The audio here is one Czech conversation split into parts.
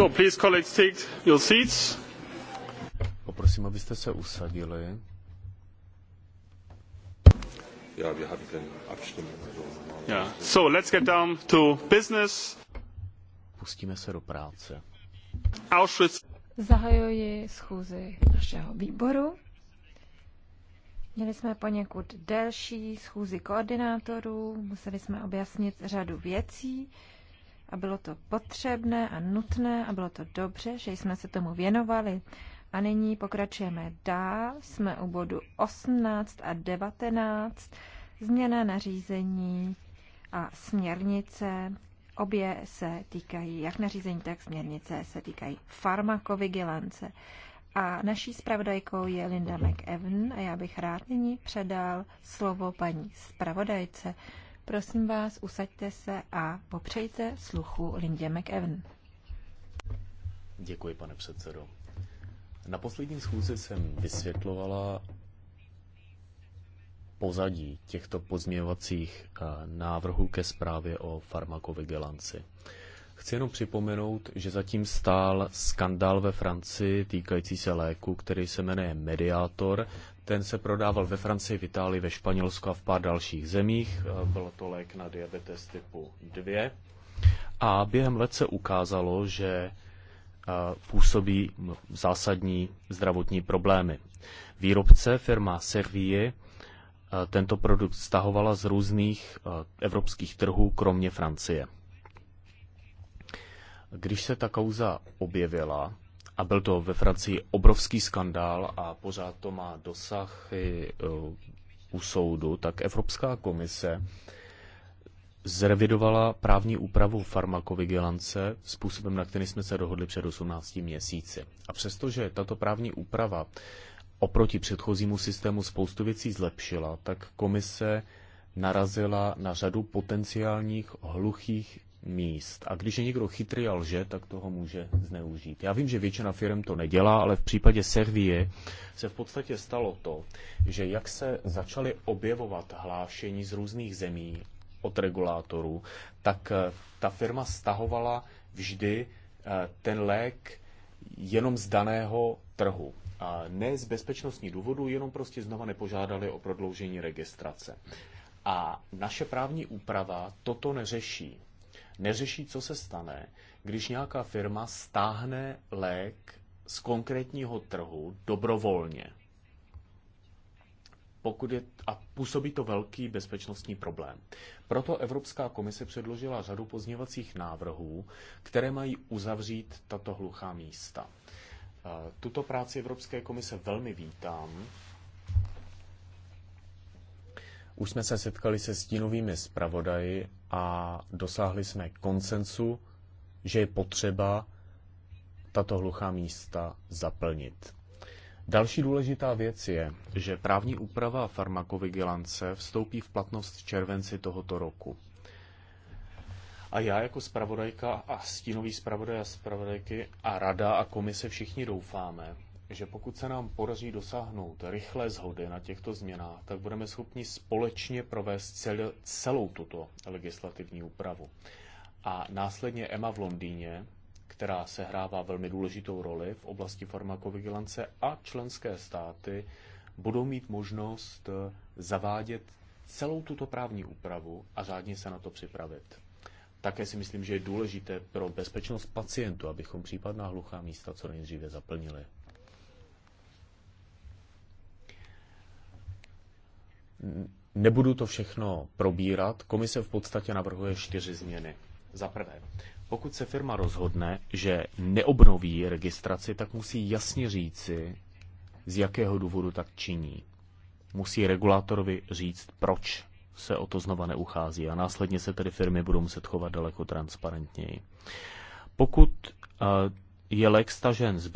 So please colleagues take your seats. Poprosím, abyste se usadili. Ja, wir hatten den Abstimmung. Ja. So, let's get down to business. Pustíme se do práce. Auschwitz. Zahajuji schůzi našeho výboru. Měli jsme poněkud delší schůzi koordinátorů, museli jsme objasnit řadu věcí a bylo to potřebné a nutné a bylo to dobře, že jsme se tomu věnovali. A nyní pokračujeme dál, jsme u bodu 18 a 19, změna nařízení a směrnice. Obě se týkají, jak nařízení, tak směrnice se týkají farmakovigilance. A naší zpravodajkou je Linda McEwen a já bych rád nyní předal slovo paní zpravodajce. Prosím vás, usaďte se a popřejte sluchu Lindě McEwen. Děkuji, pane předsedo. Na poslední schůzi jsem vysvětlovala pozadí těchto pozměňovacích eh, návrhů ke zprávě o farmakovigilanci. Chci jenom připomenout, že zatím stál skandál ve Francii týkající se léku, který se jmenuje Mediator ten se prodával ve Francii, v Itálii, ve Španělsku a v pár dalších zemích. E, Byl to lék na diabetes typu 2. A během let se ukázalo, že e, působí zásadní zdravotní problémy. Výrobce, firma Servier, e, tento produkt stahovala z různých evropských trhů, kromě Francie. Když se ta kauza objevila, a byl to ve Francii obrovský skandál a pořád to má dosah i eh, u soudu, tak Evropská komise zrevidovala právní úpravu farmakovigilance způsobem, na který jsme se dohodli před 18 měsíci. A přestože tato právní úprava oproti předchozímu systému spoustu věcí zlepšila, tak komise narazila na řadu potenciálních hluchých míst. A když je někdo chytrý a lže, tak toho může zneužít. Já vím, že většina firm to nedělá, ale v případě Servie se v podstatě stalo to, že jak se začaly objevovat hlášení z různých zemí od regulátorů, tak eh, ta firma stahovala vždy eh, ten lék jenom z daného trhu. A ne z bezpečnostní důvodu, jenom prostě znova nepožádali o prodloužení registrace. A naše právní úprava toto neřeší neřeší, co se stane, když nějaká firma stáhne lék z konkrétního trhu dobrovolně. Pokud je, a působí to velký bezpečnostní problém. Proto Evropská komise předložila řadu pozněvacích návrhů, které mají uzavřít tato hluchá místa. E, tuto práci Evropské komise velmi vítám už jsme se setkali se stínovými zpravodaji a dosáhli jsme konsensu, že je potřeba tato hluchá místa zaplnit. Další důležitá věc je, že právní úprava farmakovigilance vstoupí v platnost v červenci tohoto roku. A já jako spravodajka a stínový spravodaj a spravodajky a rada a komise všichni doufáme, že pokud se nám podaří dosáhnout rychlé zhody na těchto změnách, tak budeme schopni společně provést cel, celou tuto legislativní úpravu. A následně EMA v Londýně, která se hrává velmi důležitou roli v oblasti farmakovigilance a členské státy, budou mít možnost eh, zavádět celou tuto právní úpravu a řádně se na to připravit. Také si myslím, že je důležité pro bezpečnost pacientů, abychom případná hluchá místa co nejdříve zaplnili. Nebudu to všechno probírat. Komise v podstatě navrhuje čtyři změny. Za prvé, pokud se firma rozhodne, že neobnoví registraci, tak musí jasně říci, z jakého důvodu tak činí. Musí regulátorovi říct, proč se o to znova neuchází a následně se tedy firmy budou muset chovat daleko transparentněji. Pokud eh, je lék stažen z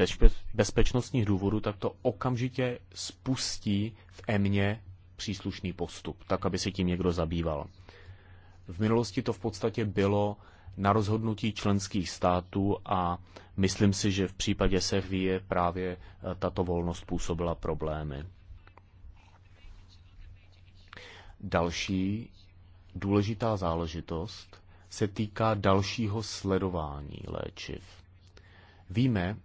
bezpečnostních důvodů, tak to okamžitě spustí v EMě příslušný postup, tak aby se tím někdo zabýval. V minulosti to v podstatě bylo na rozhodnutí členských států a myslím si, že v případě Servie právě eh, tato volnost působila problémy. Další důležitá záležitost se týká dalšího sledování léčiv. Víme,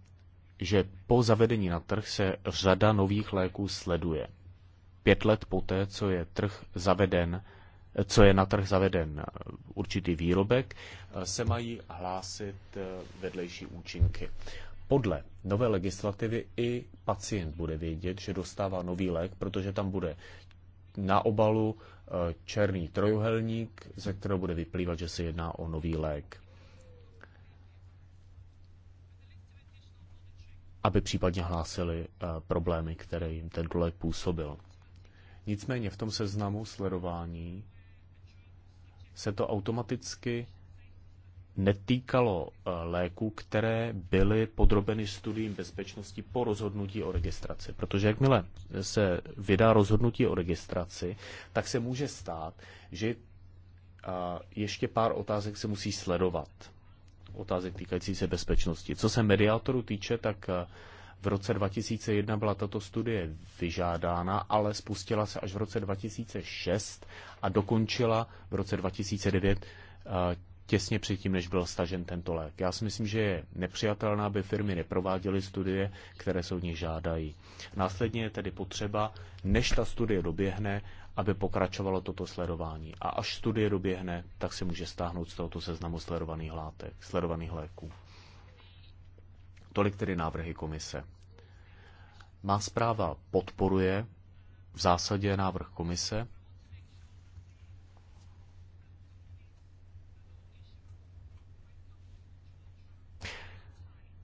že po zavedení na trh se řada nových léků sleduje – pět let poté, co je trh zaveden, co je na trh zaveden eh, určitý výrobek, eh, se mají hlásit eh, vedlejší účinky. Podle nové legislativy i pacient bude vědět, že dostává nový lék, protože tam bude na obalu černý trojuhelník, ze kterého bude vyplývat, že se jedná o nový lék. Aby případně hlásili problémy, které jim ten lék působil. Nicméně v tom seznamu sledování se to automaticky netýkalo eh, léků, které byly podrobeny studiím bezpečnosti po rozhodnutí o registraci. Protože jakmile se vydá rozhodnutí o registraci, tak se může stát, že eh, ještě pár otázek se musí sledovat. Otázek týkající se bezpečnosti. Co se mediátoru týče, tak eh, v roce 2001 byla tato studie vyžádána, ale spustila se až v roce 2006 a dokončila v roce 2009 eh, těsně předtím, než byl stažen tento lék. Já si myslím, že je nepřijatelné, aby firmy neprováděly studie, které se od nich žádají. Následně je tedy potřeba, než ta studie doběhne, aby pokračovalo toto sledování. A až studie doběhne, tak se může stáhnout z tohoto seznamu sledovaných látek, sledovaných léků. Tolik tedy návrhy komise. Má zpráva podporuje v zásadě návrh komise.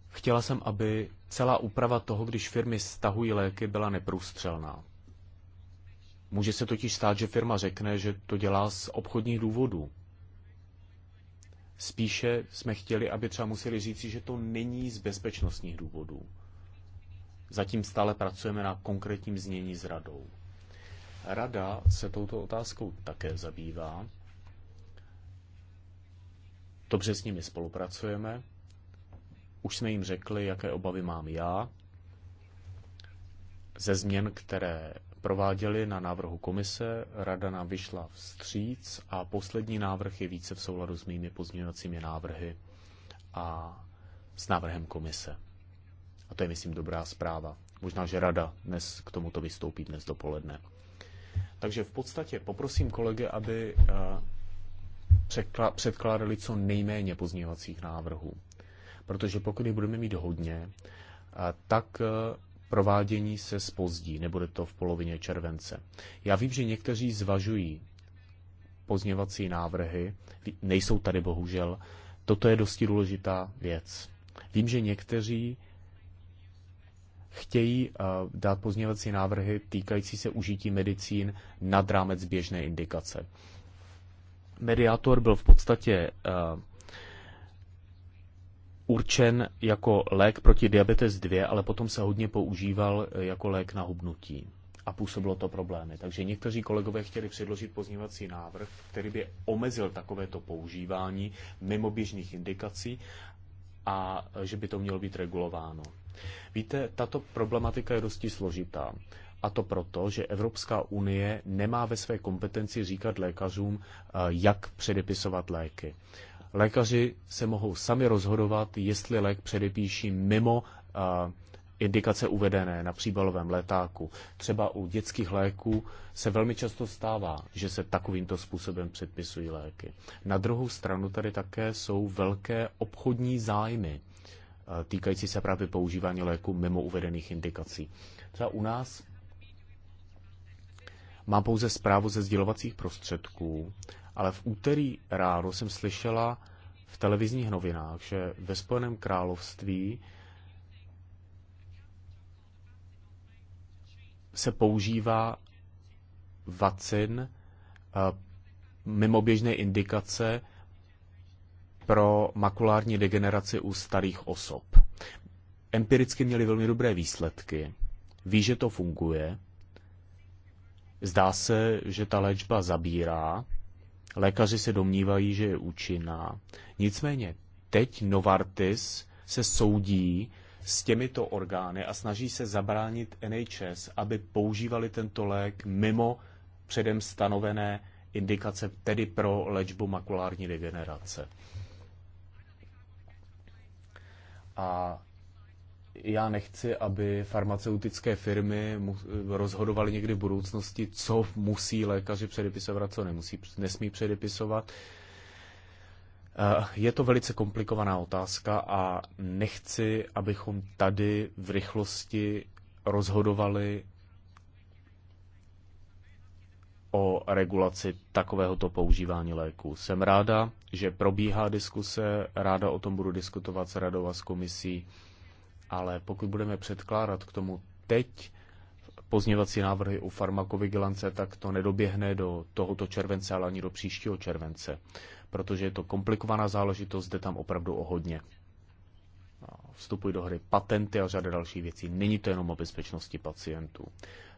Chtěla jsem, aby celá úprava toho, když firmy stahují léky, byla neprůstřelná. Může se totiž stát, že firma řekne, že to dělá z obchodních důvodů, Spíše jsme chtěli, aby třeba museli říci, že to není z bezpečnostních důvodů. Zatím stále pracujeme na konkrétním znění s radou. Rada se touto otázkou také zabývá. Dobře s nimi spolupracujeme. Už jsme jim řekli, jaké obavy mám já ze změn, které prováděli na návrhu komise, rada nám vyšla vstříc a poslední návrh je více v souladu s mými pozměňovacími návrhy a s návrhem komise. A to je, myslím, dobrá zpráva. Možná, že rada dnes k tomuto vystoupí dnes dopoledne. Takže v podstatě poprosím kolegy, aby eh, předkládali co nejméně pozměňovacích návrhů. Protože pokud je budeme mít hodně, eh, tak eh, provádění se spozdí, nebude to v polovině července. Já vím, že někteří zvažují pozněvací návrhy, nejsou tady bohužel. Toto je dosti důležitá věc. Vím, že někteří chtějí eh, dát pozněvací návrhy týkající se užití medicín nad rámec běžné indikace. Mediátor byl v podstatě eh, určen jako lék proti diabetes 2, ale potom se hodně používal eh, jako lék na hubnutí a působilo to problémy. Takže někteří kolegové chtěli předložit pozměňovací návrh, který by omezil takovéto používání mimo běžných indikací a eh, že by to mělo být regulováno. Víte, tato problematika je dosti složitá. A to proto, že Evropská unie nemá ve své kompetenci říkat lékařům, eh, jak předepisovat léky. Lékaři se mohou sami rozhodovat, jestli lék předepíší mimo indikace uvedené na příbalovém letáku. Třeba u dětských léků se velmi často stává, že se takovýmto způsobem předpisují léky. Na druhou stranu tady také jsou velké obchodní zájmy týkající se právě používání léku mimo uvedených indikací. Třeba u nás mám pouze zprávu ze sdělovacích prostředků ale v úterý ráno jsem slyšela v televizních novinách, že ve Spojeném království se používá vacin eh, mimoběžné indikace pro makulární degeneraci u starých osob. Empiricky měli velmi dobré výsledky. Ví, že to funguje. Zdá se, že ta léčba zabírá Lékaři se domnívají, že je účinná. Nicméně teď Novartis se soudí s těmito orgány a snaží se zabránit NHS, aby používali tento lék mimo předem stanovené indikace, tedy pro léčbu makulární degenerace. A já nechci, aby farmaceutické firmy rozhodovaly někdy v budoucnosti, co musí lékaři předepisovat, co nemusí, nesmí předepisovat. Eh, je to velice komplikovaná otázka a nechci, abychom tady v rychlosti rozhodovali o regulaci takovéhoto používání léků. Jsem ráda, že probíhá diskuse, ráda o tom budu diskutovat s radou a s komisí ale pokud budeme předkládat k tomu teď pozněvací návrhy u farmakovigilance, tak to nedoběhne do tohoto července, ale ani do příštího července, protože je to komplikovaná záležitost, jde tam opravdu o hodně. Vstupují do hry patenty a řada dalších věcí. Není to jenom o bezpečnosti pacientů.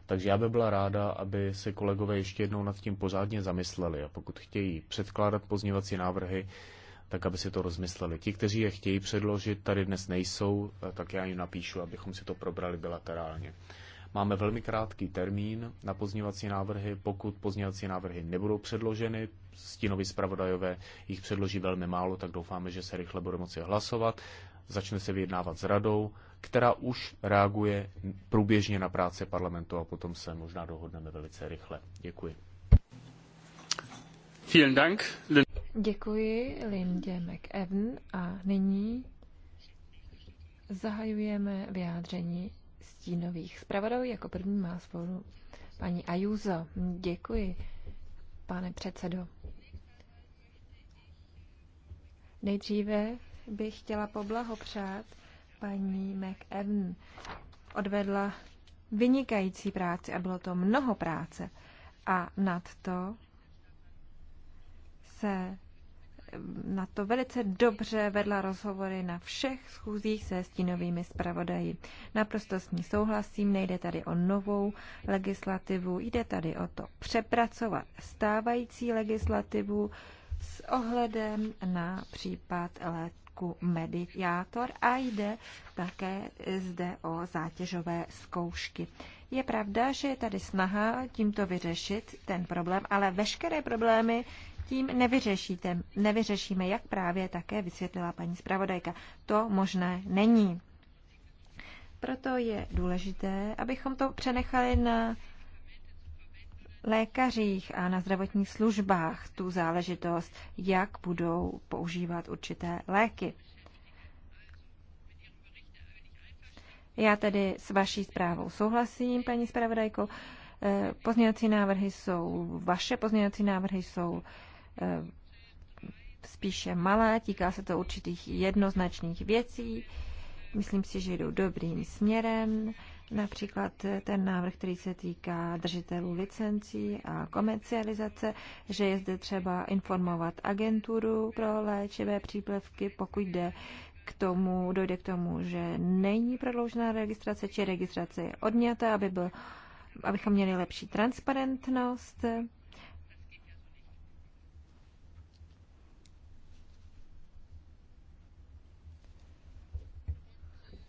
Takže já bych byla ráda, aby se kolegové ještě jednou nad tím pořádně zamysleli a pokud chtějí předkládat pozněvací návrhy, tak aby si to rozmysleli. Ti, kteří je chtějí předložit, tady dnes nejsou, eh, tak já jim napíšu, abychom si to probrali bilaterálně. Máme velmi krátký termín na pozněvací návrhy. Pokud pozněvací návrhy nebudou předloženy, stínovi zpravodajové jich předloží velmi málo, tak doufáme, že se rychle bude moci hlasovat. Začne se vyjednávat s radou, která už reaguje průběžně na práce parlamentu a potom se možná dohodneme velice rychle. Děkuji. Vielen Dank. Děkuji Lindě McEwen a nyní zahajujeme vyjádření stínových zpravodajů. Jako první má spolu paní Ajuzo. Děkuji, pane předsedo. Nejdříve bych chtěla poblahopřát paní McEwen. Odvedla vynikající práci a bylo to mnoho práce. A nad to se na to velice dobře vedla rozhovory na všech schůzích se stínovými zpravodaji. Naprosto s ní souhlasím, nejde tady o novou legislativu, jde tady o to přepracovat stávající legislativu s ohledem na případ léku mediátor a jde také zde o zátěžové zkoušky. Je pravda, že je tady snaha tímto vyřešit ten problém, ale veškeré problémy tím nevyřešíte, nevyřešíme, jak právě také vysvětlila paní zpravodajka. To možné není. Proto je důležité, abychom to přenechali na lékařích a na zdravotních službách tu záležitost, jak budou používat určité léky. Já tedy s vaší zprávou souhlasím, paní zpravodajko. Eh, pozměňovací návrhy jsou vaše, pozměňovací návrhy jsou Eh, spíše malé, týká se to určitých jednoznačných věcí. Myslím si, že jdou dobrým směrem. Například ten návrh, který se týká držitelů licencí a komercializace, že je zde třeba informovat agenturu pro léčivé příplevky, pokud jde k tomu, dojde k tomu, že není prodloužená registrace, či registrace je odňata, aby byl, abychom měli lepší transparentnost.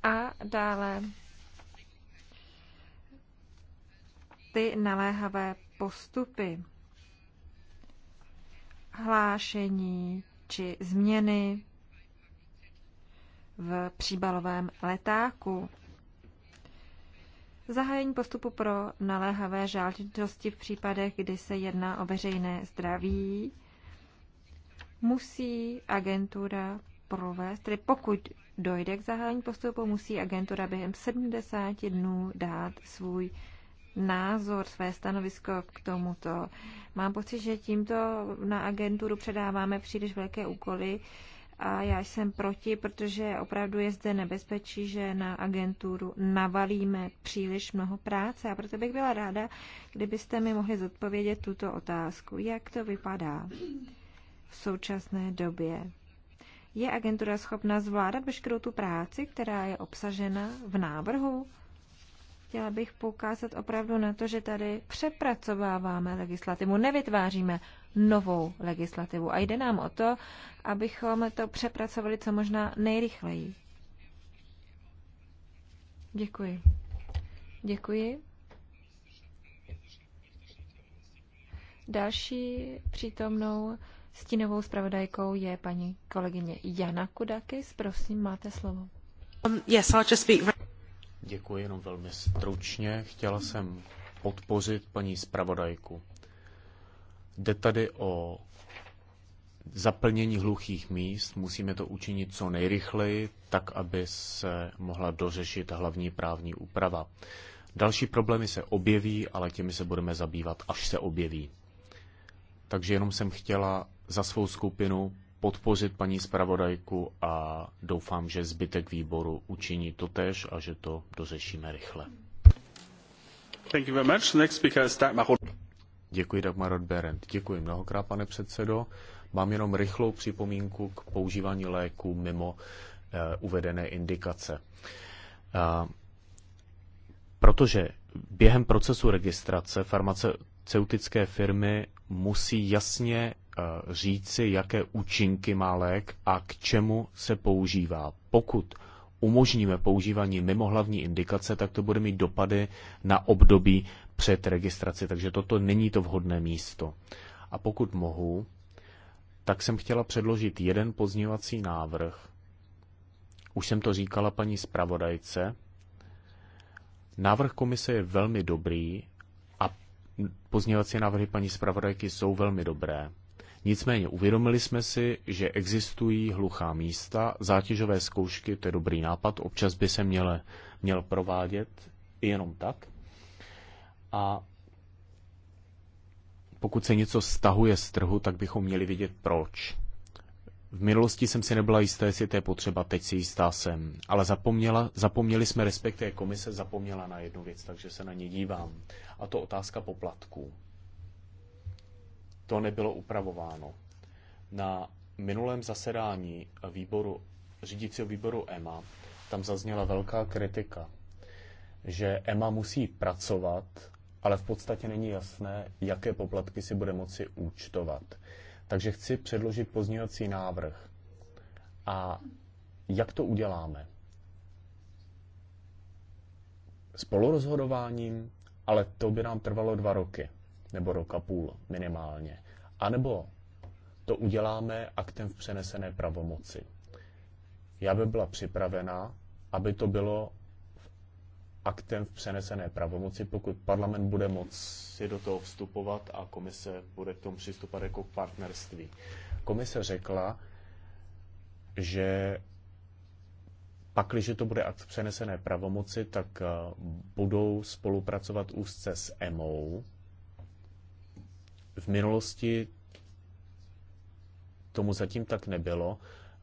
a dále ty naléhavé postupy, hlášení či změny v příbalovém letáku. Zahájení postupu pro naléhavé žádosti v případech, kdy se jedná o veřejné zdraví, musí agentura provést, tedy pokud dojde k zahájení postupu, musí agentura během 70 dnů dát svůj názor, své stanovisko k tomuto. Mám pocit, že tímto na agenturu předáváme příliš velké úkoly a já jsem proti, protože opravdu je zde nebezpečí, že na agenturu navalíme příliš mnoho práce a proto bych byla ráda, kdybyste mi mohli zodpovědět tuto otázku. Jak to vypadá v současné době? Je agentura schopna zvládat veškerou tu práci, která je obsažena v návrhu? Chtěla bych poukázat opravdu na to, že tady přepracováváme legislativu, nevytváříme novou legislativu a jde nám o to, abychom to přepracovali co možná nejrychleji. Děkuji. Děkuji. Další přítomnou Stínovou zpravodajkou je paní kolegyně Jana Kudakis. Prosím, máte slovo. Um, yes, I'll just speak... Děkuji jenom velmi stručně. Chtěla jsem podpořit paní zpravodajku. Jde tady o zaplnění hluchých míst. Musíme to učinit co nejrychleji, tak aby se mohla dořešit hlavní právní úprava. Další problémy se objeví, ale těmi se budeme zabývat, až se objeví. Takže jenom jsem chtěla za svou skupinu podpořit paní zpravodajku a doufám, že zbytek výboru učiní to tež a že to dořešíme rychle. Thank you very much. Next speaker is Dagmar Děkuji Dagmar Berend. Děkuji mnohokrát, pane předsedo. Mám jenom rychlou připomínku k používání léku mimo uh, uvedené indikace. Uh, protože během procesu registrace farmaceutické firmy musí jasně Eh, říci, jaké účinky má lék a k čemu se používá. Pokud umožníme používání mimo hlavní indikace, tak to bude mít dopady na období před registraci, takže toto není to vhodné místo. A pokud mohu, tak jsem chtěla předložit jeden pozněvací návrh. Už jsem to říkala paní zpravodajce. Návrh komise je velmi dobrý a pozněvací návrhy paní zpravodajky jsou velmi dobré. Nicméně uvědomili jsme si, že existují hluchá místa, zátěžové zkoušky, to je dobrý nápad, občas by se měl, měl provádět jenom tak. A pokud se něco stahuje z trhu, tak bychom měli vidět proč. V minulosti jsem si nebyla jistá, jestli to je potřeba, teď si jistá jsem. Ale zapomněla, zapomněli jsme, respektive komise zapomněla na jednu věc, takže se na ně dívám. A to otázka poplatků to nebylo upravováno. Na minulém zasedání výboru, řídícího výboru EMA tam zazněla velká kritika, že EMA musí pracovat, ale v podstatě není jasné, jaké poplatky si bude moci účtovat. Takže chci předložit pozměňovací návrh. A jak to uděláme? Spolurozhodováním, ale to by nám trvalo dva roky nebo rok a půl minimálně. A nebo to uděláme aktem v přenesené pravomoci. Já by byla připravena, aby to bylo aktem v přenesené pravomoci, pokud parlament bude moci do toho vstupovat a komise bude k tomu přistupovat jako k partnerství. Komise řekla, že pakliže to bude akt přenesené pravomoci, tak eh, budou spolupracovat úzce s EMO, v minulosti tomu zatím tak nebylo.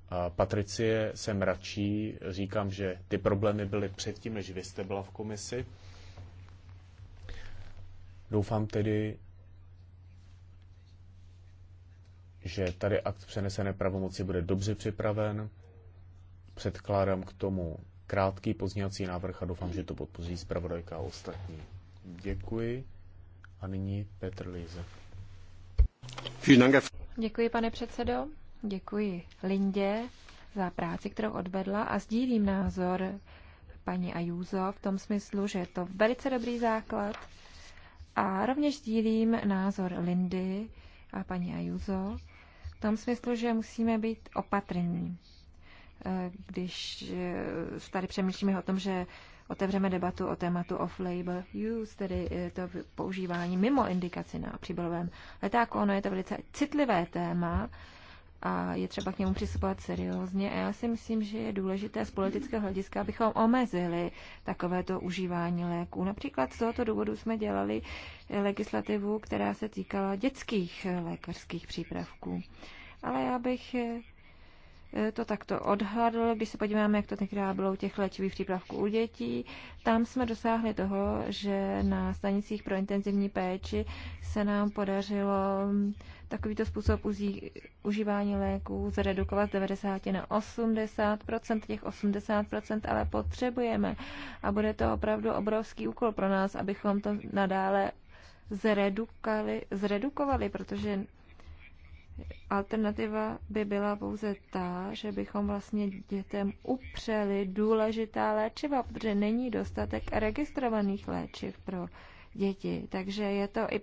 A Patricie se mračí, říkám, že ty problémy byly předtím, než vy jste byla v komisi. Doufám tedy, že tady akt přenesené pravomoci bude dobře připraven. Předkládám k tomu krátký pozněvací návrh a doufám, že to podpoří zpravodajka a ostatní. Děkuji. A nyní Petr Lízek. Děkuji, pane předsedo. Děkuji Lindě za práci, kterou odvedla a sdílím názor paní Ajuzo v tom smyslu, že je to velice dobrý základ a rovněž sdílím názor Lindy a paní Ajuzo v tom smyslu, že musíme být opatrní, eh, když eh, tady přemýšlíme o tom, že otevřeme debatu o tématu off-label use, tedy eh, to používání mimo indikaci na příbalovém letáku. Ono je to velice citlivé téma a je třeba k němu přistupovat seriózně. A já si myslím, že je důležité z politického hlediska, abychom omezili takovéto užívání léků. Například z tohoto důvodu jsme dělali eh, legislativu, která se týkala dětských eh, lékařských přípravků. Ale já bych Eh, to takto odhadl. Když se podíváme, jak to tenkrát bylo u těch léčivých přípravků u dětí, tam jsme dosáhli toho, že na stanicích pro intenzivní péči se nám podařilo takovýto způsob uzí, užívání léků zredukovat z 90 na 80 těch 80 ale potřebujeme. A bude to opravdu obrovský úkol pro nás, abychom to nadále zredukali, zredukovali, protože Alternativa by byla pouze ta, že bychom vlastně dětem upřeli důležitá léčiva, protože není dostatek registrovaných léčiv pro děti. Takže je to i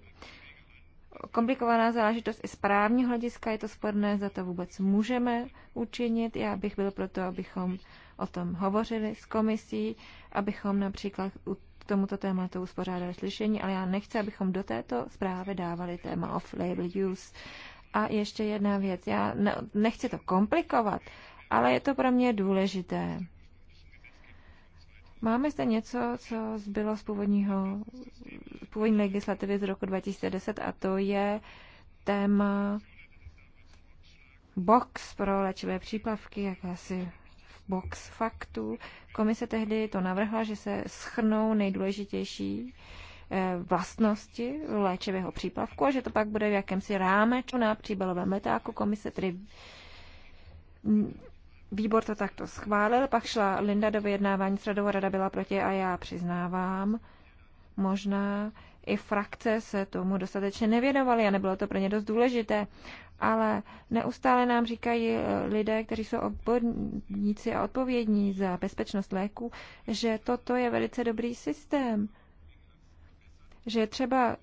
komplikovaná záležitost i z právního hlediska, je to sporné, za to vůbec můžeme učinit. Já bych byl proto, abychom o tom hovořili s komisí, abychom například u tomuto tématu uspořádali slyšení, ale já nechci, abychom do této zprávy dávali téma off-label use. A ještě jedna věc. Já nechci to komplikovat, ale je to pro mě důležité. Máme zde něco, co zbylo z, původního, z původní legislativy z roku 2010 a to je téma box pro léčivé příplavky, jak asi box faktů. Komise tehdy to navrhla, že se schrnou nejdůležitější Eh, vlastnosti léčivého přípravku a že to pak bude v jakémsi rámečku na příbalovém letáku. Komise tedy mm, výbor to takto schválil, pak šla Linda do vyjednávání s radou, rada byla proti a já přiznávám, možná i frakce se tomu dostatečně nevěnovaly a nebylo to pro ně dost důležité. Ale neustále nám říkají eh, lidé, kteří jsou odborníci a odpovědní za bezpečnost léku, že toto je velice dobrý systém že je třeba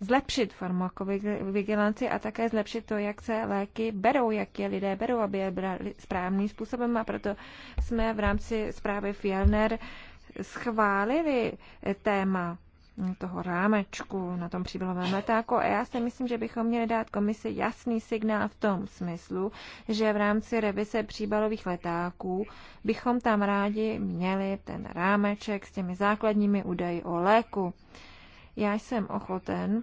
zlepšit farmakovigilanci a také zlepšit to, jak se léky berou, jak je lidé berou, aby je brali správným způsobem. A proto jsme v rámci zprávy Fielner schválili téma toho rámečku na tom příbylovém letáku a já si myslím, že bychom měli dát komisi jasný signál v tom smyslu, že v rámci revize příbalových letáků bychom tam rádi měli ten rámeček s těmi základními údaji o léku. Já jsem ochoten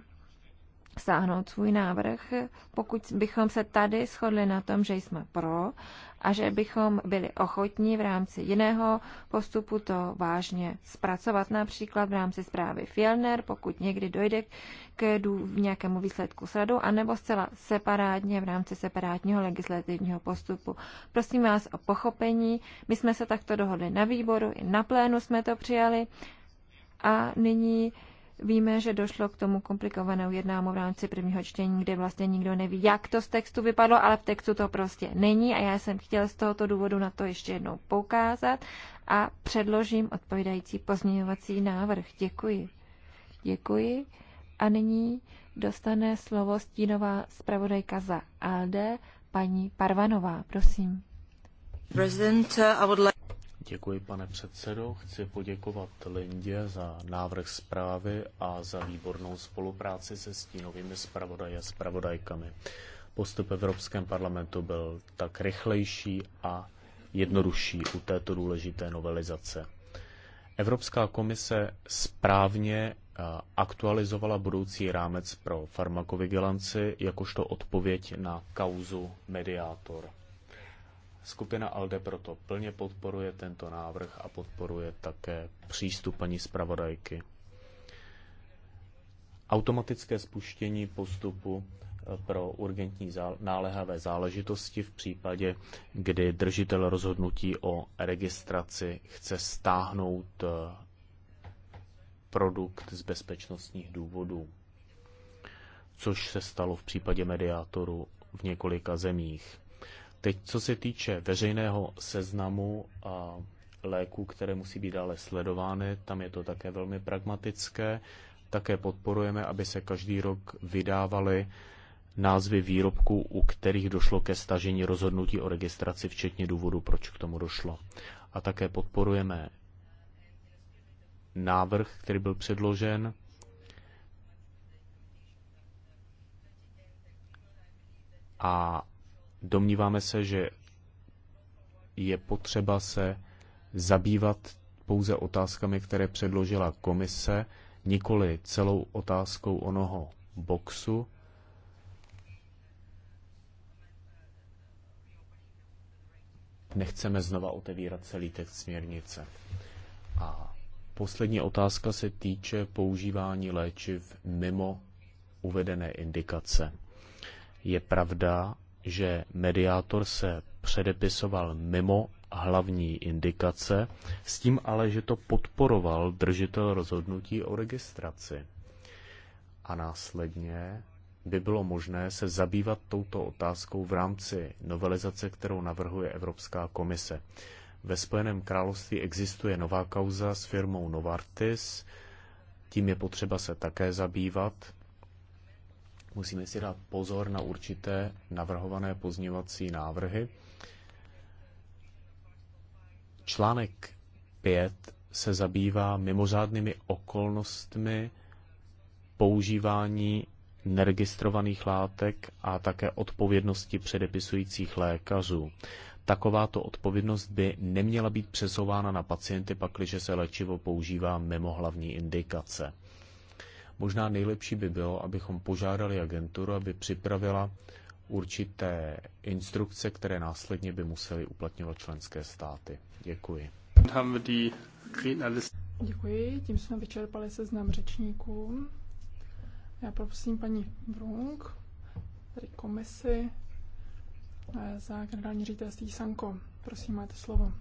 sáhnout svůj návrh, pokud bychom se tady shodli na tom, že jsme pro a že bychom byli ochotní v rámci jiného postupu to vážně zpracovat, například v rámci zprávy Fielner, pokud někdy dojde k nějakému výsledku s radou, anebo zcela separátně v rámci separátního legislativního postupu. Prosím vás o pochopení, my jsme se takto dohodli na výboru, i na plénu jsme to přijali a nyní Víme, že došlo k tomu komplikovanému jednámu v rámci prvního čtení, kde vlastně nikdo neví, jak to z textu vypadlo, ale v textu to prostě není a já jsem chtěl z tohoto důvodu na to ještě jednou poukázat a předložím odpovídající pozměňovací návrh. Děkuji. Děkuji. A nyní dostane slovo stínová zpravodajka za ALDE, paní Parvanová. Prosím. President, uh, I would like... Děkuji, pane předsedo. Chci poděkovat Lindě za návrh zprávy a za výbornou spolupráci se stínovými zpravodaji a zpravodajkami. Postup Evropském parlamentu byl tak rychlejší a jednodušší u této důležité novelizace. Evropská komise správně eh, aktualizovala budoucí rámec pro farmakovigilanci jakožto odpověď na kauzu mediátor. Skupina ALDE proto plně podporuje tento návrh a podporuje také přístup paní zpravodajky. Automatické spuštění postupu eh, pro urgentní náléhavé záležitosti v případě, kdy držitel rozhodnutí o registraci chce stáhnout eh, produkt z bezpečnostních důvodů, což se stalo v případě mediátoru v několika zemích. Teď, co se týče veřejného seznamu a léků, které musí být dále sledovány, tam je to také velmi pragmatické. Také podporujeme, aby se každý rok vydávaly názvy výrobků, u kterých došlo ke stažení rozhodnutí o registraci, včetně důvodu, proč k tomu došlo. A také podporujeme návrh, který byl předložen, a Domníváme se, že je potřeba se zabývat pouze otázkami, které předložila komise, nikoli celou otázkou onoho boxu. Nechceme znova otevírat celý text směrnice. A poslední otázka se týče používání léčiv mimo uvedené indikace. Je pravda, že mediátor se předepisoval mimo hlavní indikace, s tím ale, že to podporoval držitel rozhodnutí o registraci. A následně by bylo možné se zabývat touto otázkou v rámci novelizace, kterou navrhuje Evropská komise. Ve Spojeném království existuje nová kauza s firmou Novartis, tím je potřeba se také zabývat. Musíme si dát pozor na určité navrhované pozněvací návrhy. Článek 5 se zabývá mimořádnými okolnostmi používání neregistrovaných látek a také odpovědnosti předepisujících lékařů. Takováto odpovědnost by neměla být přesouvána na pacienty, pakliže se léčivo používá mimo hlavní indikace. Možná nejlepší by bylo, abychom požádali agenturu, aby připravila určité instrukce, které následně by museli uplatňovat členské státy. Děkuji. Děkuji, tím jsme vyčerpali seznam řečníků. Já poprosím paní Brunk, tedy komisi eh, za generální ředitelství Sanko. Prosím, máte slovo.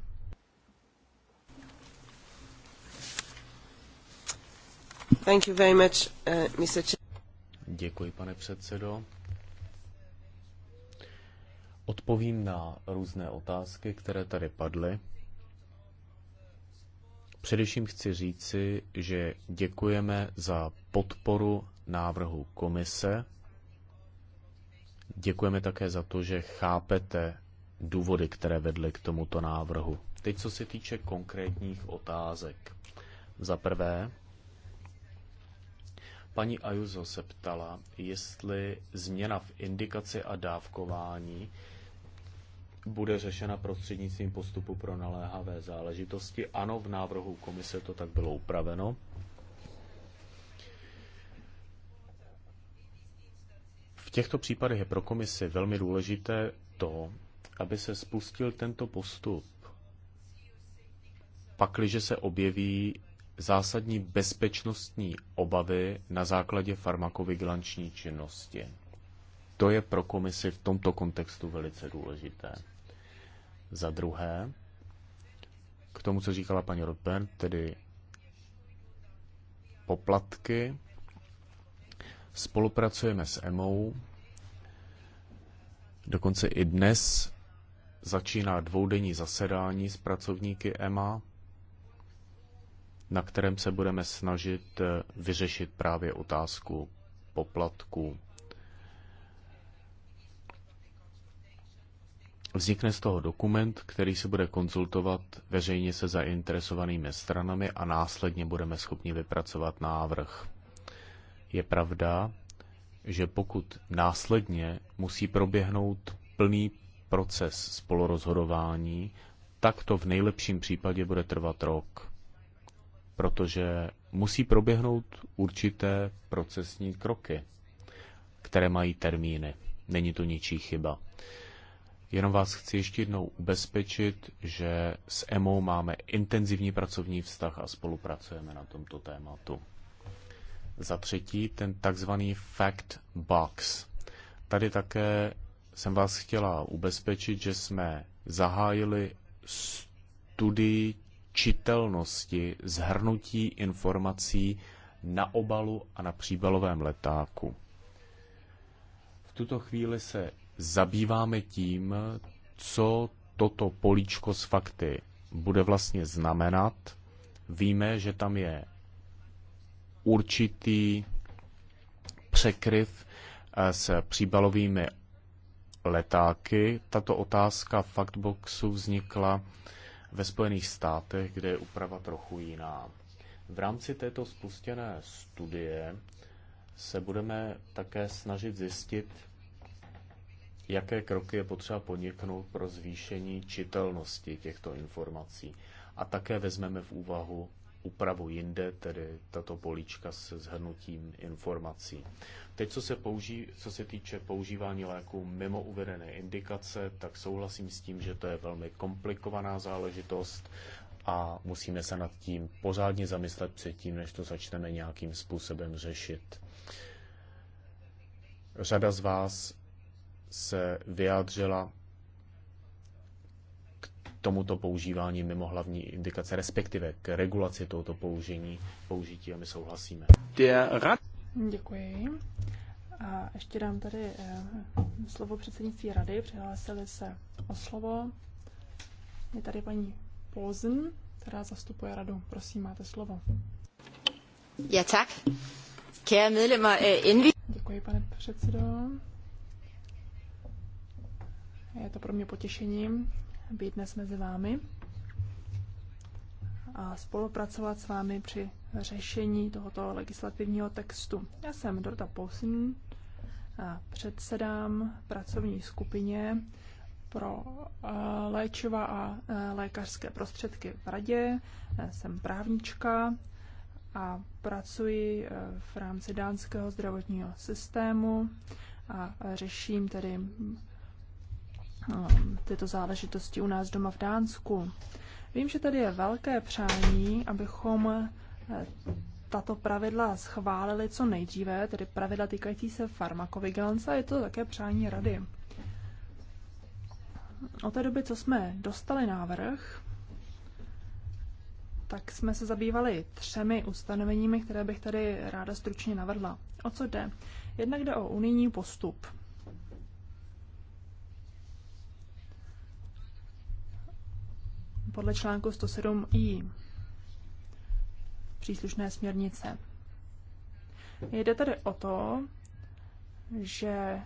Thank you very much, uh, Mr. Děkuji, pane předsedo. Odpovím na různé otázky, které tady padly. Především chci říci, že děkujeme za podporu návrhu komise. Děkujeme také za to, že chápete důvody, které vedly k tomuto návrhu. Teď, co se týče konkrétních otázek. Za prvé, Paní Ayuso se ptala, jestli změna v indikaci a dávkování bude řešena prostřednictvím postupu pro naléhavé záležitosti. Ano, v návrhu komise to tak bylo upraveno. V těchto případech je pro komisi velmi důležité to, aby se spustil tento postup, pakliže se objeví zásadní bezpečnostní obavy na základě farmakovigilanční činnosti. To je pro komisi v tomto kontextu velice důležité. Za druhé, k tomu, co říkala paní Rodbern, tedy poplatky, spolupracujeme s EMOU, dokonce i dnes začíná dvoudenní zasedání s pracovníky EMA, na kterém se budeme snažit eh, vyřešit právě otázku poplatků. Vznikne z toho dokument, který se bude konzultovat veřejně se zainteresovanými stranami a následně budeme schopni vypracovat návrh. Je pravda, že pokud následně musí proběhnout plný proces spolurozhodování, tak to v nejlepším případě bude trvat rok protože musí proběhnout určité procesní kroky, které mají termíny. Není to ničí chyba. Jenom vás chci ještě jednou ubezpečit, že s EMO máme intenzivní pracovní vztah a spolupracujeme na tomto tématu. Za třetí, ten takzvaný fact box. Tady také jsem vás chtěla ubezpečit, že jsme zahájili studii čitelnosti zhrnutí informací na obalu a na příbalovém letáku. V tuto chvíli se zabýváme tím, co toto políčko s fakty bude vlastně znamenat. Víme, že tam je určitý překryv eh, s příbalovými letáky. Tato otázka faktboxu vznikla ve Spojených státech, kde je úprava trochu jiná. V rámci této spustěné studie se budeme také snažit zjistit, jaké kroky je potřeba podniknout pro zvýšení čitelnosti těchto informací. A také vezmeme v úvahu úpravu jinde, tedy tato políčka s zhrnutím informací. Teď, co se, použí, co se týče používání léku mimo uvedené indikace, tak souhlasím s tím, že to je velmi komplikovaná záležitost a musíme se nad tím pořádně zamyslet předtím, než to začneme nějakým způsobem řešit. Řada z vás se vyjádřila tomuto používání mimo hlavní indikace, respektive k regulaci tohoto použení, použití a my souhlasíme. Děkuji. A ještě dám tady eh, slovo předsednictví rady. Přihlásili se o slovo. Je tady paní Pozn, která zastupuje radu. Prosím, máte slovo. Ja, tak. Kære medlemmer af Envi. Děkuji, pane předsedo. Je to pro mě potěšením být dnes mezi vámi a spolupracovat s vámi při řešení tohoto legislativního textu. Já jsem Dorta Pousin a předsedám pracovní skupině pro eh, léčiva a eh, lékařské prostředky v radě. Eh, jsem právnička a pracuji v rámci dánského zdravotního systému a řeším tedy Um, tyto záležitosti u nás doma v Dánsku. Vím, že tady je velké přání, abychom eh, tato pravidla schválili co nejdříve, tedy pravidla týkající se farmakovigilance, je to také přání rady. Od té doby, co jsme dostali návrh, tak jsme se zabývali třemi ustanoveními, které bych tady ráda stručně navrhla. O co jde? Jednak jde o unijní postup. podle článku 107i příslušné směrnice. Jde tady o to, že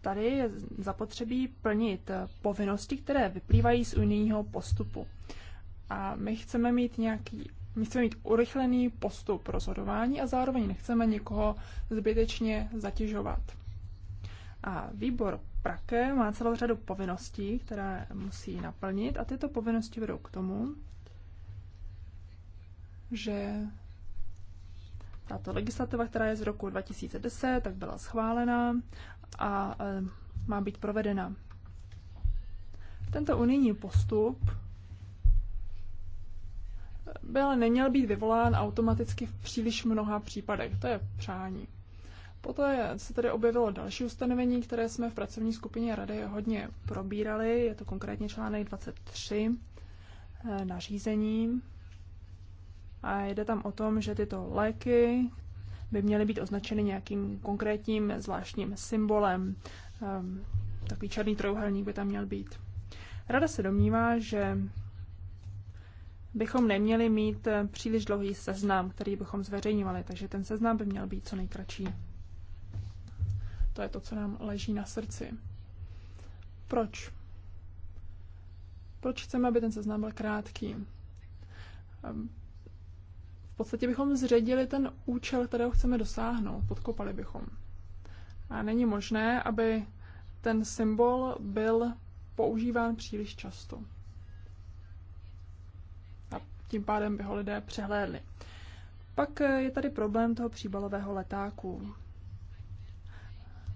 tady je zapotřebí plnit povinnosti, které vyplývají z unijního postupu. A my chceme mít nějaký my chceme mít urychlený postup rozhodování a zároveň nechceme nikoho zbytečně zatěžovat. A výbor Prake má celou řadu povinností, které musí naplnit a tyto povinnosti vedou k tomu, že tato legislativa, která je z roku 2010, tak byla schválena a eh, má být provedena. Tento unijní postup byl, neměl být vyvolán automaticky v příliš mnoha případech. To je přání. Poté se tady objevilo další ustanovení, které jsme v pracovní skupině Rady hodně probírali. Je to konkrétně článek 23 eh, nařízení. A jde tam o tom, že tyto léky by měly být označeny nějakým konkrétním zvláštním symbolem. Ehm, takový černý trojuhelník by tam měl být. Rada se domnívá, že bychom neměli mít eh, příliš dlouhý seznam, který bychom zveřejňovali, takže ten seznam by měl být co nejkratší. To je to, co nám leží na srdci. Proč? Proč chceme, aby ten seznam byl krátký? Ehm, v podstatě bychom zředili ten účel, kterého chceme dosáhnout, podkopali bychom. A není možné, aby ten symbol byl používán příliš často. A tím pádem by ho lidé přehlédli. Pak je tady problém toho příbalového letáku.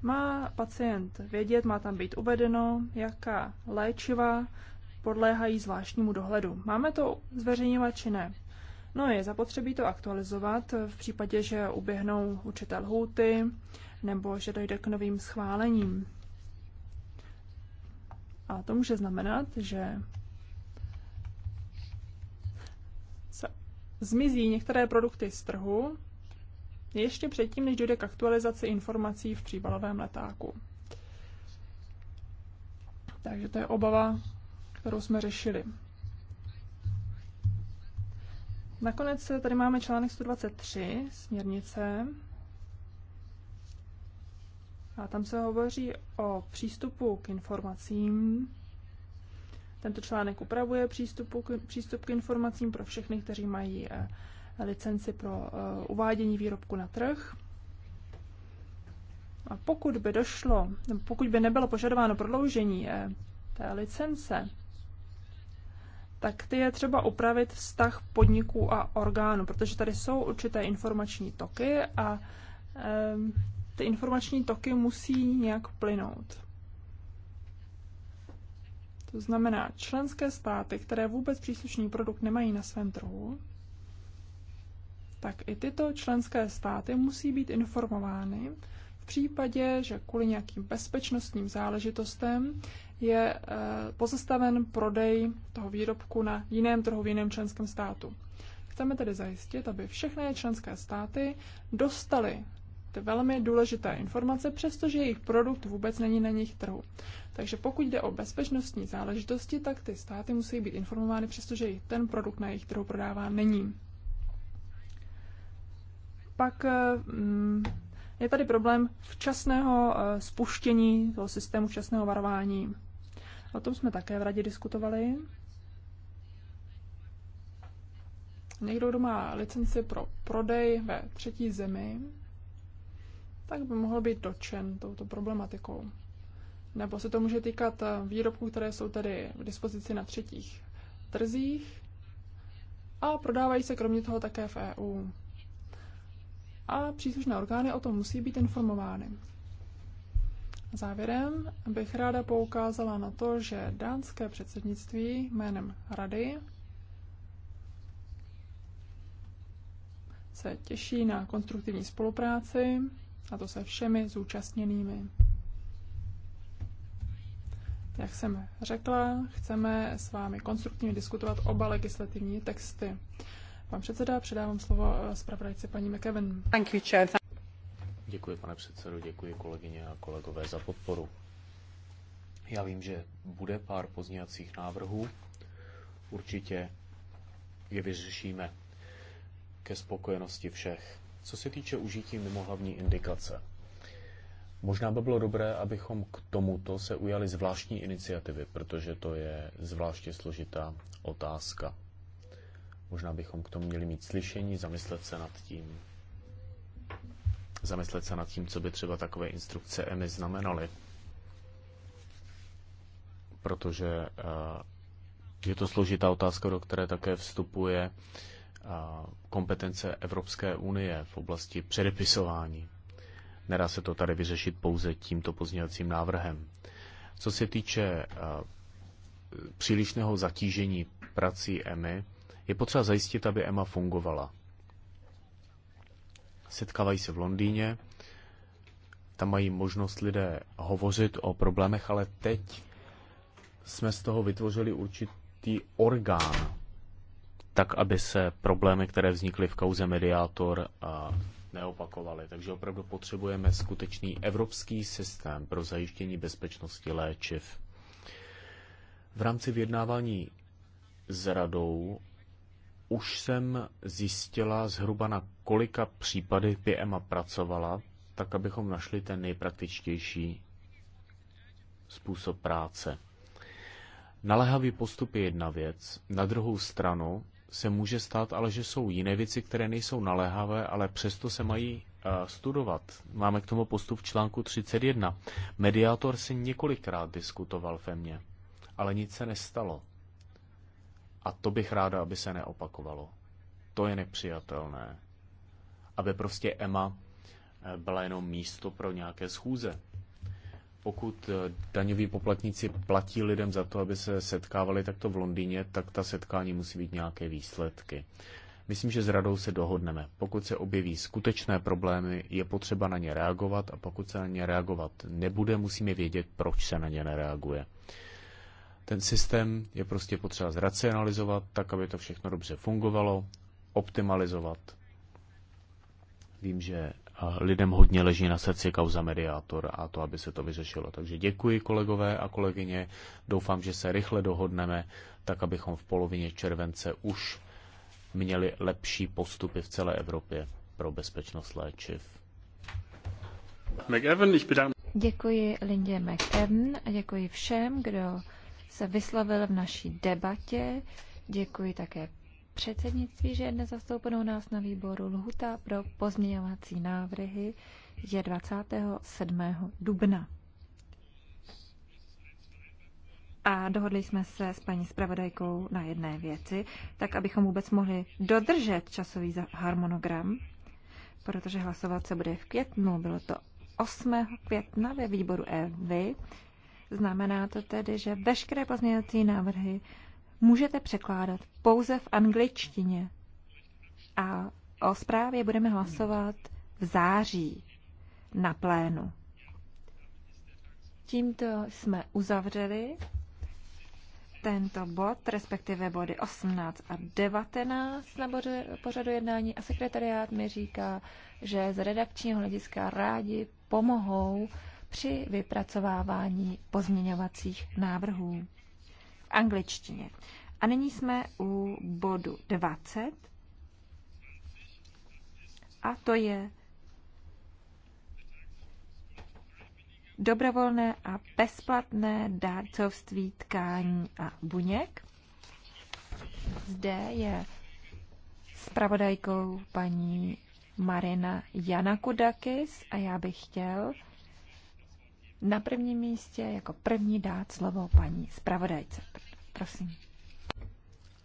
Má pacient vědět, má tam být uvedeno, jaká léčiva podléhají zvláštnímu dohledu. Máme to zveřejňovat či ne? No je zapotřebí to aktualizovat v případě, že uběhnou určité lhůty nebo že dojde k novým schválením. A to může znamenat, že se zmizí některé produkty z trhu ještě předtím, než dojde k aktualizaci informací v příbalovém letáku. Takže to je obava, kterou jsme řešili. Nakonec tady máme článek 123 směrnice. A tam se hovoří o přístupu k informacím. Tento článek upravuje přístupu k, přístup k informacím pro všechny, kteří mají eh, licenci pro eh, uvádění výrobku na trh. A pokud by došlo, pokud by nebylo požadováno prodloužení eh, té licence, tak ty je třeba upravit vztah podniků a orgánů, protože tady jsou určité informační toky a ehm, ty informační toky musí nějak plynout. To znamená, členské státy, které vůbec příslušný produkt nemají na svém trhu, tak i tyto členské státy musí být informovány v případě, že kvůli nějakým bezpečnostním záležitostem je eh, pozastaven prodej toho výrobku na jiném trhu v jiném členském státu. Chceme tedy zajistit, aby všechny členské státy dostaly ty velmi důležité informace, přestože jejich produkt vůbec není na nich trhu. Takže pokud jde o bezpečnostní záležitosti, tak ty státy musí být informovány, přestože jejich ten produkt na jejich trhu prodává není pak eh, mm, je tady problém včasného eh, spuštění toho systému včasného varování. O tom jsme také v radě diskutovali. Někdo, kdo má licenci pro prodej ve třetí zemi, tak by mohl být dočen touto problematikou. Nebo se to může týkat eh, výrobků, které jsou tady v dispozici na třetích trzích a prodávají se kromě toho také v EU a příslušné orgány o tom musí být informovány. Závěrem bych ráda poukázala na to, že dánské předsednictví jménem Rady se těší na konstruktivní spolupráci, a to se všemi zúčastněnými. Jak jsem řekla, chceme s vámi konstruktivně diskutovat oba legislativní texty. Pan předseda, předávám slovo eh, zpravodajce paní McEwen. Thank you, chair. Děkuji, pane předsedo, děkuji kolegyně a kolegové za podporu. Já vím, že bude pár pozněvacích návrhů. Určitě je vyřešíme ke spokojenosti všech. Co se týče užití mimohlavní indikace, možná by bylo dobré, abychom k tomuto se ujali zvláštní iniciativy, protože to je zvláště složitá otázka. Možná bychom k tomu měli mít slyšení, zamyslet se nad tím, zamyslet se nad tím, co by třeba takové instrukce EMI znamenaly. Protože eh, je to složitá otázka, do které také vstupuje eh, kompetence Evropské unie v oblasti předepisování. Nedá se to tady vyřešit pouze tímto pozměňovacím návrhem. Co se týče eh, přílišného zatížení prací EMI, je potřeba zajistit, aby Emma fungovala. Setkávají se v Londýně, tam mají možnost lidé hovořit o problémech, ale teď jsme z toho vytvořili určitý orgán, tak, aby se problémy, které vznikly v kauze Mediátor, neopakovaly. Takže opravdu potřebujeme skutečný evropský systém pro zajištění bezpečnosti léčiv. V rámci vyjednávání s radou už jsem zjistila zhruba na kolika případy by EMA pracovala, tak abychom našli ten nejpraktičtější způsob práce. Naléhavý postup je jedna věc. Na druhou stranu se může stát ale, že jsou jiné věci, které nejsou naléhavé, ale přesto se mají eh, studovat. Máme k tomu postup v článku 31. Mediátor se několikrát diskutoval ve mně, ale nic se nestalo. A to bych ráda, aby se neopakovalo. To je nepřijatelné. Aby prostě EMA eh, byla jenom místo pro nějaké schůze. Pokud eh, daňoví poplatníci platí lidem za to, aby se setkávali takto v Londýně, tak ta setkání musí být nějaké výsledky. Myslím, že s radou se dohodneme. Pokud se objeví skutečné problémy, je potřeba na ně reagovat a pokud se na ně reagovat nebude, musíme vědět, proč se na ně nereaguje. Ten systém je prostě potřeba zracionalizovat, tak aby to všechno dobře fungovalo, optimalizovat. Vím, že lidem hodně leží na srdci kauza mediátor a to, aby se to vyřešilo. Takže děkuji kolegové a kolegyně. Doufám, že se rychle dohodneme, tak abychom v polovině července už měli lepší postupy v celé Evropě pro bezpečnost léčiv. McEvan, Děkuji Lindě McEvan a děkuji všem, kdo se vyslovil v naší debatě. Děkuji také předsednictví, že je dnes zastoupenou nás na výboru. Lhuta pro pozměňovací návrhy je 27. dubna. A dohodli jsme se s paní zpravodajkou na jedné věci, tak abychom vůbec mohli dodržet časový harmonogram, protože hlasovat se bude v květnu. Bylo to 8. května ve výboru EVY Znamená to tedy, že veškeré pozměňovací návrhy můžete překládat pouze v angličtině. A o zprávě budeme hlasovat v září na plénu. Tímto jsme uzavřeli tento bod, respektive body 18 a 19 na pořadu jednání a sekretariát mi říká, že z redakčního hlediska rádi pomohou při vypracovávání pozměňovacích návrhů v angličtině. A nyní jsme u bodu 20. A to je dobrovolné a bezplatné dárcovství tkání a buněk. Zde je spravodajkou paní Marina Janakudakis a já bych chtěl na prvním místě jako první dát slovo paní zpravodajce. Prosím.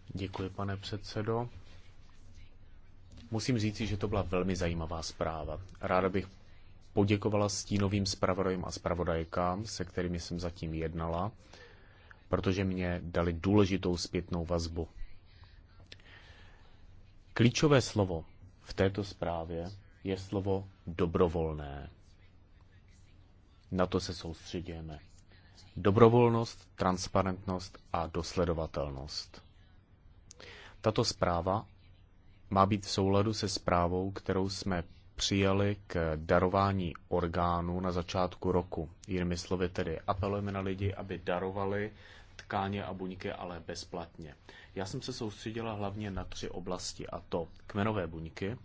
Děkuji, pane předsedo. Musím říci, že to byla velmi zajímavá zpráva. Ráda bych poděkovala stínovým zpravodajům a zpravodajkám, se kterými jsem zatím jednala, protože mě dali důležitou zpětnou vazbu. Klíčové slovo v této zprávě je slovo dobrovolné. Na to se soustředíme. Dobrovolnost, transparentnost a dosledovatelnost. Tato zpráva má být v souladu se zprávou, kterou jsme přijali k darování orgánů na začátku roku. Jinými slovy tedy apelujeme na lidi, aby darovali tkáně a buňky, ale bezplatně. Já jsem se soustředila hlavně na tři oblasti, a to kmenové buňky,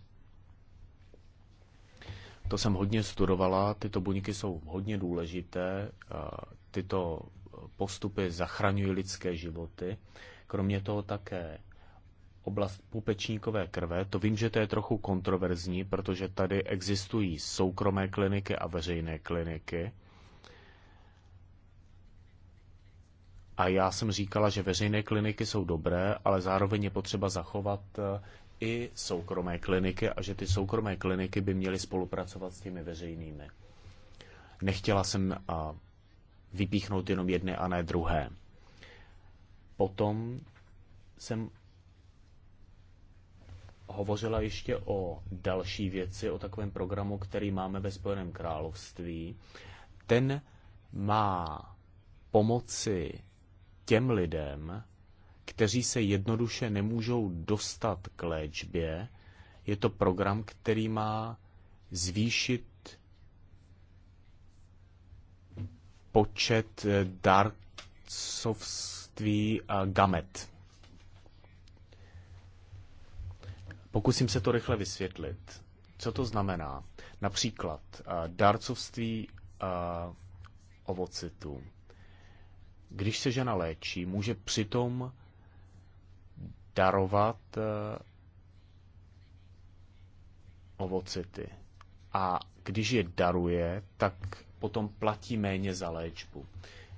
to jsem hodně studovala, tyto buňky jsou hodně důležité, tyto postupy zachraňují lidské životy. Kromě toho také oblast pupečníkové krve. To vím, že to je trochu kontroverzní, protože tady existují soukromé kliniky a veřejné kliniky. A já jsem říkala, že veřejné kliniky jsou dobré, ale zároveň je potřeba zachovat i soukromé kliniky a že ty soukromé kliniky by měly spolupracovat s těmi veřejnými. Nechtěla jsem vypíchnout jenom jedny a ne druhé. Potom jsem hovořila ještě o další věci, o takovém programu, který máme ve Spojeném království. Ten má pomoci těm lidem, kteří se jednoduše nemůžou dostat k léčbě. Je to program, který má zvýšit počet eh, darcovství a gamet. Pokusím se to rychle vysvětlit. Co to znamená? Například eh, darcovství eh, ovocitu. Když se žena léčí, může přitom darovat eh, ovocity. A když je daruje, tak potom platí méně za léčbu.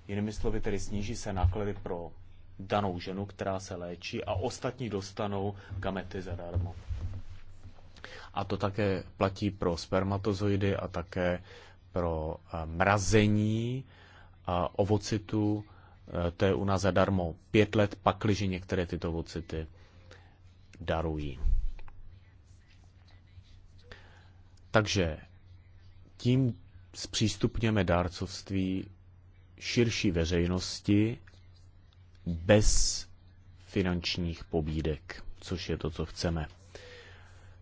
Jinými slovy, tedy sníží se náklady pro danou ženu, která se léčí a ostatní dostanou gamety zadarmo. A to také platí pro spermatozoidy a také pro eh, mrazení eh, ovocitu Eh, to je u nás zadarmo pět let, pakliže některé tyto vocity darují. Takže tím zpřístupněme dárcovství širší veřejnosti bez finančních pobídek, což je to, co chceme.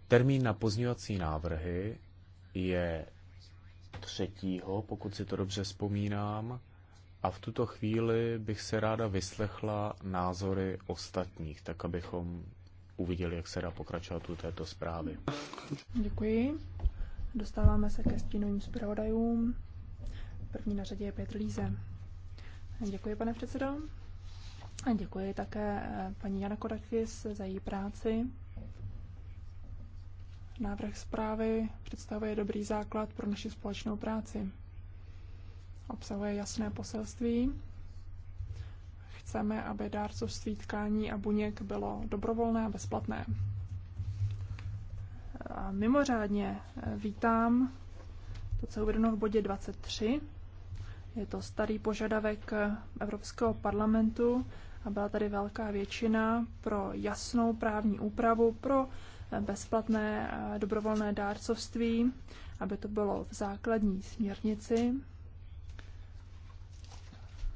Termín na pozňovací návrhy je třetího, pokud si to dobře vzpomínám. A v tuto chvíli bych se ráda vyslechla názory ostatních, tak abychom uviděli, jak se dá pokračovat u této zprávy. Děkuji. Dostáváme se ke stínovým zpravodajům. První na řadě je Petr Líze. Děkuji, pane předsedo. A děkuji také eh, paní Jana Kodakis za její práci. Návrh zprávy představuje dobrý základ pro naši společnou práci obsahuje jasné poselství. Chceme, aby dárcovství tkání a buněk bylo dobrovolné a bezplatné. A mimořádně eh, vítám to, co je uvedeno v bodě 23. Je to starý požadavek eh, Evropského parlamentu a byla tady velká většina pro jasnou právní úpravu pro eh, bezplatné dobrovolné dárcovství, aby to bylo v základní směrnici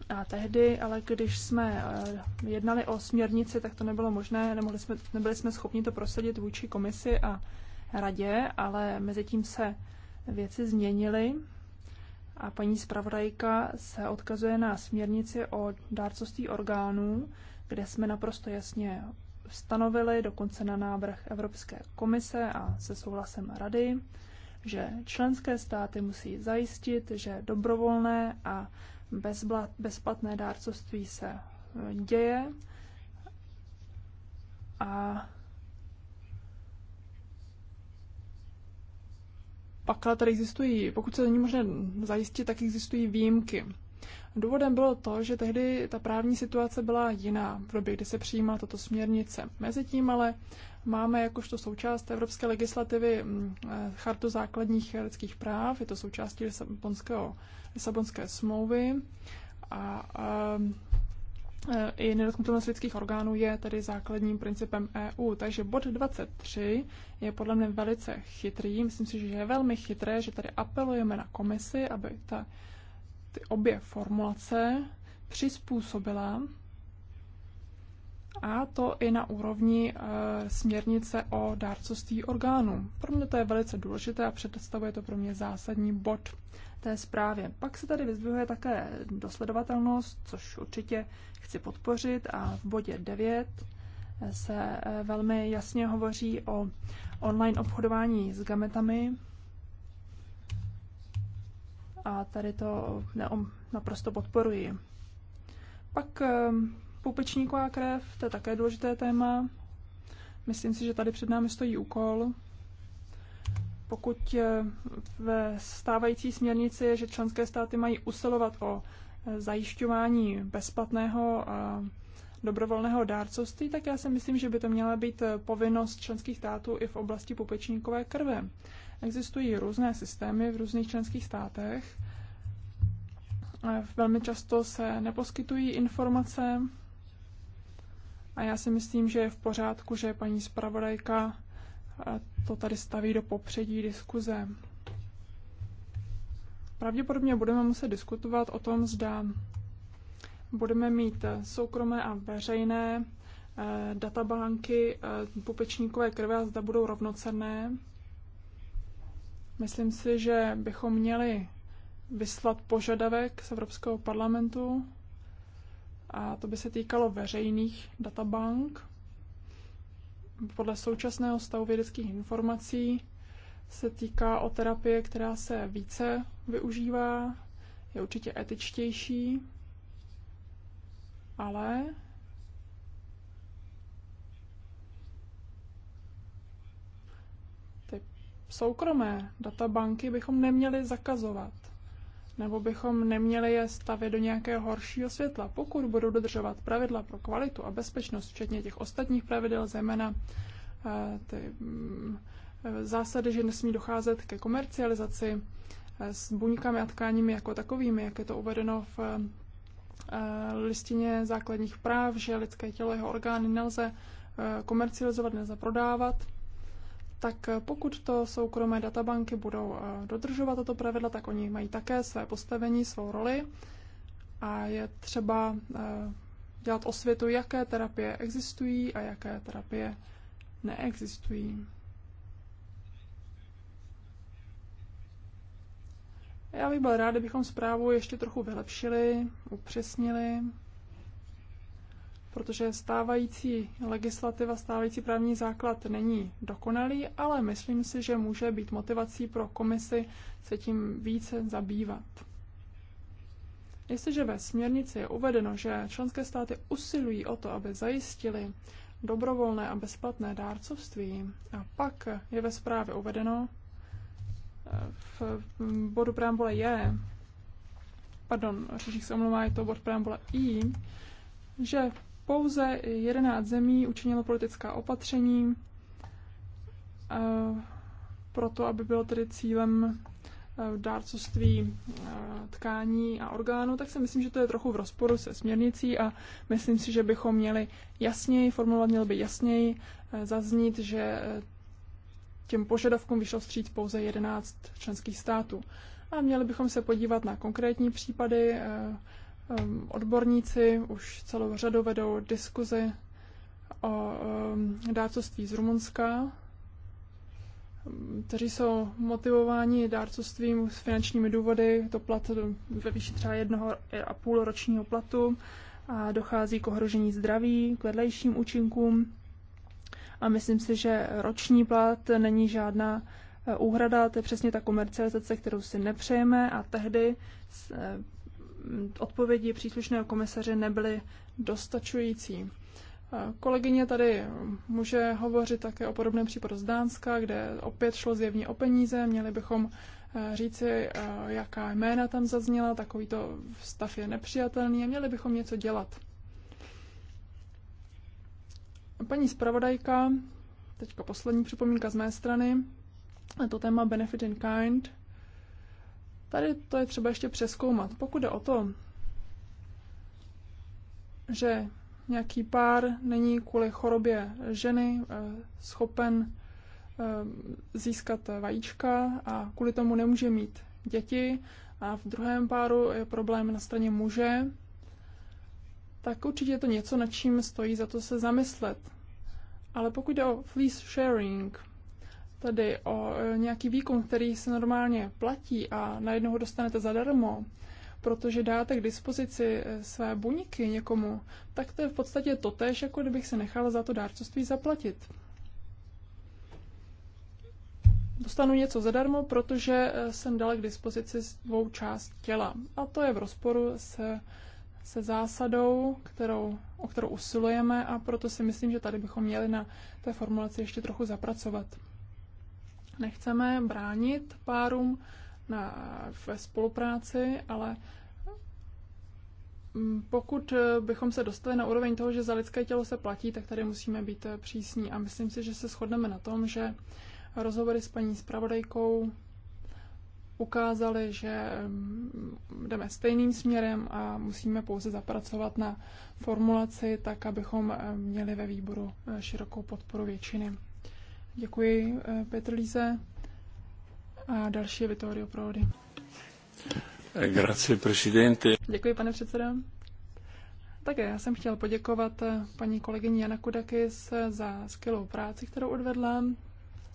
a tehdy, ale když jsme eh, jednali o směrnici, tak to nebylo možné, nemohli jsme, nebyli jsme schopni to prosadit vůči komisi a radě, ale mezi tím se věci změnily a paní zpravodajka se odkazuje na směrnici o dárcovství orgánů, kde jsme naprosto jasně stanovili, dokonce na návrh Evropské komise a se souhlasem rady, že členské státy musí zajistit, že dobrovolné a bezplatné dárcovství se e, děje a pak ale tady existují, pokud se není možné zajistit, tak existují výjimky. Důvodem bylo to, že tehdy ta právní situace byla jiná v době, kdy se přijímá tato směrnice. Mezitím ale máme jakožto součást evropské legislativy mm, eh, chartu základních lidských práv, je to součástí Lisabonského, Lisabonské smlouvy a, a ehm, eh, i nedotknutelnost lidských orgánů je tedy základním principem EU. Takže bod 23 je podle mě velice chytrý. Myslím si, že je velmi chytré, že tady apelujeme na komisi, aby ta ty obě formulace přizpůsobila a to i na úrovni e, směrnice o dárcovství orgánů. Pro mě to je velice důležité a představuje to pro mě zásadní bod té zprávě. Pak se tady vyzdvihuje také dosledovatelnost, což určitě chci podpořit a v bodě 9 se e, velmi jasně hovoří o online obchodování s gametami a tady to neom, naprosto podporuji. Pak ehm, pupečníková krev, to je také důležité téma. Myslím si, že tady před námi stojí úkol. Pokud eh, ve stávající směrnici je, že členské státy mají usilovat o eh, zajišťování bezplatného a dobrovolného dárcovství, tak já si myslím, že by to měla být eh, povinnost členských států i v oblasti pupečníkové krve. Existují různé systémy v různých členských státech. Velmi často se neposkytují informace a já si myslím, že je v pořádku, že paní zpravodajka to tady staví do popředí diskuze. Pravděpodobně budeme muset diskutovat o tom, zda budeme mít soukromé a veřejné e, databanky e, pupečníkové krve a zda budou rovnocenné Myslím si, že bychom měli vyslat požadavek z Evropského parlamentu a to by se týkalo veřejných databank. Podle současného stavu vědeckých informací se týká o terapie, která se více využívá, je určitě etičtější, ale soukromé databanky bychom neměli zakazovat. Nebo bychom neměli je stavět do nějakého horšího světla, pokud budou dodržovat pravidla pro kvalitu a bezpečnost, včetně těch ostatních pravidel, zejména eh, ty mm, zásady, že nesmí docházet ke komercializaci eh, s buňkami a tkáními jako takovými, jak je to uvedeno v eh, listině základních práv, že lidské tělo, jeho orgány nelze komercializovat, nelze prodávat tak eh, pokud to soukromé databanky budou eh, dodržovat toto pravidla, tak oni mají také své postavení, svou roli a je třeba eh, dělat osvětu, jaké terapie existují a jaké terapie neexistují. Já bych byl rád, kdybychom zprávu ještě trochu vylepšili, upřesnili protože stávající legislativa, stávající právní základ není dokonalý, ale myslím si, že může být motivací pro komisi se tím více zabývat. Jestliže ve směrnici je uvedeno, že členské státy usilují o to, aby zajistili dobrovolné a bezplatné dárcovství, a pak je ve zprávě uvedeno v bodu preambule je, pardon, řečník se omlouvá, je to bod preambule I, že pouze 11 zemí učinilo politická opatření eh, pro to, aby bylo tedy cílem eh, dárcovství eh, tkání a orgánů, tak si myslím, že to je trochu v rozporu se směrnicí a myslím si, že bychom měli jasněji, formulovat měl by jasněji zaznít, že těm požadavkům vyšlo stříc pouze 11 členských států. A měli bychom se podívat na konkrétní případy, Ehm, odborníci už celou řadu vedou diskuzi o ehm, dárcovství z Rumunska, ehm, kteří jsou motivováni dárcovstvím s finančními důvody, to plat ve výši třeba jednoho a půl ročního platu a dochází k ohrožení zdraví, k vedlejším účinkům. A myslím si, že roční plat není žádná eh, úhrada, to je přesně ta komercializace, kterou si nepřejeme a tehdy eh, odpovědi příslušného komisaře nebyly dostačující. Kolegyně tady může hovořit také o podobném případu z Dánska, kde opět šlo zjevně o peníze. Měli bychom eh, říci, eh, jaká jména tam zazněla, takovýto stav je nepřijatelný a měli bychom něco dělat. Paní zpravodajka, teďka poslední připomínka z mé strany, to téma Benefit in Kind. Tady to je třeba ještě přeskoumat. Pokud jde o to, že nějaký pár není kvůli chorobě ženy eh, schopen eh, získat vajíčka a kvůli tomu nemůže mít děti, a v druhém páru je problém na straně muže, tak určitě je to něco, nad čím stojí za to se zamyslet. Ale pokud jde o fleece sharing, Tady o e, nějaký výkon, který se normálně platí a najednou ho dostanete zadarmo, protože dáte k dispozici e, své buňky někomu, tak to je v podstatě totéž, jako kdybych se nechal za to dárcovství zaplatit. Dostanu něco zadarmo, protože e, jsem dala k dispozici svou část těla. A to je v rozporu se, se zásadou, kterou, o kterou usilujeme a proto si myslím, že tady bychom měli na té formulaci ještě trochu zapracovat. Nechceme bránit párům na, ve spolupráci, ale mm, pokud eh, bychom se dostali na úroveň toho, že za lidské tělo se platí, tak tady musíme být eh, přísní. A myslím si, že se shodneme na tom, že rozhovory s paní zpravodajkou ukázaly, že mm, jdeme stejným směrem a musíme pouze zapracovat na formulaci tak, abychom eh, měli ve výboru širokou podporu většiny. Děkuji, eh, Petr Líze. A další je Vittorio Prodi. Eh, grazie, presidente. Děkuji, pane předsedo. Také já jsem chtěl poděkovat eh, paní kolegyni Jana Kudakis za skvělou práci, kterou odvedla.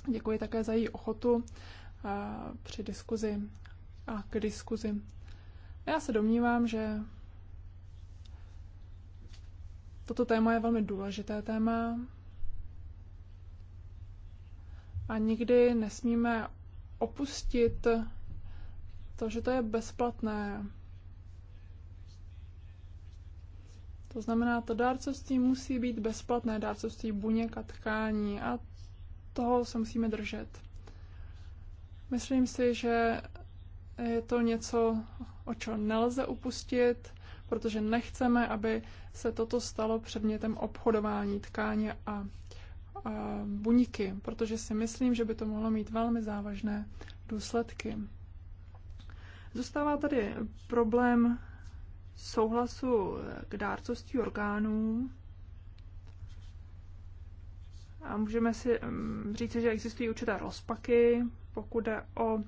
Děkuji také za její ochotu při diskuzi a k diskuzi. Já se domnívám, že toto téma je velmi důležité téma, a nikdy nesmíme opustit to, že to je bezplatné. To znamená, to dárcovství musí být bezplatné, dárcovství buněk a tkání a toho se musíme držet. Myslím si, že je to něco, o čem nelze upustit, protože nechceme, aby se toto stalo předmětem obchodování tkáně a buňky, protože si myslím, že by to mohlo mít velmi závažné důsledky. Zůstává tady problém souhlasu k dárcovství orgánů. A můžeme si mm, říct, že existují určité rozpaky, pokud jde o e,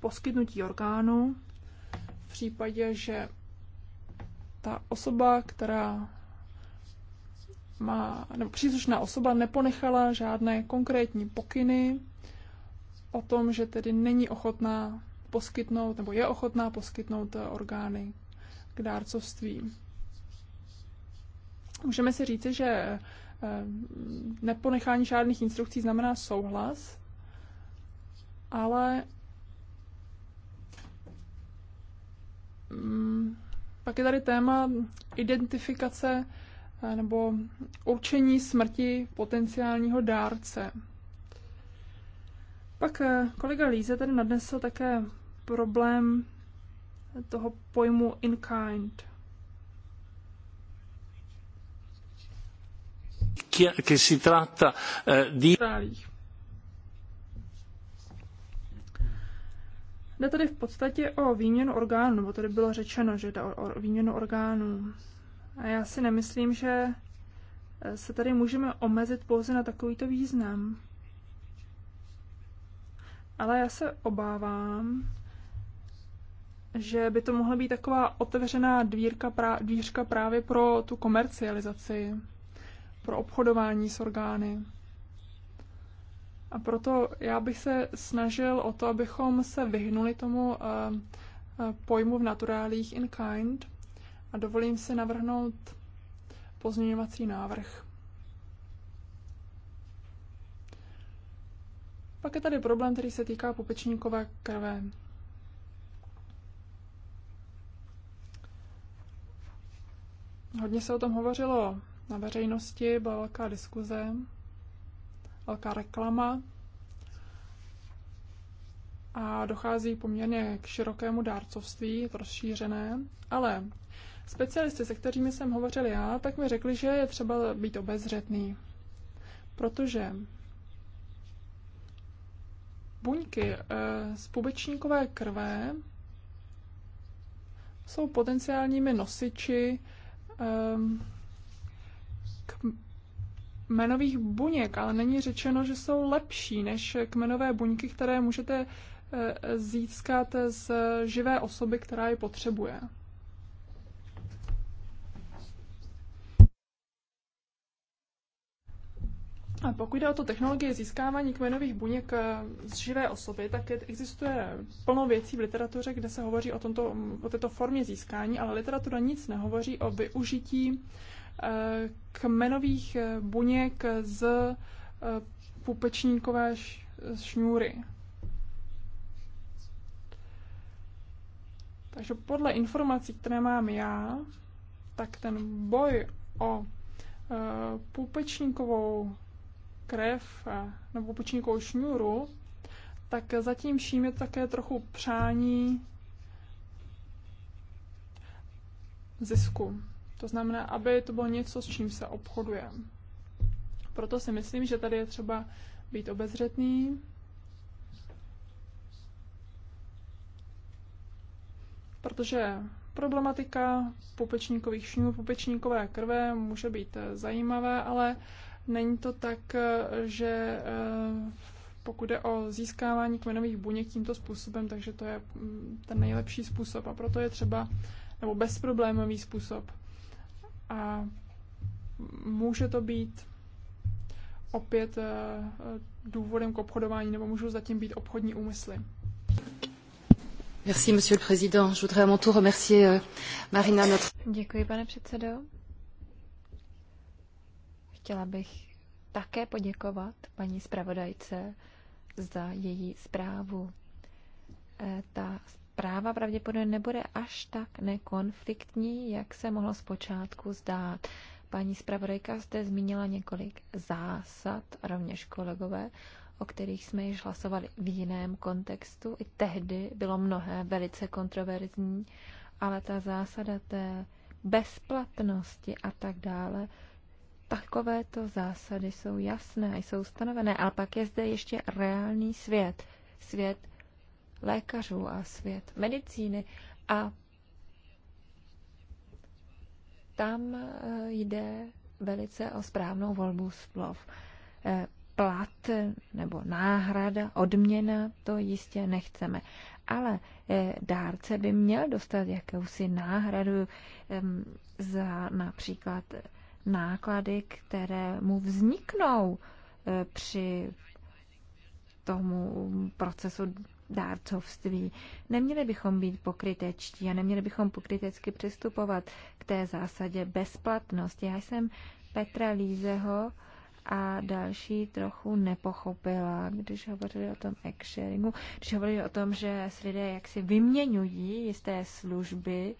poskytnutí orgánu. V případě, že ta osoba, která má, nebo příslušná osoba neponechala žádné konkrétní pokyny o tom, že tedy není ochotná poskytnout, nebo je ochotná poskytnout eh, orgány k dárcovství. Můžeme si říci, že eh, neponechání žádných instrukcí znamená souhlas, ale mm, pak je tady téma identifikace nebo určení smrti potenciálního dárce. Pak eh, kolega Líze tady nadnesl také problém toho pojmu in kind. Che si tratta eh, di... Jde tady v podstatě o výměnu orgánů, nebo tady bylo řečeno, že jde o výměnu orgánů. A já si nemyslím, že se tady můžeme omezit pouze na takovýto význam. Ale já se obávám, že by to mohla být taková otevřená dvírka, prá, dvířka právě pro tu komercializaci, pro obchodování s orgány. A proto já bych se snažil o to, abychom se vyhnuli tomu uh, pojmu v naturálích in kind, a dovolím si navrhnout pozměňovací návrh. Pak je tady problém, který se týká pupečníkové krve. Hodně se o tom hovořilo na veřejnosti, byla velká diskuze, velká reklama a dochází poměrně k širokému dárcovství, rozšířené, ale Specialisty, se kterými jsem hovořil já, tak mi řekli, že je třeba být obezřetný, protože buňky eh, z pubečníkové krve jsou potenciálními nosiči ehm, kmenových buněk, ale není řečeno, že jsou lepší než kmenové buňky, které můžete eh, získat z živé osoby, která je potřebuje. A pokud jde o to technologie získávání kmenových buněk eh, z živé osoby, tak existuje plno věcí v literatuře, kde se hovoří o, tomto, mm, o této formě získání, ale literatura nic nehovoří o využití eh, kmenových eh, buněk z pupečníkové šňůry. Takže podle informací, které mám já, tak ten boj o půpečníkovou krev nebo pučníkou šňůru, tak zatím vším je také trochu přání zisku. To znamená, aby to bylo něco, s čím se obchoduje. Proto si myslím, že tady je třeba být obezřetný. Protože problematika popečníkových šňů, popečníkové krve může být zajímavé, ale Není to tak, eh, že eh, pokud jde o získávání kmenových buněk tímto způsobem, takže to je mm, ten nejlepší způsob a proto je třeba, nebo bezproblémový způsob. A může to být opět eh, důvodem k obchodování, nebo můžou zatím být obchodní úmysly. Merci, monsieur le président. Je voudrais à mon tour remercier Marina, notre... Děkuji, pane předsedo. Chtěla bych také poděkovat paní zpravodajce za její zprávu. E, ta zpráva pravděpodobně nebude až tak nekonfliktní, jak se mohlo zpočátku zdát. Paní zpravodajka zde zmínila několik zásad, rovněž kolegové, o kterých jsme již hlasovali v jiném kontextu. I tehdy bylo mnohé velice kontroverzní, ale ta zásada té bezplatnosti a tak dále, Takovéto zásady jsou jasné a jsou stanovené, ale pak je zde ještě reálný svět. Svět lékařů a svět medicíny. A tam eh, jde velice o správnou volbu slov. Eh, plat nebo náhrada, odměna, to jistě nechceme. Ale eh, dárce by měl dostat jakousi náhradu za například náklady, které mu vzniknou eh, při tomu procesu dárcovství. Neměli bychom být pokrytečtí a neměli bychom pokrytecky přistupovat k té zásadě bezplatnosti. Já jsem Petra Lízeho a další trochu nepochopila, když hovořili o tom egg sharingu, když hovořili o tom, že s lidé jaksi vyměňují jisté služby,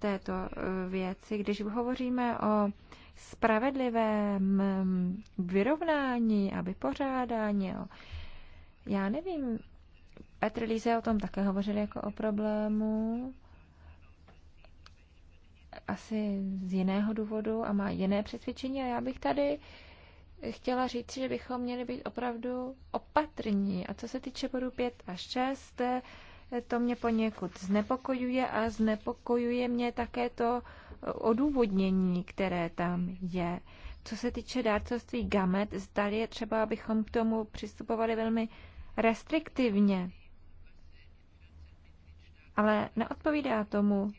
této eh, věci. Když hovoříme o spravedlivém mm, vyrovnání a vypořádání, já nevím, Petr Líze o tom také hovořil jako o problému, asi z jiného důvodu a má jiné přesvědčení a já bych tady chtěla říct, že bychom měli být opravdu opatrní. A co se týče bodu 5 a 6, to mě poněkud znepokojuje a znepokojuje mě také to odůvodnění, které tam je. Co se týče dárcovství gamet, zdali je třeba, abychom k tomu přistupovali velmi restriktivně. Ale neodpovídá tomu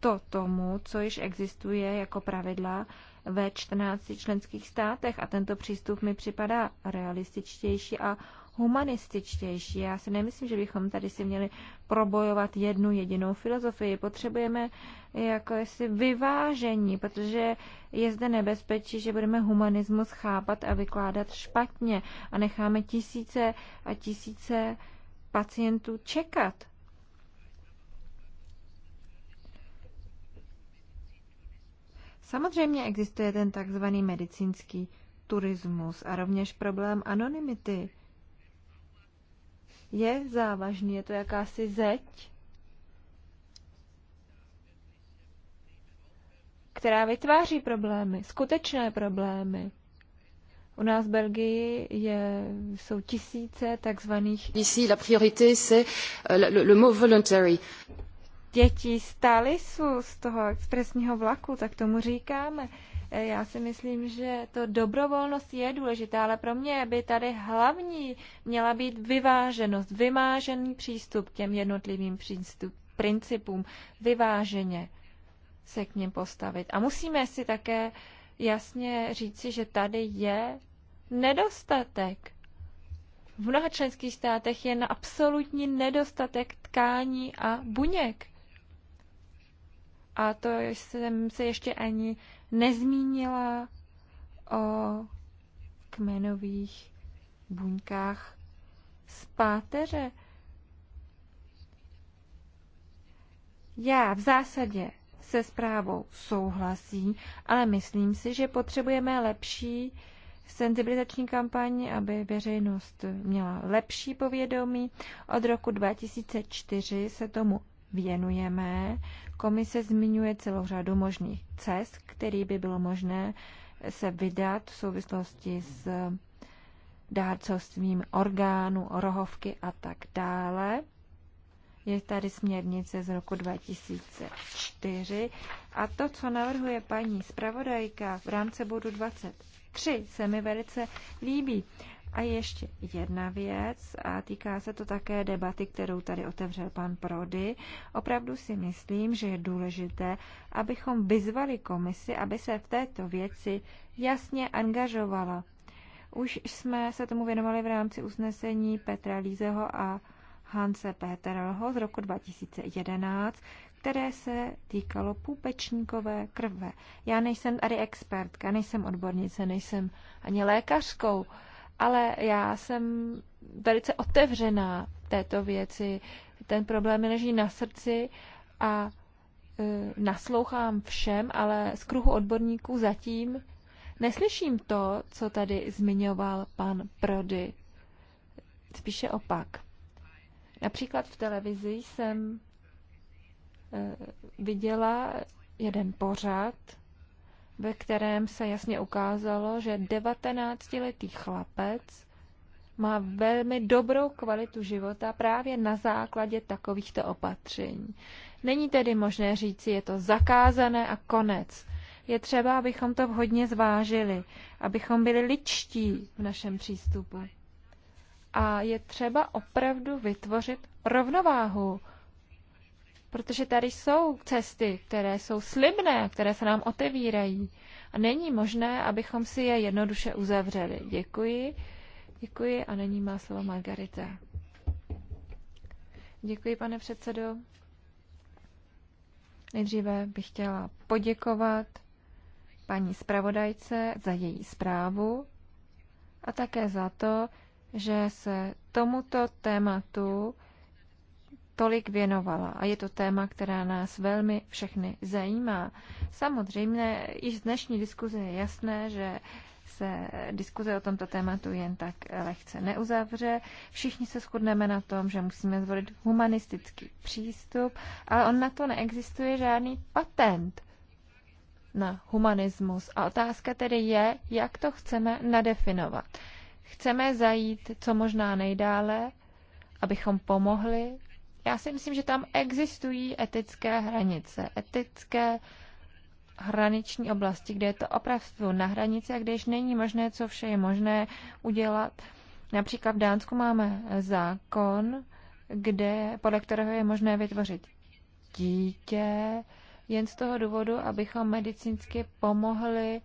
to tomu, co již existuje jako pravidla ve 14 členských státech a tento přístup mi připadá realističtější a humanističtější. Já si nemyslím, že bychom tady si měli probojovat jednu jedinou filozofii. Potřebujeme jako jestli vyvážení, protože je zde nebezpečí, že budeme humanismus chápat a vykládat špatně a necháme tisíce a tisíce pacientů čekat. Samozřejmě existuje ten takzvaný medicínský turismus a rovněž problém anonymity je závažný, je to jakási zeď, která vytváří problémy, skutečné problémy. U nás v Belgii je, jsou tisíce takzvaných... Ici, la priorité, c'est euh, le, le mot voluntary dětí Talisu, z toho expresního vlaku, tak tomu říkáme. E, já si myslím, že to dobrovolnost je důležitá, ale pro mě by tady hlavní měla být vyváženost, vymážený přístup k těm jednotlivým přístup, principům, vyváženě se k ním postavit. A musíme si také jasně říci, že tady je nedostatek. V mnoha členských státech je na absolutní nedostatek tkání a buněk. A to jsem se ještě ani nezmínila o kmenových buňkách z páteře. Já v zásadě se zprávou souhlasím, ale myslím si, že potřebujeme lepší senzibilizační kampaň, aby veřejnost měla lepší povědomí. Od roku 2004 se tomu věnujeme Komise zmiňuje celou řadu možných cest, který by bylo možné se vydat v souvislosti s dárcovstvím orgánů, rohovky a tak dále. Je tady směrnice z roku 2004 a to, co navrhuje paní zpravodajka v rámci bodu 23, se mi velice líbí. A ještě jedna věc, a týká se to také debaty, kterou tady otevřel pan Prody. Opravdu si myslím, že je důležité, abychom vyzvali komisi, aby se v této věci jasně angažovala. Už jsme se tomu věnovali v rámci usnesení Petra Lízeho a Hanse Peterlho z roku 2011, které se týkalo půpečníkové krve. Já nejsem tady expertka, nejsem odbornice, nejsem ani lékařkou ale já jsem velice otevřená této věci. Ten problém mi leží na srdci a e, naslouchám všem, ale z kruhu odborníků zatím neslyším to, co tady zmiňoval pan Prody. Spíše opak. Například v televizi jsem e, viděla jeden pořad, ve kterém se jasně ukázalo, že 19-letý chlapec má velmi dobrou kvalitu života právě na základě takovýchto opatření. Není tedy možné říci, je to zakázané a konec. Je třeba, abychom to vhodně zvážili, abychom byli ličtí v našem přístupu. A je třeba opravdu vytvořit rovnováhu Protože tady jsou cesty, které jsou slibné, které se nám otevírají. A není možné, abychom si je jednoduše uzavřeli. Děkuji. Děkuji a není má slovo Margarita. Děkuji, pane předsedo. Nejdříve bych chtěla poděkovat paní zpravodajce za její zprávu a také za to, že se tomuto tématu tolik věnovala. A je to téma, která nás velmi všechny zajímá. Samozřejmě, i z dnešní diskuze je jasné, že se diskuze o tomto tématu jen tak lehce neuzavře. Všichni se shodneme na tom, že musíme zvolit humanistický přístup, ale on na to neexistuje žádný patent na humanismus. A otázka tedy je, jak to chceme nadefinovat. Chceme zajít co možná nejdále, abychom pomohli já si myslím, že tam existují etické hranice, etické hraniční oblasti, kde je to opravdu na hranici a kde již není možné, co vše je možné udělat. Například v Dánsku máme zákon, kde, podle kterého je možné vytvořit dítě jen z toho důvodu, abychom medicínsky pomohli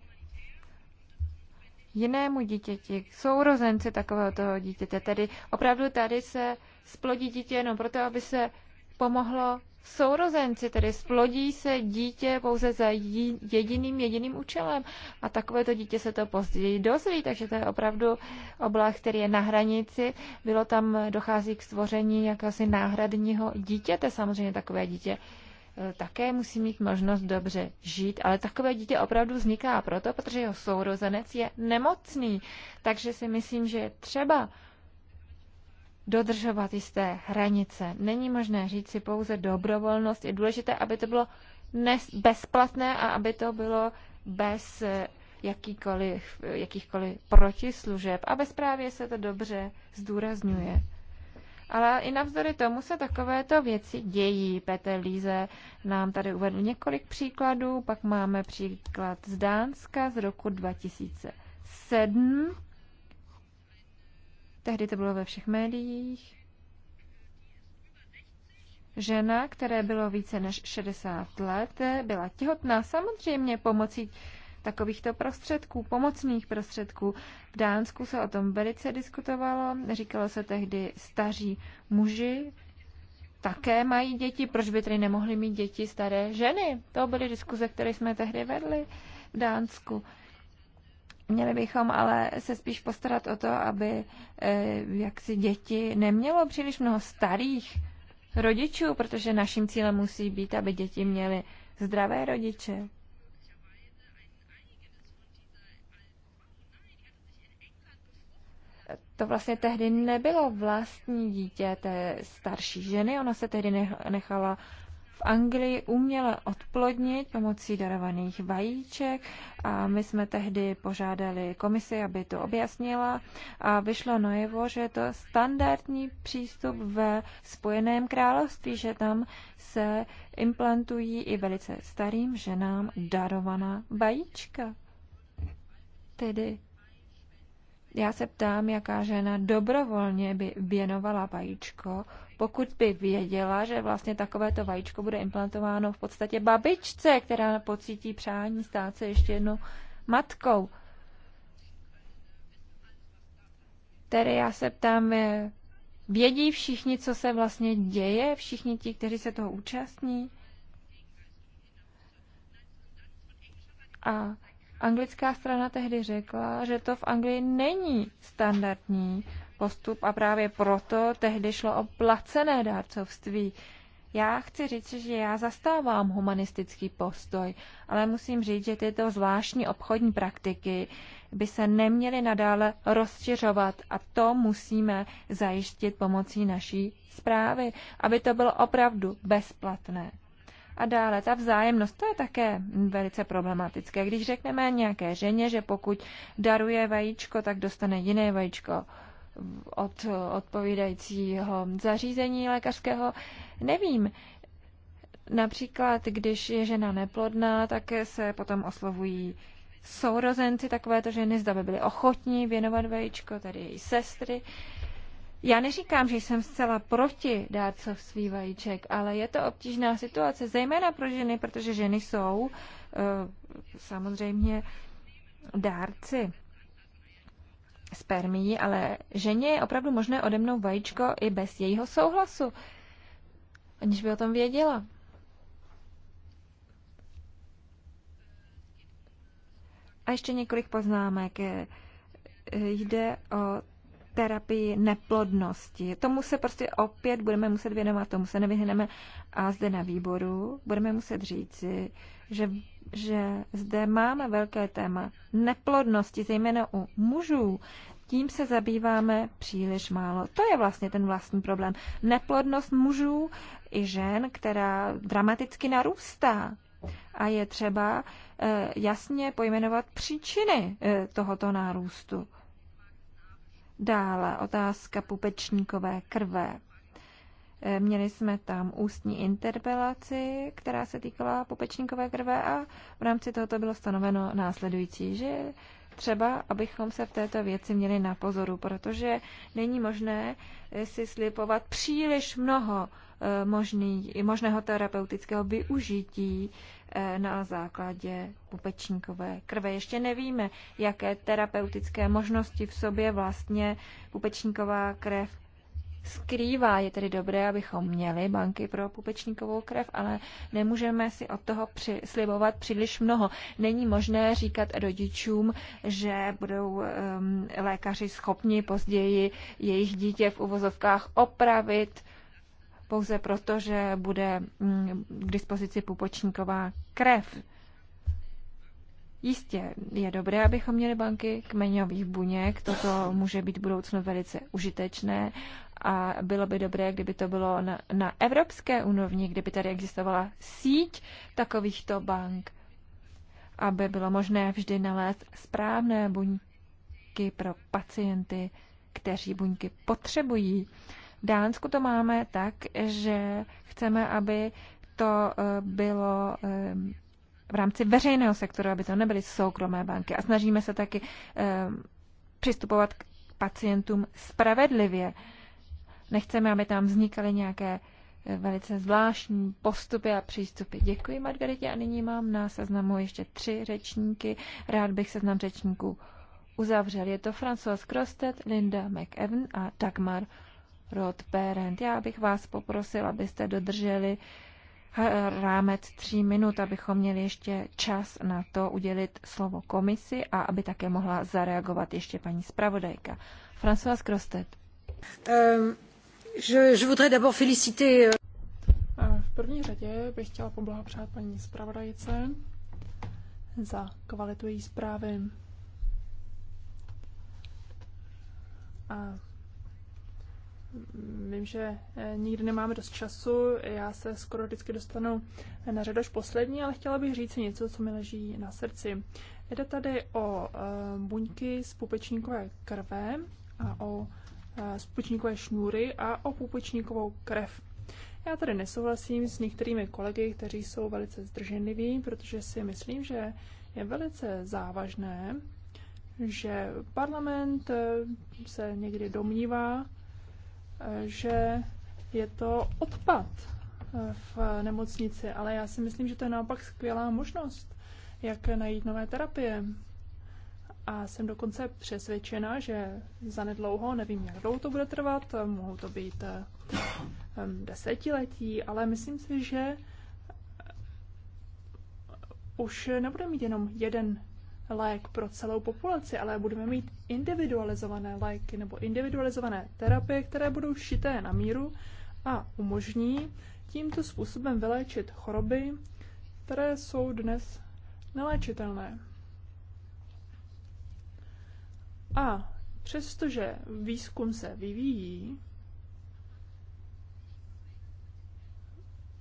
jinému dítěti, sourozenci takového toho dítěte. Tedy opravdu tady se splodí dítě jenom proto, aby se pomohlo sourozenci, tedy splodí se dítě pouze za jediným, jediným účelem a takovéto dítě se to později dozví, takže to je opravdu oblast, který je na hranici. Bylo tam, dochází k stvoření jakéhosi náhradního dítěte, samozřejmě takové dítě e, také musí mít možnost dobře žít, ale takové dítě opravdu vzniká proto, protože jeho sourozenec je nemocný. Takže si myslím, že je třeba dodržovat jisté hranice. Není možné říct si pouze dobrovolnost. Je důležité, aby to bylo bezplatné a aby to bylo bez eh, jakýchkoliv protislužeb. A ve zprávě se to dobře zdůrazňuje. Ale i navzdory tomu se takovéto věci dějí. Petr Líze nám tady uvedl několik příkladů, pak máme příklad z Dánska z roku 2007, tehdy to bylo ve všech médiích, Žena, které bylo více než 60 let, byla těhotná samozřejmě pomocí takovýchto prostředků, pomocných prostředků. V Dánsku se o tom velice diskutovalo, říkalo se tehdy staří muži, také mají děti, proč by tedy nemohly mít děti staré ženy? To byly diskuze, které jsme tehdy vedli v Dánsku. Měli bychom ale se spíš postarat o to, aby eh, jaksi děti nemělo příliš mnoho starých rodičů, protože naším cílem musí být, aby děti měly zdravé rodiče. To vlastně tehdy nebylo vlastní dítě té starší ženy, ona se tehdy nechala v Anglii uměle odplodnit pomocí darovaných vajíček a my jsme tehdy požádali komisi, aby to objasnila a vyšlo najevo, že je to standardní přístup ve Spojeném království, že tam se implantují i velice starým ženám darovaná vajíčka. Tedy já se ptám, jaká žena dobrovolně by věnovala vajíčko pokud by věděla, že vlastně takovéto vajíčko bude implantováno v podstatě babičce, která pocítí přání stát se ještě jednou matkou. Tedy já se ptám, eh, vědí všichni, co se vlastně děje, všichni ti, kteří se toho účastní? A anglická strana tehdy řekla, že to v Anglii není standardní postup a právě proto tehdy šlo o placené dárcovství. Já chci říct, že já zastávám humanistický postoj, ale musím říct, že tyto zvláštní obchodní praktiky by se neměly nadále rozšiřovat a to musíme zajistit pomocí naší zprávy, aby to bylo opravdu bezplatné. A dále ta vzájemnost, to je také velice problematické. Když řekneme nějaké ženě, že pokud daruje vajíčko, tak dostane jiné vajíčko od odpovídajícího zařízení lékařského, nevím. Například, když je žena neplodná, tak se potom oslovují sourozenci takovéto ženy, zda by byly ochotní věnovat vajíčko, tady její sestry. Já neříkám, že jsem zcela proti dárcovství vajíček, ale je to obtížná situace, zejména pro ženy, protože ženy jsou eh, samozřejmě dárci spermií, ale ženě je opravdu možné odemnout vajíčko i bez jejího souhlasu, aniž by o tom věděla. A ještě několik poznámek. Eh, jde o terapii neplodnosti. Tomu se prostě opět budeme muset věnovat, tomu se nevyhneme. A zde na výboru budeme muset říci, že že zde máme velké téma neplodnosti, zejména u mužů. Tím se zabýváme příliš málo. To je vlastně ten vlastní problém. Neplodnost mužů i žen, která dramaticky narůstá. A je třeba eh, jasně pojmenovat příčiny eh, tohoto nárůstu. Dále otázka pupečníkové krve. Eh, měli jsme tam ústní interpelaci, která se týkala popečníkové krve a v rámci tohoto bylo stanoveno následující, že třeba, abychom se v této věci měli na pozoru, protože není možné eh, si slipovat příliš mnoho eh, možný, možného terapeutického využití na základě pupečníkové krve. Ještě nevíme, jaké terapeutické možnosti v sobě vlastně pupečníková krev skrývá. Je tedy dobré, abychom měli banky pro pupečníkovou krev, ale nemůžeme si od toho při, slibovat příliš mnoho. Není možné říkat rodičům, že budou um, lékaři schopni později jejich dítě v uvozovkách opravit pouze proto, že bude um, k dispozici pupočníková krev. Jistě je dobré, abychom měli banky kmeňových buněk, toto může být v budoucnu velice užitečné, a bylo by dobré, kdyby to bylo na, na evropské úrovni, kdyby tady existovala síť takovýchto bank, aby bylo možné vždy nalézt správné buňky pro pacienty, kteří buňky potřebují. V Dánsku to máme tak, že chceme, aby to eh, bylo eh, v rámci veřejného sektoru, aby to nebyly soukromé banky. A snažíme se taky eh, přistupovat k pacientům spravedlivě. Nechceme, aby tam vznikaly nějaké eh, velice zvláštní postupy a přístupy. Děkuji Margaritě a nyní mám na seznamu ještě tři řečníky. Rád bych seznam řečníků uzavřel. Je to François Krostet, Linda McEwen a Dagmar roth Já bych vás poprosil, abyste dodrželi eh, rámec tří minut, abychom měli ještě čas na to udělit slovo komisi a aby také mohla zareagovat ještě paní zpravodajka. François Krostet. Um. Ehm, je, je voudrais d'abord féliciter... Euh, v první řadě bych chtěla poblahopřát paní zpravodajce za kvalitu její zprávy. A vím, že eh, nikdy nemáme dost času, já se skoro vždycky dostanu na řadu až poslední, ale chtěla bych říct něco, co mi leží na srdci. Jde tady o eh, buňky z pupečníkové krve a o Eh, pupečníkové šňůry a o pupečníkovou krev. Já tady nesouhlasím s některými kolegy, kteří jsou velice zdrženliví, protože si myslím, že je velice závažné, že parlament eh, se někdy domnívá, eh, že je to odpad v nemocnici, ale já si myslím, že to je naopak skvělá možnost, jak najít nové terapie, a jsem dokonce přesvědčena, že zanedlouho, nevím, jak dlouho to bude trvat, mohou to být ehm, desetiletí, ale myslím si, že eh, už nebudeme mít jenom jeden lék pro celou populaci, ale budeme mít individualizované léky nebo individualizované terapie, které budou šité na míru a umožní tímto způsobem vyléčit choroby, které jsou dnes neléčitelné. A přestože výzkum se vyvíjí,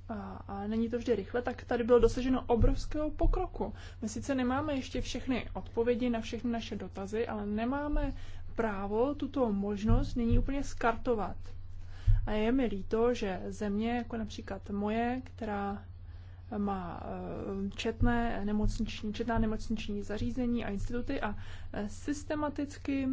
a, a není to vždy rychle, tak tady bylo dosaženo obrovského pokroku. My sice nemáme ještě všechny odpovědi na všechny naše dotazy, ale nemáme právo tuto možnost nyní úplně skartovat. A je mi líto, že země, jako například moje, která má eh, četné nemocniční, četná nemocniční zařízení a instituty a eh, systematicky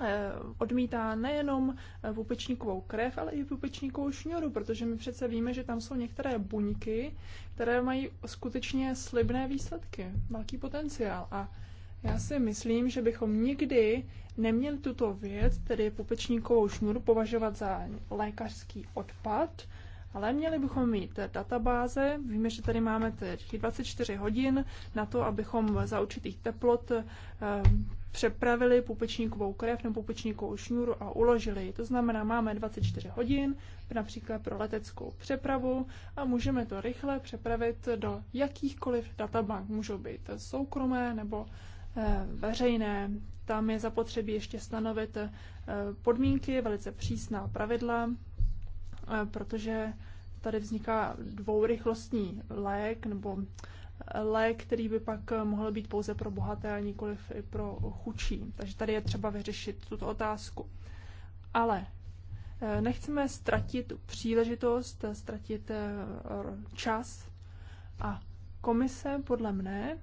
eh, odmítá nejenom pupečníkovou krev, ale i pupečníkovou šňůru, protože my přece víme, že tam jsou některé buňky, které mají skutečně slibné výsledky, velký potenciál. A já si myslím, že bychom nikdy neměli tuto věc, tedy pupečníkovou šňůru, považovat za lékařský odpad, ale měli bychom mít databáze, víme, že tady máme teď 24 hodin na to, abychom za určitých teplot eh, přepravili pupečníkovou krev nebo pupečníkovou šňůru a uložili To znamená, máme 24 hodin, například pro leteckou přepravu a můžeme to rychle přepravit do jakýchkoliv databank. Můžou být soukromé nebo eh, veřejné. Tam je zapotřebí ještě stanovit eh, podmínky, velice přísná pravidla, Eh, protože tady vzniká dvourychlostní lék nebo eh, lék, který by pak eh, mohl být pouze pro bohaté a nikoliv i pro chudší. Takže tady je třeba vyřešit tuto otázku. Ale nechceme ztratit příležitost, ztratit čas a komise podle mne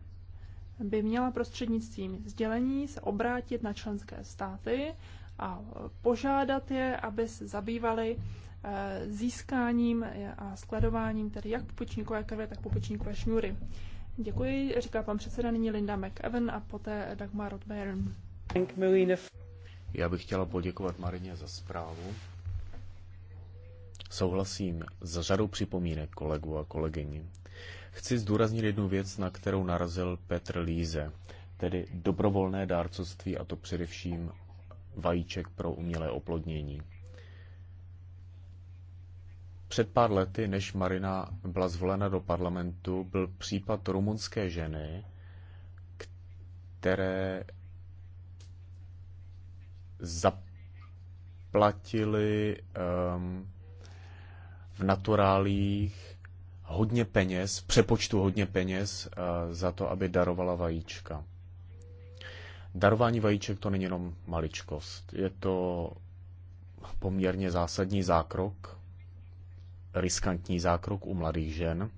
by měla prostřednictvím sdělení se obrátit na členské státy a požádat je, aby se zabývali Eh, získáním a skladováním tedy jak pupočníkové krve, tak pupočníkové šňůry. Děkuji, říká pan předseda, nyní Linda McEwen a poté Dagmar Rodbern. Já bych chtěla poděkovat Marině za zprávu. Souhlasím s řadou připomínek kolegů a kolegyni. Chci zdůraznit jednu věc, na kterou narazil Petr Líze, tedy dobrovolné dárcovství a to především vajíček pro umělé oplodnění. Před pár lety, než Marina byla zvolena do parlamentu, byl případ rumunské ženy, které zaplatili um, ehm, v naturálích hodně peněz, přepočtu hodně peněz uh, za to, aby darovala vajíčka. Darování vajíček to není jenom maličkost. Je to poměrně zásadní zákrok riskantní zákrok u mladých žen.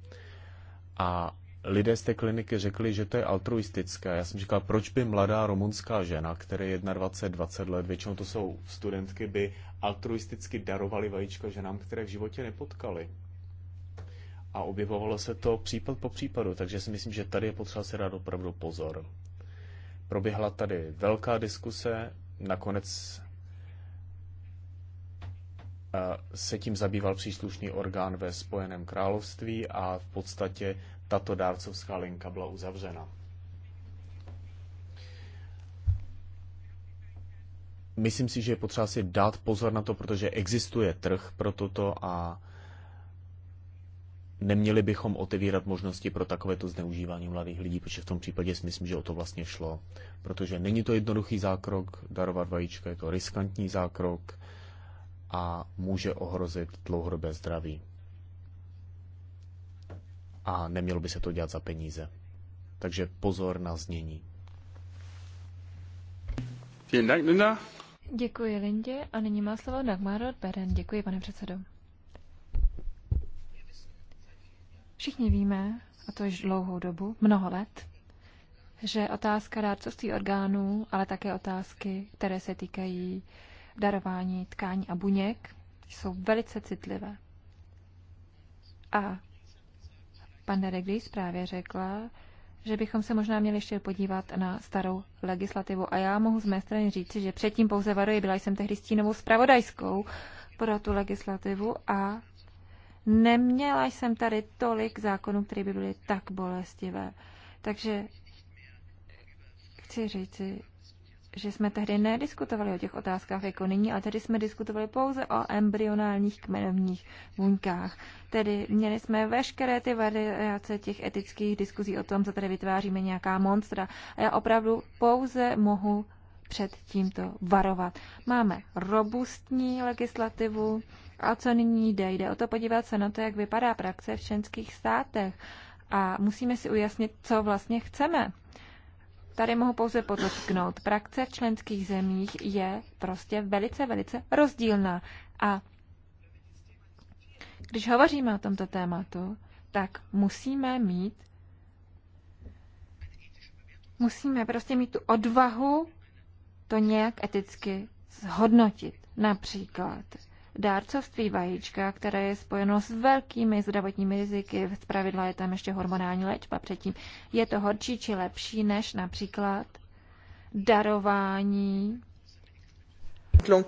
A lidé z té kliniky řekli, že to je altruistické. Já jsem říkal, proč by mladá rumunská žena, které je 21, 20 let, většinou to jsou studentky, by altruisticky darovali vajíčka ženám, které v životě nepotkali. A objevovalo se to případ po případu, takže si myslím, že tady je potřeba si dát opravdu pozor. Proběhla tady velká diskuse, nakonec se tím zabýval příslušný orgán ve Spojeném království a v podstatě tato dárcovská linka byla uzavřena. Myslím si, že je potřeba si dát pozor na to, protože existuje trh pro toto a neměli bychom otevírat možnosti pro takovéto zneužívání mladých lidí, protože v tom případě si myslím, že o to vlastně šlo. Protože není to jednoduchý zákrok darovat vajíčka, je to riskantní zákrok, a může ohrozit dlouhodobé zdraví. A nemělo by se to dělat za peníze. Takže pozor na znění. Děkuji Lindě a nyní má slovo Dagmar Beren. Děkuji, pane předsedo. Všichni víme, a to již dlouhou dobu, mnoho let, že otázka dárcovství orgánů, ale také otázky, které se týkají darování tkání a buněk jsou velice citlivé. A pan Dereglis právě řekla, že bychom se možná měli ještě podívat na starou legislativu. A já mohu z mé strany říci, že předtím pouze varuji, byla jsem tehdy stínovou spravodajskou pro tu legislativu a neměla jsem tady tolik zákonů, které by byly tak bolestivé. Takže chci říci, že jsme tehdy nediskutovali o těch otázkách jako nyní, ale tehdy jsme diskutovali pouze o embryonálních kmenovních buňkách. Tedy měli jsme veškeré ty variace těch etických diskuzí o tom, co tady vytváříme nějaká monstra. A já opravdu pouze mohu před tímto varovat. Máme robustní legislativu a co nyní jde? Jde o to podívat se na to, jak vypadá praxe v členských státech a musíme si ujasnit, co vlastně chceme. Tady mohu pouze podotknout. Praxe v členských zemích je prostě velice, velice rozdílná. A když hovoříme o tomto tématu, tak musíme mít musíme prostě mít tu odvahu to nějak eticky zhodnotit. Například dárcovství vajíčka, které je spojeno s velkými zdravotními riziky. Z pravidla je tam ještě hormonální léčba předtím. Je to horší či lepší než například darování äh,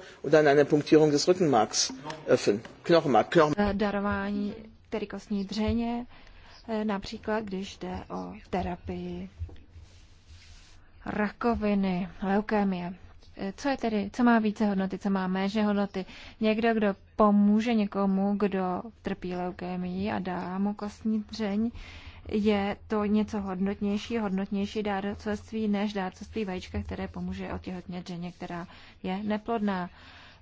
äh, Darování terikostní dřeně, äh, například když jde o terapii rakoviny, leukémie. Co je tedy, co má více hodnoty, co má méně hodnoty? Někdo, kdo pomůže někomu, kdo trpí leukémií a dá mu kostní dřeň, je to něco hodnotnější, hodnotnější dárcovství než dárcovství vajíčka, které pomůže otěhotnět ženě, která je neplodná.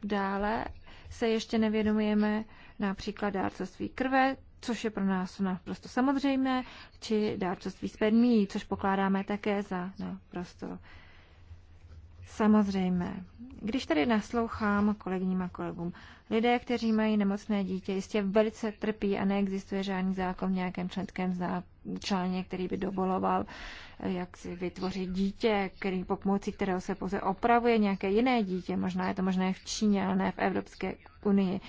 Dále se ještě nevědomujeme například dárcovství krve, což je pro nás naprosto samozřejmé, či dárcovství spermí, což pokládáme také za naprosto samozřejmé. Když tady naslouchám kolegyním a kolegům, lidé, kteří mají nemocné dítě, jistě velice trpí a neexistuje žádný zákon v nějakém členském článě, který by dovoloval, eh, jak si vytvořit dítě, který po pomocí kterého se pouze opravuje nějaké jiné dítě. Možná je to možné v Číně, ale ne v Evropské unii.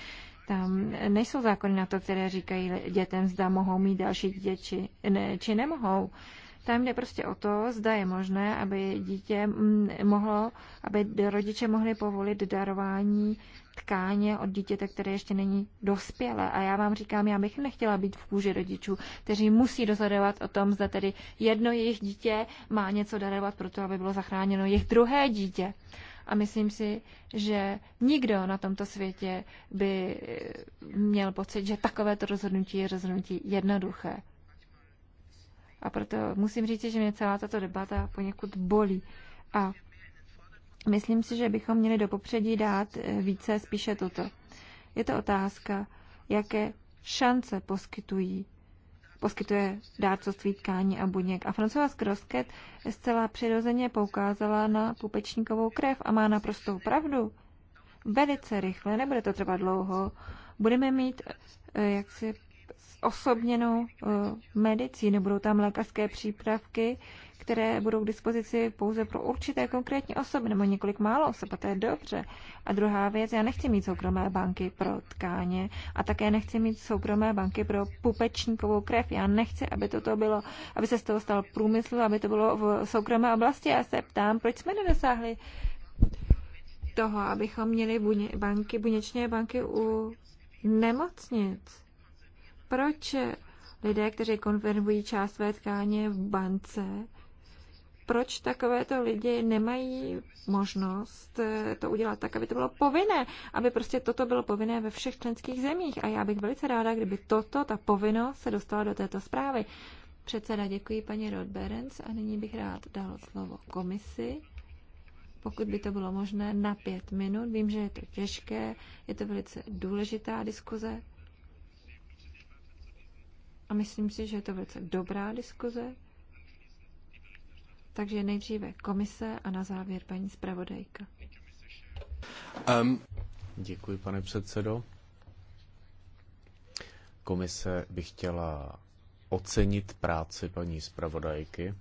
Tam nejsou zákony na to, které říkají dětem, zda mohou mít další dítě, či, ne, či nemohou. Uh, tam jde prostě o to, zda je možné, aby dítě mohlo, aby rodiče mohli povolit darování tkáně od dítěte, které ještě není dospělé. A já vám říkám, já bych nechtěla být v kůži rodičů, kteří musí dozorovat o tom, zda tedy jedno jejich dítě má něco darovat proto, aby bylo zachráněno jejich druhé dítě. A myslím si, že nikdo na tomto světě by měl pocit, že takovéto rozhodnutí je rozhodnutí jednoduché. A proto musím říct, že mě celá tato debata poněkud bolí. A myslím si, že bychom měli do popředí dát eh, více spíše toto. Je to otázka, jaké šance poskytují poskytuje dárcovství tkání a buněk. A Francois Grosket zcela přirozeně poukázala na pupečníkovou krev a má naprostou pravdu. Velice rychle, nebude to trvat dlouho, budeme mít eh, jaksi osobněnou eh, medicínu. Budou tam lékařské přípravky, které budou k dispozici pouze pro určité konkrétní osoby nebo několik málo osob, a to je dobře. A druhá věc, já nechci mít soukromé banky pro tkáně a také nechci mít soukromé banky pro pupečníkovou krev. Já nechci, aby toto bylo, aby se z toho stal průmysl, aby to bylo v soukromé oblasti. Já se ptám, proč jsme nedosáhli toho, abychom měli buně, banky, buněčné banky u nemocnic proč lidé, kteří konvervují část své tkáně v bance, proč takovéto lidi nemají možnost to udělat tak, aby to bylo povinné, aby prostě toto bylo povinné ve všech členských zemích. A já bych velice ráda, kdyby toto, ta povinnost se dostala do této zprávy. Předseda, děkuji paní Rodberens a nyní bych rád dal slovo komisi, pokud by to bylo možné, na pět minut. Vím, že je to těžké, je to velice důležitá diskuze. A myslím si, že je to velice dobrá diskuze. Takže nejdříve komise a na závěr paní zpravodajka. Um, děkuji, pane předsedo. Komise by chtěla ocenit práci paní zpravodajky.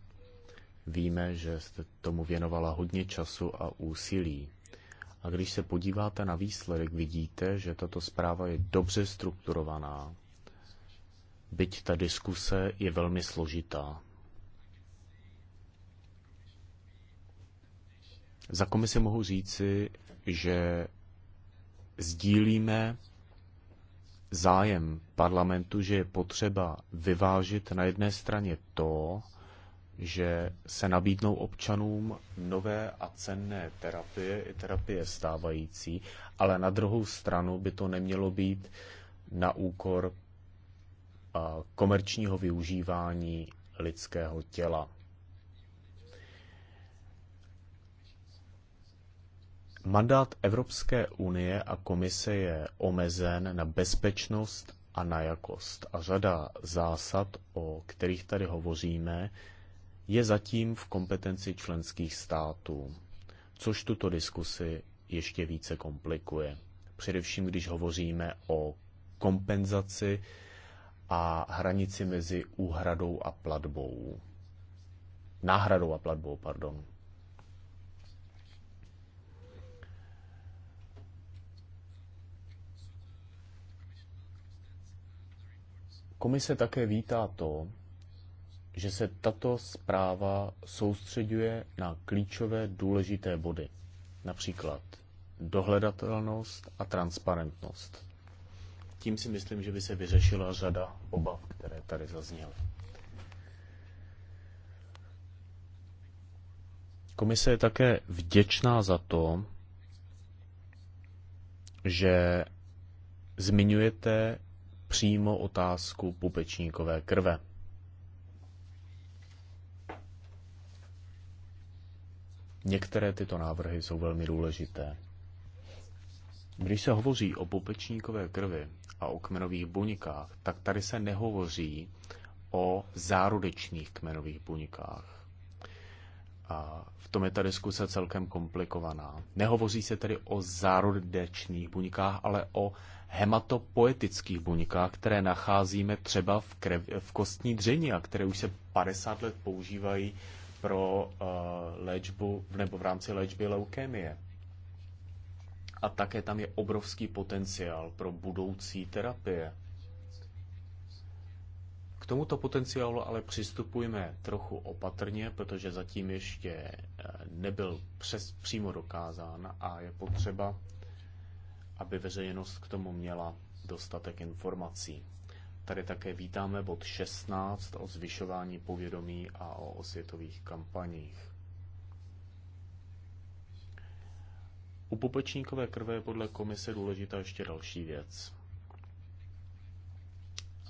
Víme, že jste tomu věnovala hodně času a úsilí. A když se podíváte na výsledek, vidíte, že tato zpráva je dobře strukturovaná, byť ta diskuse je velmi složitá. Za komisi mohu říci, že sdílíme zájem parlamentu, že je potřeba vyvážit na jedné straně to, že se nabídnou občanům nové a cenné terapie i terapie stávající, ale na druhou stranu by to nemělo být na úkor komerčního využívání lidského těla. Mandát Evropské unie a komise je omezen na bezpečnost a na jakost. A řada zásad, o kterých tady hovoříme, je zatím v kompetenci členských států, což tuto diskusi ještě více komplikuje. Především, když hovoříme o kompenzaci a hranici mezi úhradou a platbou. Náhradou a platbou, pardon. Komise také vítá to, že se tato zpráva soustředuje na klíčové důležité body, například dohledatelnost a transparentnost. Tím si myslím, že by se vyřešila řada obav, které tady zazněly. Komise je také vděčná za to, že zmiňujete přímo otázku pupečníkové krve. Některé tyto návrhy jsou velmi důležité. Když se hovoří o pupečníkové krvi, a o kmenových buňkách, tak tady se nehovoří o zárodečných kmenových buňkách. A v tom je ta diskuse celkem komplikovaná. Nehovoří se tedy o zárodečných buňkách, ale o hematopoetických buňkách, které nacházíme třeba v, krev, v kostní dřeni a které už se 50 let používají pro uh, léčbu nebo v rámci léčby leukémie. A také tam je obrovský potenciál pro budoucí terapie. K tomuto potenciálu ale přistupujeme trochu opatrně, protože zatím ještě eh, nebyl přes přímo dokázán a je potřeba, aby veřejnost k tomu měla dostatek informací. Tady také vítáme bod 16 o zvyšování povědomí a o osvětových kampaních. U pupečníkové krve je podle komise důležitá ještě další věc.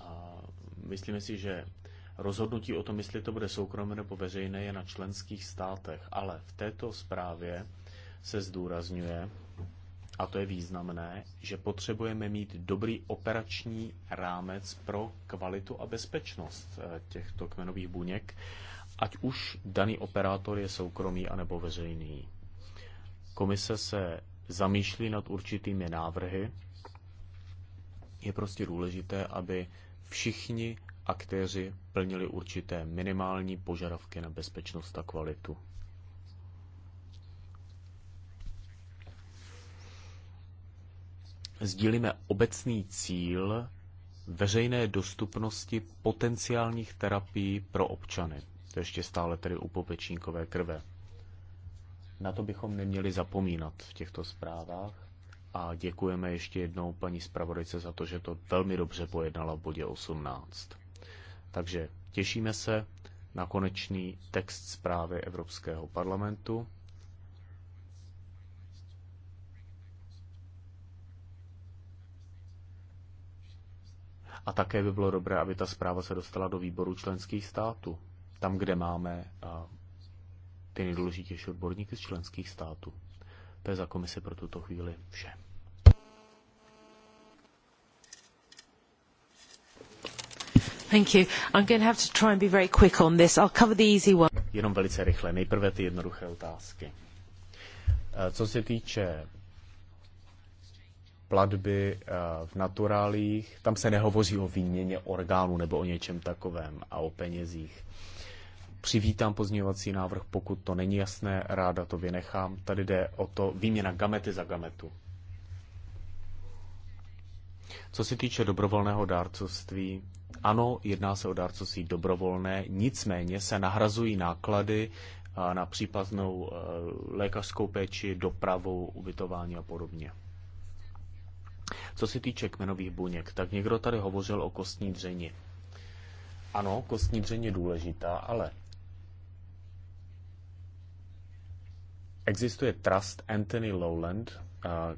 A myslíme si, že rozhodnutí o tom, jestli to bude soukromé nebo veřejné, je na členských státech, ale v této zprávě se zdůrazňuje, a to je významné, že potřebujeme mít dobrý operační rámec pro kvalitu a bezpečnost eh, těchto kmenových buněk, ať už daný operátor je soukromý anebo veřejný. Komise se zamýšlí nad určitými návrhy. Je prostě důležité, aby všichni aktéři plnili určité minimální požadavky na bezpečnost a kvalitu. Sdílíme obecný cíl veřejné dostupnosti potenciálních terapií pro občany. To ještě stále tedy u popečníkové krve. Na to bychom neměli zapomínat v těchto zprávách a děkujeme ještě jednou paní zpravodajce za to, že to velmi dobře pojednala v bodě 18. Takže těšíme se na konečný text zprávy Evropského parlamentu. A také by bylo dobré, aby ta zpráva se dostala do výboru členských států, tam, kde máme ty nejdůležitější odborníky z členských států. To je za komise pro tuto chvíli vše. Thank you. I'm going to have to try and be very quick on this. I'll cover the easy one. Jenom velice rychle. Nejprve ty jednoduché otázky. Eh, co se týče platby eh, v naturálích, tam se nehovoří o výměně orgánů nebo o něčem takovém a o penězích. Přivítám pozměňovací návrh, pokud to není jasné, ráda to vynechám. Tady jde o to výměna gamety za gametu. Co se týče dobrovolného dárcovství, ano, jedná se o dárcovství dobrovolné, nicméně se nahrazují náklady na případnou e, lékařskou péči, dopravu, ubytování a podobně. Co se týče kmenových buněk, tak někdo tady hovořil o kostní dřeni. Ano, kostní dření je důležitá, ale Existuje trust Anthony Lowland,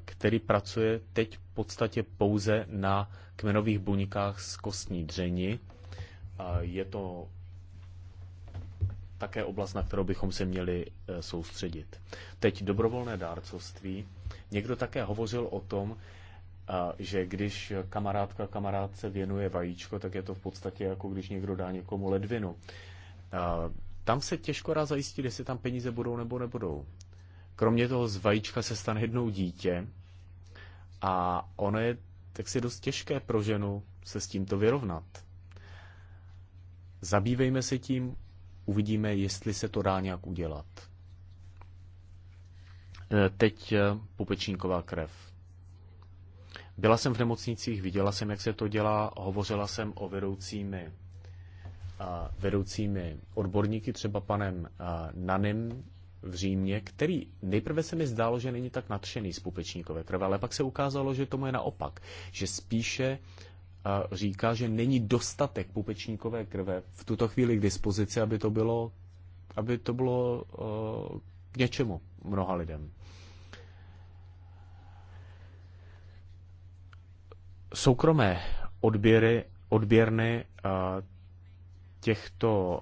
který pracuje teď v podstatě pouze na kmenových buňkách z kostní dřeni. Je to také oblast, na kterou bychom se měli e, soustředit. Teď dobrovolné dárcovství. Někdo také hovořil o tom, že když kamarádka kamarádce věnuje vajíčko, tak je to v podstatě jako když někdo dá někomu ledvinu. Tam se těžko dá zajistit, jestli tam peníze budou nebo nebudou. Kromě toho z vajíčka se stane jednou dítě a ono je tak si dost těžké pro ženu se s tímto vyrovnat. Zabývejme se tím, uvidíme, jestli se to dá nějak udělat. E, teď e, pupečníková krev. Byla jsem v nemocnicích, viděla jsem, jak se to dělá, hovořila jsem o vedoucími, vedoucími odborníky, třeba panem Nanem v Římě, který nejprve se mi zdálo, že není tak nadšený z pupečníkové krve, ale pak se ukázalo, že tomu je naopak, že spíše eh, říká, že není dostatek pupečníkové krve v tuto chvíli k dispozici, aby to bylo, aby to bylo eh, k něčemu mnoha lidem. Soukromé odběry, odběrny eh, těchto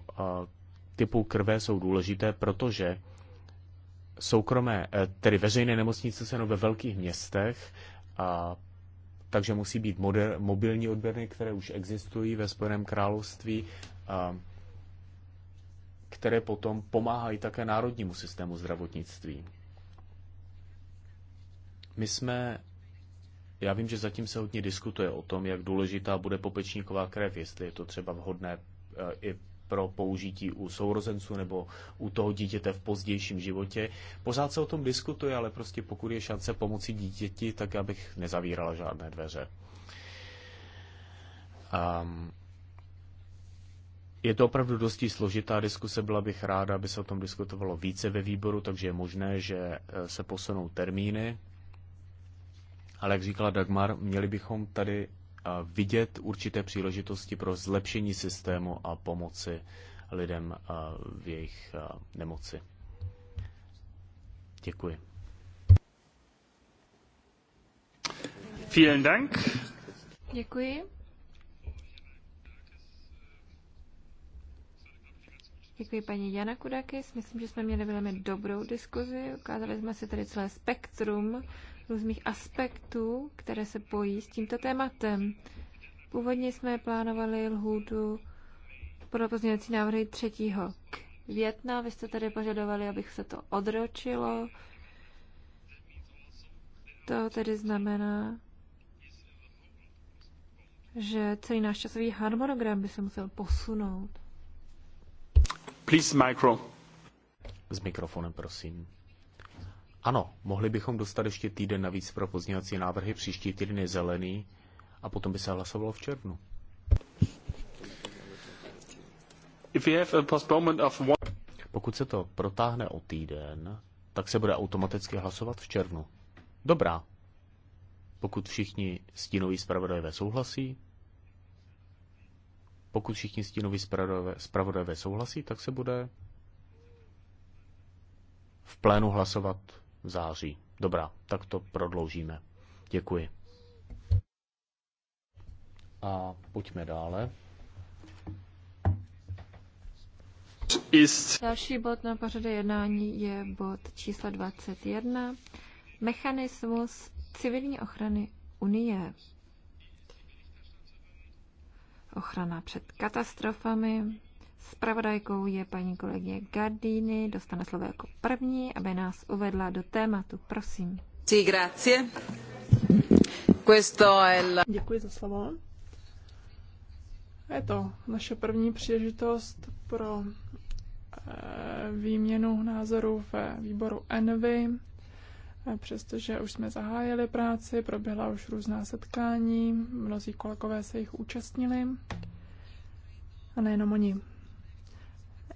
typů krve jsou důležité, protože soukromé, eh, tedy veřejné nemocnice jsou ve velkých městech, a, takže musí být moder, mobilní odběrny, které už existují ve Spojeném království, a, které potom pomáhají také národnímu systému zdravotnictví. My jsme, já vím, že zatím se hodně diskutuje o tom, jak důležitá bude popečníková krev, jestli je to třeba vhodné eh, i pro použití u sourozenců nebo u toho dítěte v pozdějším životě. Pořád se o tom diskutuje, ale prostě pokud je šance pomoci dítěti, tak abych nezavírala žádné dveře. Um, je to opravdu dosti složitá diskuse, byla bych ráda, aby se o tom diskutovalo více ve výboru, takže je možné, že e, se posunou termíny. Ale jak říkala Dagmar, měli bychom tady vidět určité příležitosti pro zlepšení systému a pomoci lidem v jejich nemoci. Děkuji. Vielen Dank. Děkuji. Děkuji paní Jana Kudakis. Myslím, že jsme měli velmi dobrou diskuzi. Ukázali jsme si tady celé spektrum různých aspektů, které se pojí s tímto tématem. Původně jsme plánovali lhůtu pro pozměňovací návrhy 3. května. Vy jste tady požadovali, abych se to odročilo. To tedy znamená, že celý náš časový harmonogram by se musel posunout. Please, micro. S mikrofonem, prosím. Ano, mohli bychom dostat ještě týden navíc pro pozněvací návrhy, příští týden je zelený a potom by se hlasovalo v červnu. One... Pokud se to protáhne o týden, tak se bude automaticky hlasovat v červnu. Dobrá. Pokud všichni stínoví zpravodajové souhlasí, pokud všichni stínoví zpravodajové, zpravodajové souhlasí, tak se bude v plénu hlasovat v září. Dobrá, tak to prodloužíme. Děkuji. A pojďme dále. Ist. Další bod na pořadu jednání je bod číslo 21. Mechanismus civilní ochrany Unie. Ochrana před katastrofami, Spravodajkou je paní kolegyně Gardini, dostane slovo jako první, aby nás uvedla do tématu. Prosím. Děkuji za slovo. Je to naše první příležitost pro eh, výměnu názorů ve výboru Envy. Eh, přestože už jsme zahájili práci, proběhla už různá setkání, mnozí kolegové se jich účastnili. A nejenom oni.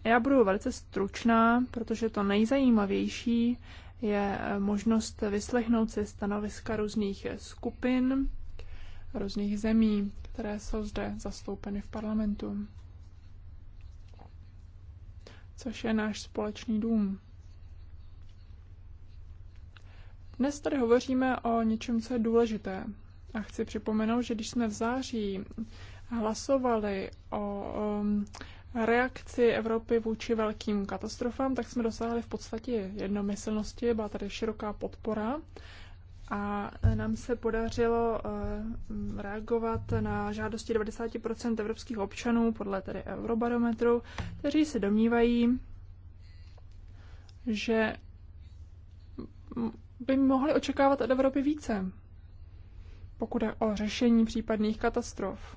Já budu velice stručná, protože to nejzajímavější je možnost vyslechnout si stanoviska různých skupin, různých zemí, které jsou zde zastoupeny v parlamentu, což je náš společný dům. Dnes tady hovoříme o něčem, co je důležité. A chci připomenout, že když jsme v září hlasovali o, o reakci Evropy vůči velkým katastrofám, tak jsme dosáhli v podstatě jednomyslnosti, byla tady široká podpora a nám se podařilo eh, reagovat na žádosti 90% evropských občanů podle tedy Eurobarometru, kteří se domnívají, že by mohli očekávat od Evropy více, pokud je o řešení případných katastrof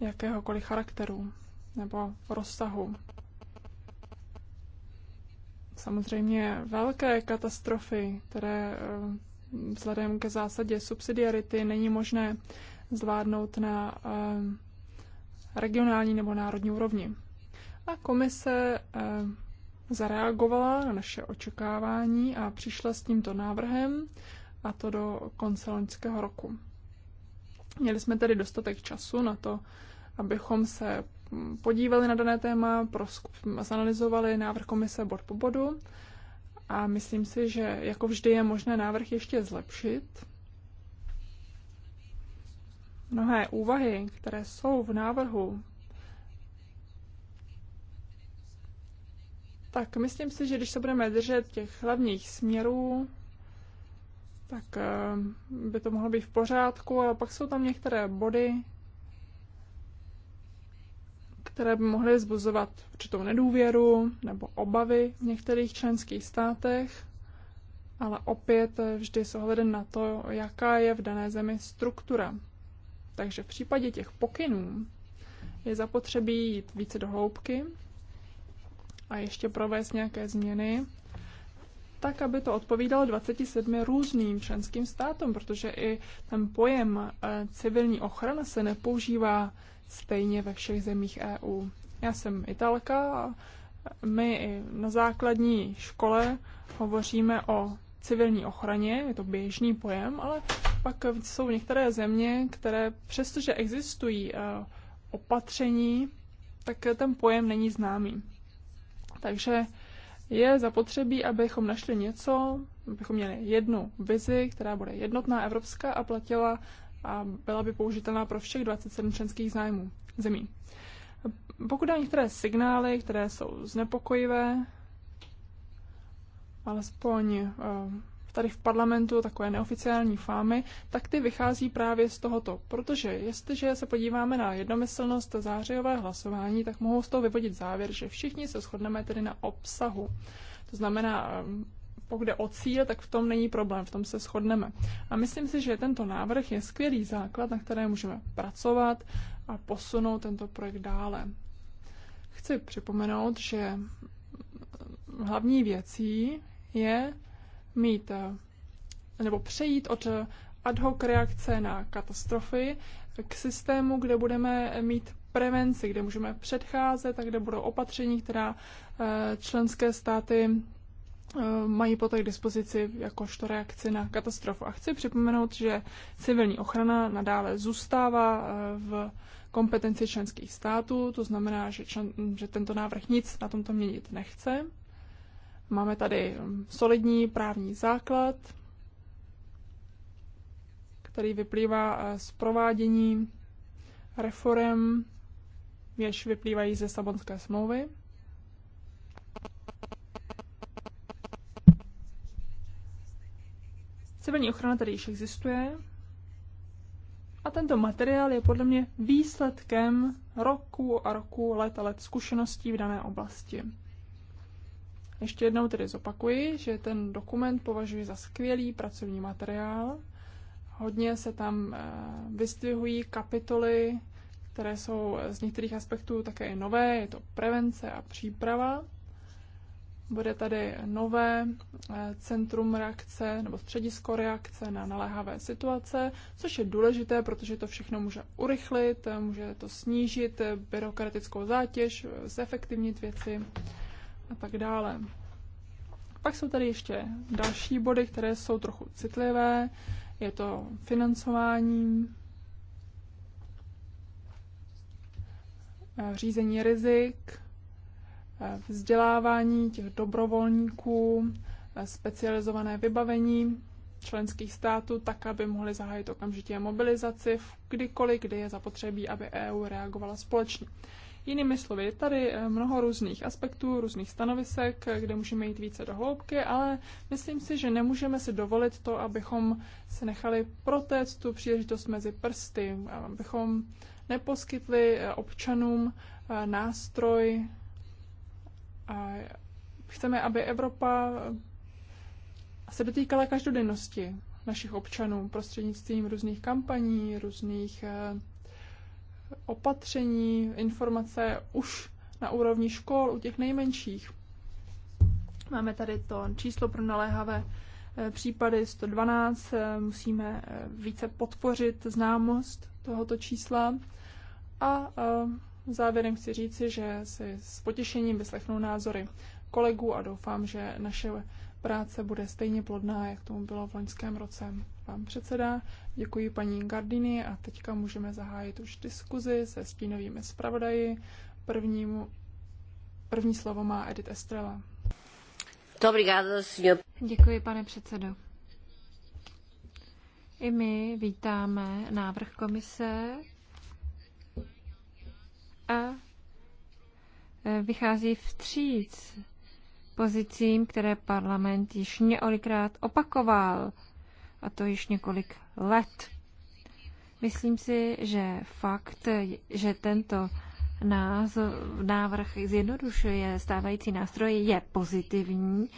jakéhokoliv charakteru nebo rozsahu. Samozřejmě velké katastrofy, které eh, vzhledem ke zásadě subsidiarity není možné zvládnout na eh, regionální nebo národní úrovni. A komise eh, zareagovala na naše očekávání a přišla s tímto návrhem, a to do konce loňského roku. Měli jsme tedy dostatek času na to, abychom se podívali na dané téma, zanalizovali návrh komise bod po bodu a myslím si, že jako vždy je možné návrh ještě zlepšit. Mnohé úvahy, které jsou v návrhu, tak myslím si, že když se budeme držet těch hlavních směrů, tak eh, by to mohlo být v pořádku, ale pak jsou tam některé body, které by mohly vzbuzovat určitou nedůvěru nebo obavy v některých členských státech, ale opět vždy s ohledem na to, jaká je v dané zemi struktura. Takže v případě těch pokynů je zapotřebí jít více do hloubky a ještě provést nějaké změny, tak, aby to odpovídalo 27 různým členským státům, protože i ten pojem eh, civilní ochrana se nepoužívá stejně ve všech zemích EU. Já jsem Italka a my i na základní škole hovoříme o civilní ochraně, je to běžný pojem, ale pak jsou některé země, které přestože existují eh, opatření, tak ten pojem není známý. Takže je zapotřebí, abychom našli něco, abychom měli jednu vizi, která bude jednotná evropská a platila a byla by použitelná pro všech 27 členských zájmů zemí. Pokud dá některé signály, které jsou znepokojivé, alespoň eh, tady v parlamentu takové neoficiální fámy, tak ty vychází právě z tohoto. Protože jestliže se podíváme na jednomyslnost zářijové hlasování, tak mohou z toho vyvodit závěr, že všichni se shodneme tedy na obsahu. To znamená, pokud jde o cíl, tak v tom není problém, v tom se shodneme. A myslím si, že tento návrh je skvělý základ, na kterém můžeme pracovat a posunout tento projekt dále. Chci připomenout, že hlavní věcí je mít nebo přejít od ad hoc reakce na katastrofy k systému, kde budeme mít prevenci, kde můžeme předcházet a kde budou opatření, která eh, členské státy Eh, mají poté k dispozici jakožto reakci na katastrofu. A chci připomenout, že civilní ochrana nadále zůstává eh, v kompetenci členských států, to znamená, že, člen, že tento návrh nic na tomto měnit nechce. Máme tady hm, solidní právní základ, který vyplývá eh, z provádění reform, jež vyplývají ze Sabonské smlouvy. Civilní ochrana tady již existuje a tento materiál je podle mě výsledkem roku a roku, let a let zkušeností v dané oblasti. Ještě jednou tedy zopakuji, že ten dokument považuji za skvělý pracovní materiál. Hodně se tam eh, vystvihují kapitoly, které jsou z některých aspektů také nové, je to prevence a příprava. Bude tady nové eh, centrum reakce nebo středisko reakce na naléhavé situace, což je důležité, protože to všechno může urychlit, eh, může to snížit eh, byrokratickou zátěž, zefektivnit věci a tak dále. Pak jsou tady ještě další body, které jsou trochu citlivé. Je to financování, řízení rizik, vzdělávání těch dobrovolníků, specializované vybavení členských států, tak, aby mohli zahájit okamžitě mobilizaci kdykoliv, kdy je zapotřebí, aby EU reagovala společně. Jinými slovy, tady eh, mnoho různých aspektů, různých stanovisek, eh, kde můžeme jít více do hloubky, ale myslím si, že nemůžeme si dovolit to, abychom se nechali protéct tu příležitost mezi prsty, abychom neposkytli eh, občanům nástroj a chceme, aby Evropa se dotýkala každodennosti našich občanů prostřednictvím různých kampaní, různých eh, opatření, informace už na úrovni škol u těch nejmenších. Máme tady to číslo pro naléhavé eh, případy 112. Eh, musíme více podpořit známost tohoto čísla a Závěrem chci říci, že si s potěšením vyslechnu názory kolegů a doufám, že naše práce bude stejně plodná, jak tomu bylo v loňském roce. Vám předsedá, děkuji paní Gardiny a teďka můžeme zahájit už diskuzi se stínovými zpravodaji. Prvnímu, první slovo má Edith Estrela. Děkuji, pane předsedo. I my vítáme návrh komise a e, vychází vstříc pozicím, které parlament již několikrát opakoval, a to již několik let. Myslím si, že fakt, že tento názv, návrh zjednodušuje stávající nástroje, je pozitivní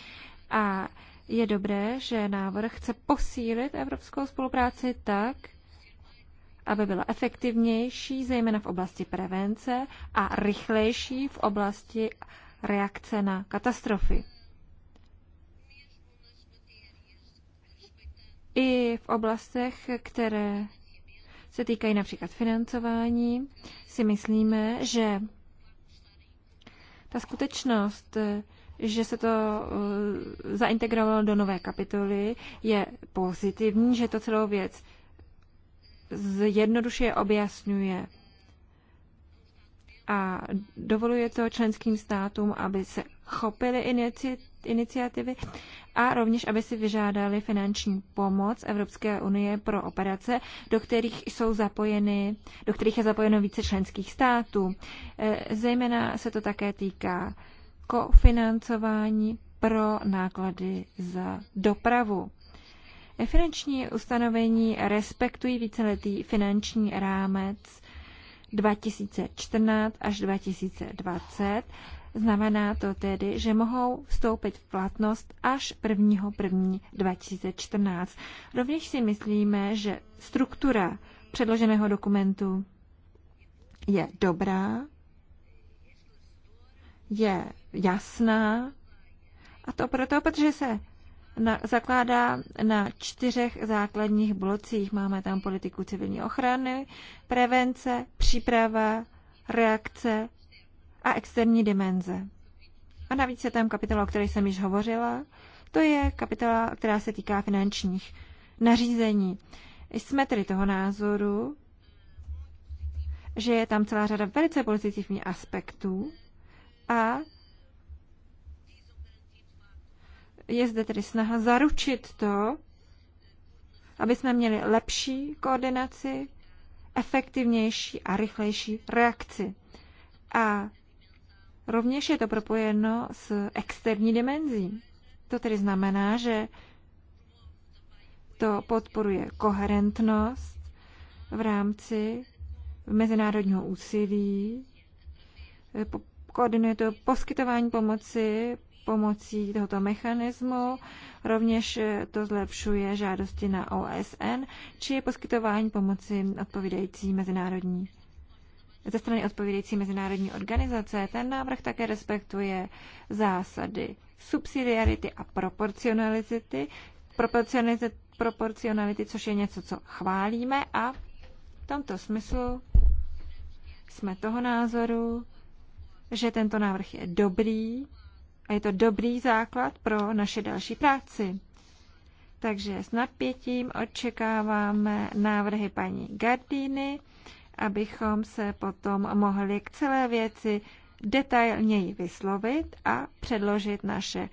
a je dobré, že návrh chce posílit evropskou spolupráci tak, aby byla efektivnější, zejména v oblasti prevence a rychlejší v oblasti reakce na katastrofy. I v oblastech, které se týkají například financování, si myslíme, že ta skutečnost, že se to eh, zaintegrovalo do nové kapitoly, je pozitivní, že to celou věc zjednodušuje, objasňuje a dovoluje to členským státům, aby se chopili inici, iniciativy a rovněž, aby si vyžádali finanční pomoc Evropské unie pro operace, do kterých jsou zapojeny, do kterých je zapojeno více členských států. E, zejména se to také týká kofinancování pro náklady za dopravu. Referenční ustanovení respektují víceletý finanční rámec 2014 až 2020. Znamená to tedy, že mohou vstoupit v platnost až 1.1.2014. 2014. Rovněž si myslíme, že struktura předloženého dokumentu je dobrá, je jasná, a to proto, protože se na, zakládá na čtyřech základních blocích. Máme tam politiku civilní ochrany, prevence, příprava, reakce a externí dimenze. A navíc je tam kapitola, o které jsem již hovořila. To je kapitola, která se týká finančních nařízení. Jsme tedy toho názoru, že je tam celá řada velice pozitivních aspektů a je zde tedy snaha zaručit to, aby jsme měli lepší koordinaci, efektivnější a rychlejší reakci. A rovněž je to propojeno s externí dimenzí. To tedy znamená, že to podporuje koherentnost v rámci mezinárodního úsilí, koordinuje to poskytování pomoci pomocí tohoto mechanismu. Rovněž eh, to zlepšuje žádosti na OSN či poskytování pomoci odpovídající mezinárodní ze strany odpovídající mezinárodní organizace. Ten návrh také respektuje zásady subsidiarity a proporcionality, proporcionality, proporcionality což je něco, co chválíme a v tomto smyslu jsme toho názoru, že tento návrh je dobrý a je to dobrý základ pro naše další práci. Takže s napětím očekáváme návrhy paní Gardiny, abychom se potom mohli k celé věci detailněji vyslovit a předložit naše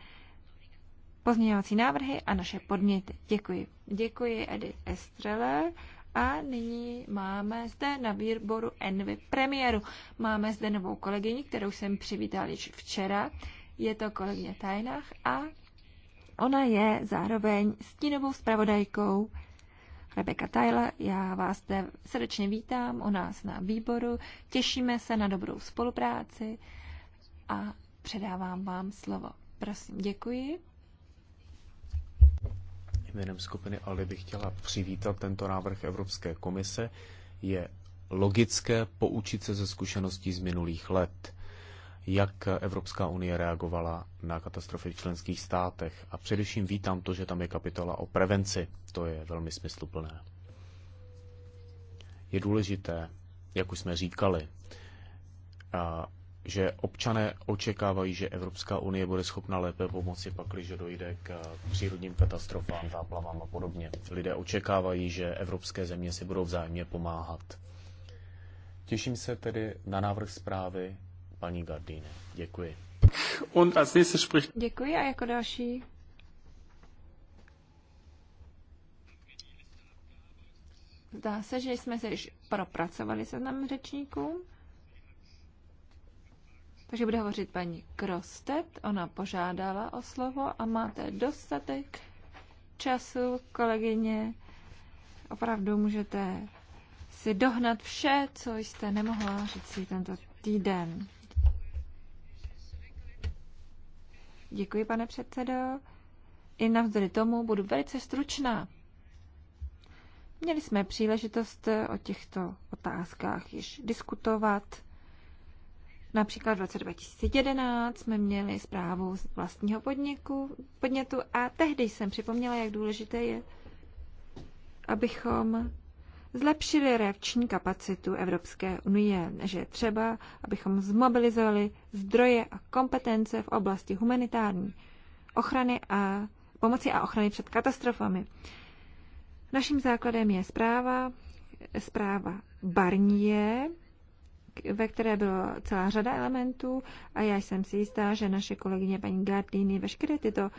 pozměňovací návrhy a naše podněty. Děkuji. Děkuji Edy Estrele a nyní máme zde na výboru Envy premiéru. Máme zde novou kolegyni, kterou jsem přivítal již včera je to kolegyně Tajnach a ona je zároveň stínovou zpravodajkou Rebeka Tyler, já vás zde srdečně vítám u nás na výboru. Těšíme se na dobrou spolupráci a předávám vám slovo. Prosím, děkuji. Jménem skupiny Ali bych chtěla přivítat tento návrh Evropské komise. Je logické poučit se ze zkušeností z minulých let jak Evropská unie reagovala na katastrofy v členských státech. A především vítám to, že tam je kapitola o prevenci. To je velmi smysluplné. Je důležité, jak už jsme říkali, že občané očekávají, že Evropská unie bude schopna lépe pomoci, pakliže dojde k přírodním katastrofám, záplavám a podobně. Lidé očekávají, že evropské země si budou vzájemně pomáhat. Těším se tedy na návrh zprávy paní Gardine. Děkuji. Und als nächstes spricht... Děkuji a jako další Zdá se, že jsme se již propracovali seznam řečníků. Takže bude hovořit paní Krostet. Ona požádala o slovo a máte dostatek času, kolegyně. Opravdu můžete si dohnat vše, co jste nemohla říct si tento týden. Děkuji, pane předsedo. I navzdory tomu budu velice stručná. Měli jsme příležitost o těchto otázkách již diskutovat. Například v roce 2011 jsme měli zprávu z vlastního podniku, podnětu a tehdy jsem připomněla, jak důležité je, abychom zlepšili reakční kapacitu Evropské unie, že je třeba, abychom zmobilizovali zdroje a kompetence v oblasti humanitární ochrany a pomoci a ochrany před katastrofami. Naším základem je zpráva, zpráva Barnie, ve které bylo celá řada elementů a já jsem si jistá, že naše kolegyně paní Gardini veškeré tyto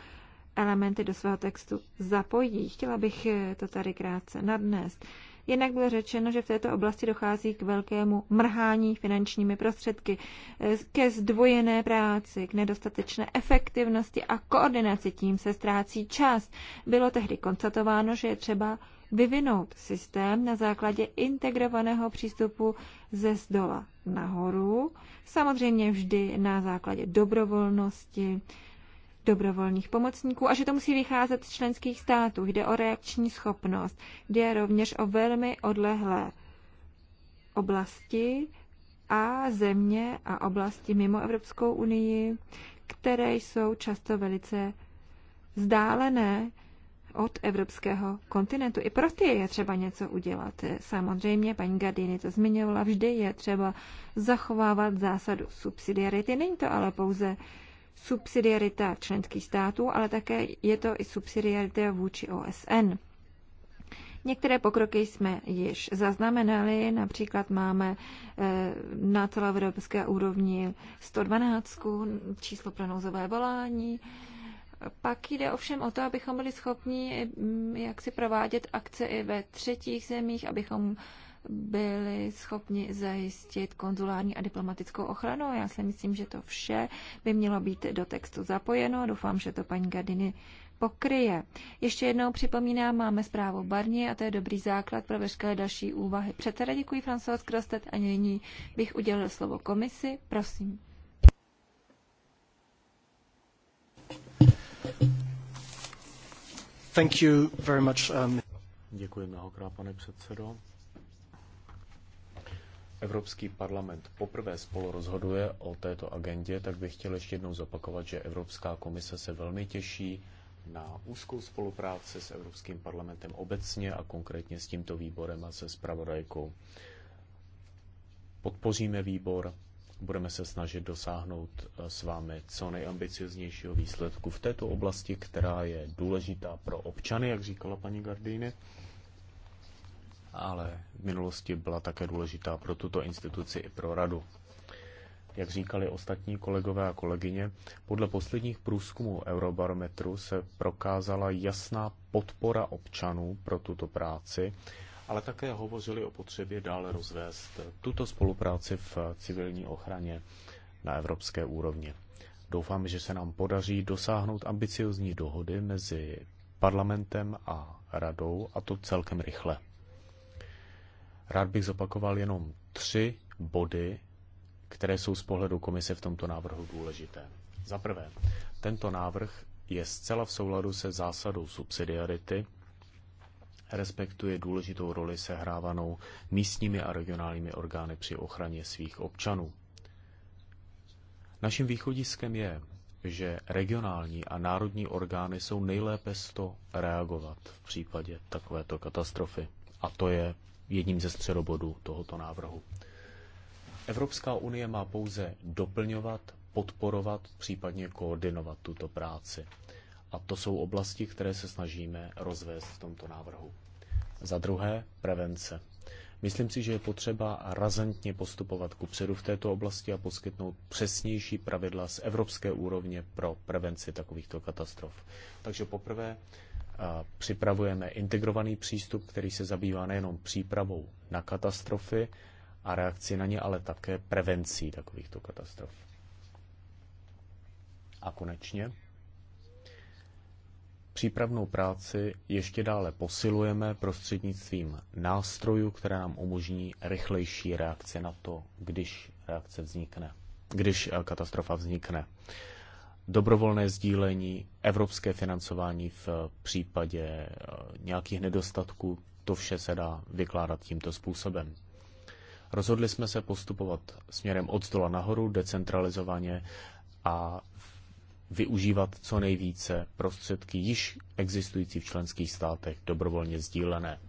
elementy do svého textu zapojí. Chtěla bych to tady krátce nadnést. Jinak bylo řečeno, že v této oblasti dochází k velkému mrhání finančními prostředky, eh, ke zdvojené práci, k nedostatečné efektivnosti a koordinaci, tím se ztrácí čas. Bylo tehdy konstatováno, že je třeba vyvinout systém na základě integrovaného přístupu ze zdola nahoru, samozřejmě vždy na základě dobrovolnosti, dobrovolných pomocníků a že to musí vycházet z členských států. Jde o reakční schopnost, jde rovněž o velmi odlehlé oblasti a země a oblasti mimo Evropskou unii, které jsou často velice vzdálené od evropského kontinentu. I pro ty je třeba něco udělat. Samozřejmě, paní Gardini to zmiňovala, vždy je třeba zachovávat zásadu subsidiarity. Není to ale pouze uh, subsidiarita členských států, ale také je to i subsidiarita vůči OSN. Některé pokroky jsme již zaznamenali, například máme eh, na celoevropské úrovni 112 číslo pro nouzové volání. Pak jde ovšem o to, abychom byli schopni mm, jak si provádět akce i ve třetích zemích, abychom byli schopni zajistit konzulární a diplomatickou ochranu. Já si myslím, že to vše by mělo být do textu zapojeno. Doufám, že to paní Gardiny pokryje. Ještě jednou připomínám, máme zprávu Barni a to je dobrý základ pro veškeré další úvahy. Předseda děkuji François Krostet a nyní bych udělil slovo komisi. Prosím. Thank you very much, um... Děkuji mnohokrát, pane předsedo. Evropský parlament poprvé spolu rozhoduje o této agendě, tak bych chtěl ještě jednou zopakovat, že Evropská komise se velmi těší na úzkou spolupráci s Evropským parlamentem obecně a konkrétně s tímto výborem a se spravodajkou. Podpoříme výbor, budeme se snažit dosáhnout eh, s vámi co nejambicioznějšího výsledku v této oblasti, která je důležitá pro občany, jak říkala paní Gardine, ale v minulosti byla také důležitá pro tuto instituci i pro radu. Jak říkali ostatní kolegové a kolegyně, podle posledních průzkumů Eurobarometru se prokázala jasná podpora občanů pro tuto práci, ale také hovořili o potřebě dále rozvést tuto spolupráci v civilní ochraně na evropské úrovni. Doufám, že se nám podaří dosáhnout ambiciozní dohody mezi parlamentem a radou, a to celkem rychle. Rád bych zopakoval jenom tři body, které jsou z pohledu komise v tomto návrhu důležité. Za prvé, tento návrh je zcela v souladu se zásadou subsidiarity, respektuje důležitou roli sehrávanou místními a regionálními orgány při ochraně svých občanů. Naším východiskem je, že regionální a národní orgány jsou nejlépe z to reagovat v případě takovéto katastrofy. A to je jedním ze středobodů tohoto návrhu. Evropská unie má pouze doplňovat, podporovat, případně koordinovat tuto práci. A to jsou oblasti, které se snažíme rozvést v tomto návrhu. Za druhé, prevence. Myslím si, že je potřeba razantně postupovat ku předu v této oblasti a poskytnout přesnější pravidla z evropské úrovně pro prevenci takovýchto katastrof. Takže poprvé Připravujeme integrovaný přístup, který se zabývá nejenom přípravou na katastrofy a reakci na ně, ale také prevencí takovýchto katastrof. A konečně přípravnou práci ještě dále posilujeme prostřednictvím nástrojů, které nám umožní rychlejší reakce na to, když reakce vznikne, když eh, katastrofa vznikne dobrovolné sdílení, evropské financování v případě eh, nějakých nedostatků, to vše se dá vykládat tímto způsobem. Rozhodli jsme se postupovat směrem od stola nahoru, decentralizovaně a využívat co nejvíce prostředky již existující v členských státech dobrovolně sdílené.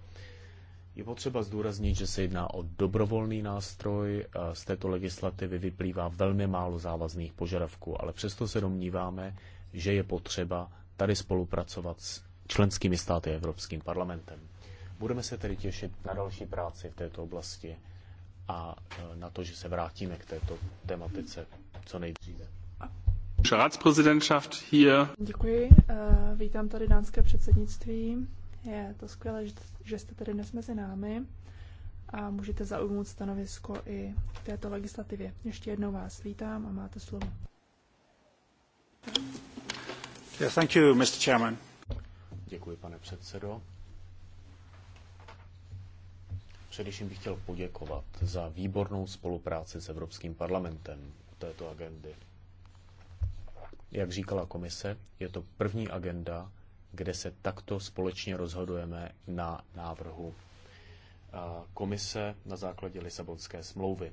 Je potřeba zdůraznit, že se jedná o dobrovolný nástroj. Z této legislativy vyplývá velmi málo závazných požadavků, ale přesto se domníváme, že je potřeba tady spolupracovat s členskými státy a Evropským parlamentem. Budeme se tedy těšit na další práci v této oblasti a e, na to, že se vrátíme k této tematice co nejdříve. Děkuji. E, vítám tady dánské předsednictví. Je to skvělé, že jste tady dnes mezi námi a můžete zaujmout stanovisko i k této legislativě. Ještě jednou vás vítám a máte slovo. Yeah, thank you, Mr. Chairman. Děkuji, pane předsedo. Především bych chtěl poděkovat za výbornou spolupráci s Evropským parlamentem u této agendy. Jak říkala komise, je to první agenda, kde se takto společně rozhodujeme na návrhu eh, komise na základě Lisabonské smlouvy.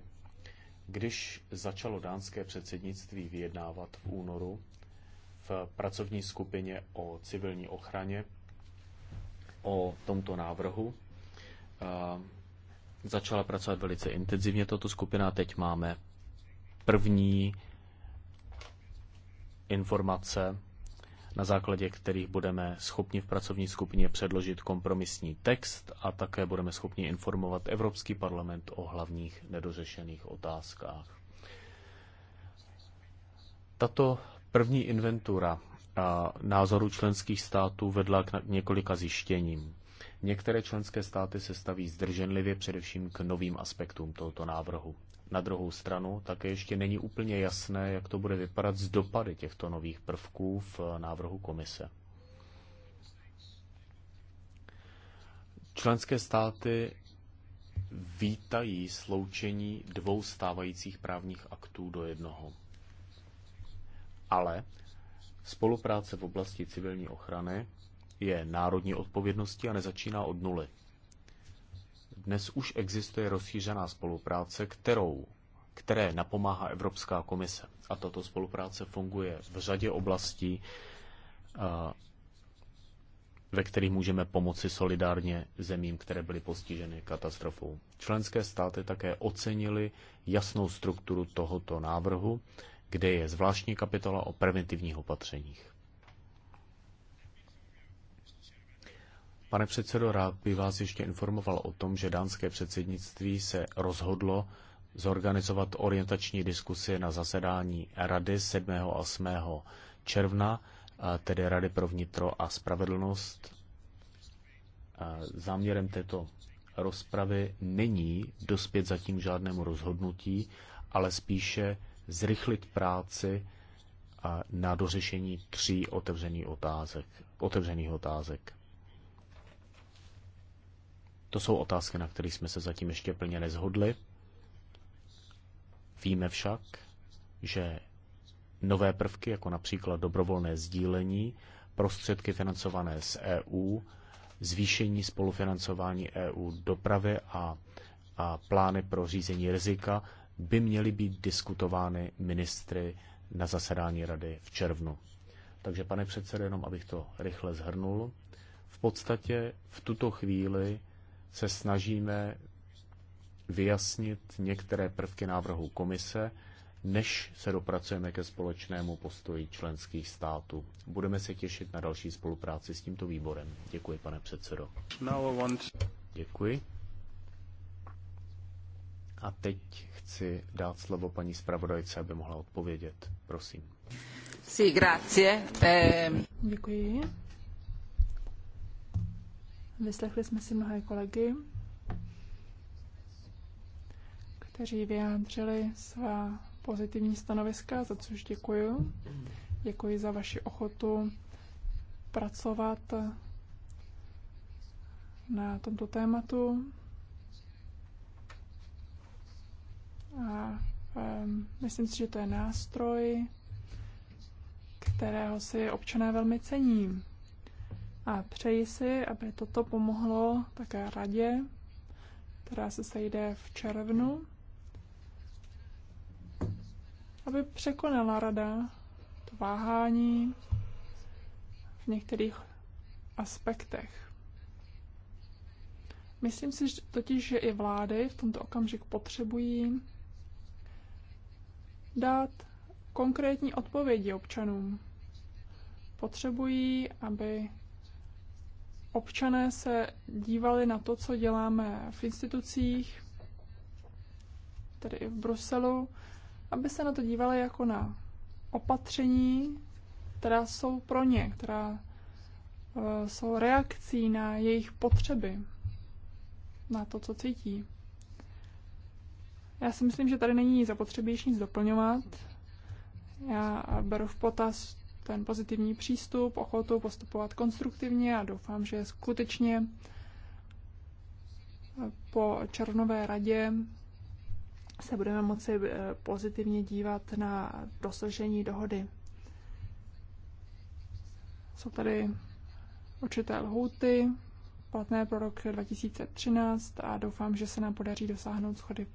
Když začalo dánské předsednictví vyjednávat v únoru v pracovní skupině o civilní ochraně o tomto návrhu, eh, začala pracovat velice intenzivně tato skupina. Teď máme první informace na základě kterých budeme schopni v pracovní skupině předložit kompromisní text a také budeme schopni informovat Evropský parlament o hlavních nedořešených otázkách. Tato první inventura názorů členských států vedla k několika zjištěním. Některé členské státy se staví zdrženlivě především k novým aspektům tohoto návrhu. Na druhou stranu také ještě není úplně jasné, jak to bude vypadat z dopady těchto nových prvků v návrhu komise. Členské státy vítají sloučení dvou stávajících právních aktů do jednoho. Ale spolupráce v oblasti civilní ochrany je národní odpovědností a nezačíná od nuly. Dnes už existuje rozšířená spolupráce, kterou, které napomáhá Evropská komise. A tato spolupráce funguje v řadě oblastí, ve kterých můžeme pomoci solidárně zemím, které byly postiženy katastrofou. Členské státy také ocenili jasnou strukturu tohoto návrhu, kde je zvláštní kapitola o preventivních opatřeních. Pane předsedo, rád bych vás ještě informoval o tom, že dánské předsednictví se rozhodlo zorganizovat orientační diskusy na zasedání Rady 7. a 8. června, tedy Rady pro vnitro a spravedlnost. Záměrem této rozpravy není dospět zatím žádnému rozhodnutí, ale spíše zrychlit práci na dořešení tří otevřených otázek. Otevřených otázek. To jsou otázky, na které jsme se zatím ještě plně nezhodli. Víme však, že nové prvky, jako například dobrovolné sdílení, prostředky financované z EU, zvýšení spolufinancování EU dopravy a, a plány pro řízení rizika by měly být diskutovány ministry na zasedání rady v červnu. Takže, pane předsedo, jenom abych to rychle zhrnul, v podstatě v tuto chvíli se snažíme vyjasnit některé prvky návrhu komise, než se dopracujeme ke společnému postoji členských států. Budeme se těšit na další spolupráci s tímto výborem. Děkuji, pane předsedo. Děkuji. A teď chci dát slovo paní zpravodajce, aby mohla odpovědět. Prosím. Sí, grazie. Eh... Děkuji. Vyslechli jsme si mnohé kolegy, kteří vyjádřili svá pozitivní stanoviska, za což děkuji. Děkuji za vaši ochotu pracovat na tomto tématu. A myslím si, že to je nástroj, kterého si občané velmi cení. A přeji si, aby toto pomohlo také radě, která se sejde v červnu, aby překonala rada to váhání v některých aspektech. Myslím si že totiž, že i vlády v tomto okamžiku potřebují dát konkrétní odpovědi občanům. Potřebují, aby občané se dívali na to, co děláme v institucích, tedy i v Bruselu, aby se na to dívali jako na opatření, která jsou pro ně, která eh, jsou reakcí na jejich potřeby, na to, co cítí. Já si myslím, že tady není zapotřebí již nic doplňovat. Já beru v potaz ten pozitivní přístup, ochotu postupovat konstruktivně a doufám, že skutečně po Černové radě se budeme moci eh, pozitivně dívat na dosažení dohody. Jsou tady určité lhuty platné pro rok 2013 a doufám, že se nám podaří dosáhnout schody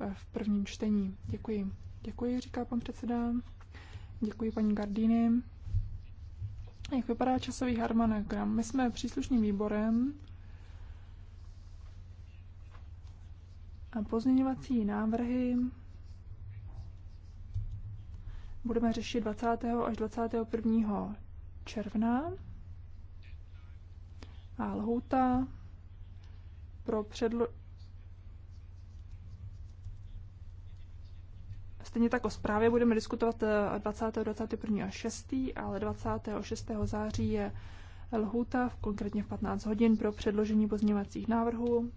eh, v prvním čtení. Děkuji. Děkuji, říká pan předseda. Děkuji paní Gardíny stručně, jak vypadá časový harmonogram. My jsme příslušným výborem a pozměňovací návrhy budeme řešit 20. až 21. června. A lhůta pro předlo- Stejně tak o zprávě budeme diskutovat 20. 21. 6. ale 26. září je lhůta, konkrétně v 15 hodin, pro předložení pozměňovacích návrhů.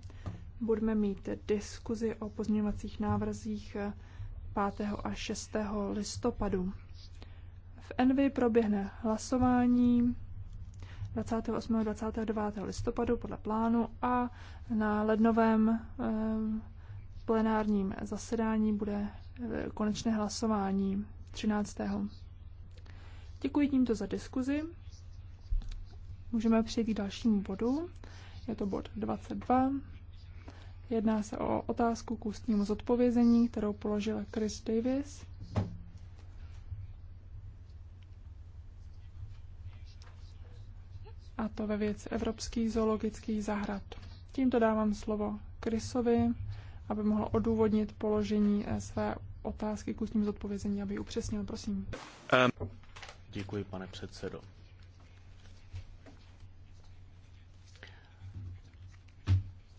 Budeme mít diskuzi o pozměňovacích návrzích 5. Eh, a 6. listopadu. V Envy proběhne hlasování 28. a 29. listopadu podle plánu a na lednovém eh, plenárním zasedání bude konečné hlasování 13. Děkuji tímto za diskuzi. Můžeme přejít k dalšímu bodu. Je to bod 22. Jedná se o otázku k ústnímu zodpovězení, kterou položila Chris Davis. A to ve věci Evropských zoologických zahrad. Tímto dávám slovo Chrisovi, aby mohl odůvodnit položení eh, své otázky k ústním zodpovězení, aby ji upřesnil. Prosím. Um, děkuji, pane předsedo.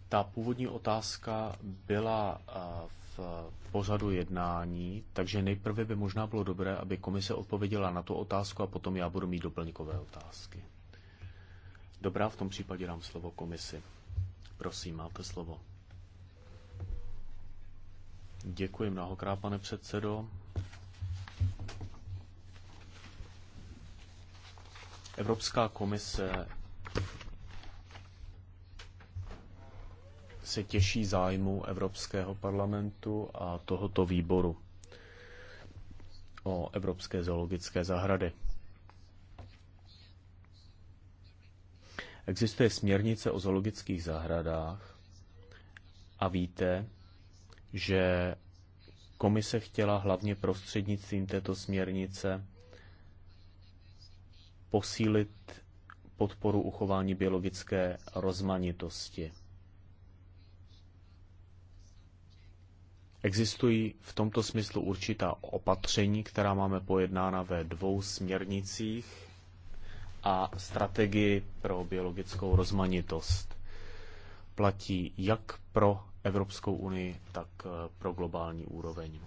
Ta původní otázka byla eh, v pořadu jednání, takže nejprve by možná bylo dobré, aby komise odpověděla na tu otázku a potom já budu mít doplňkové otázky. Dobrá, v tom případě dám slovo komisi. Prosím, máte slovo. Děkuji mnohokrát, pane předsedo. Evropská komise se těší zájmu Evropského parlamentu a tohoto výboru o Evropské zoologické zahrady. Existuje směrnice o zoologických zahradách a víte, že komise chtěla hlavně prostřednictvím této směrnice posílit podporu uchování biologické rozmanitosti. Existují v tomto smyslu určitá opatření, která máme pojednána ve dvou směrnicích a strategii pro biologickou rozmanitost. Platí jak pro Evropskou unii, tak eh, pro globální úroveň.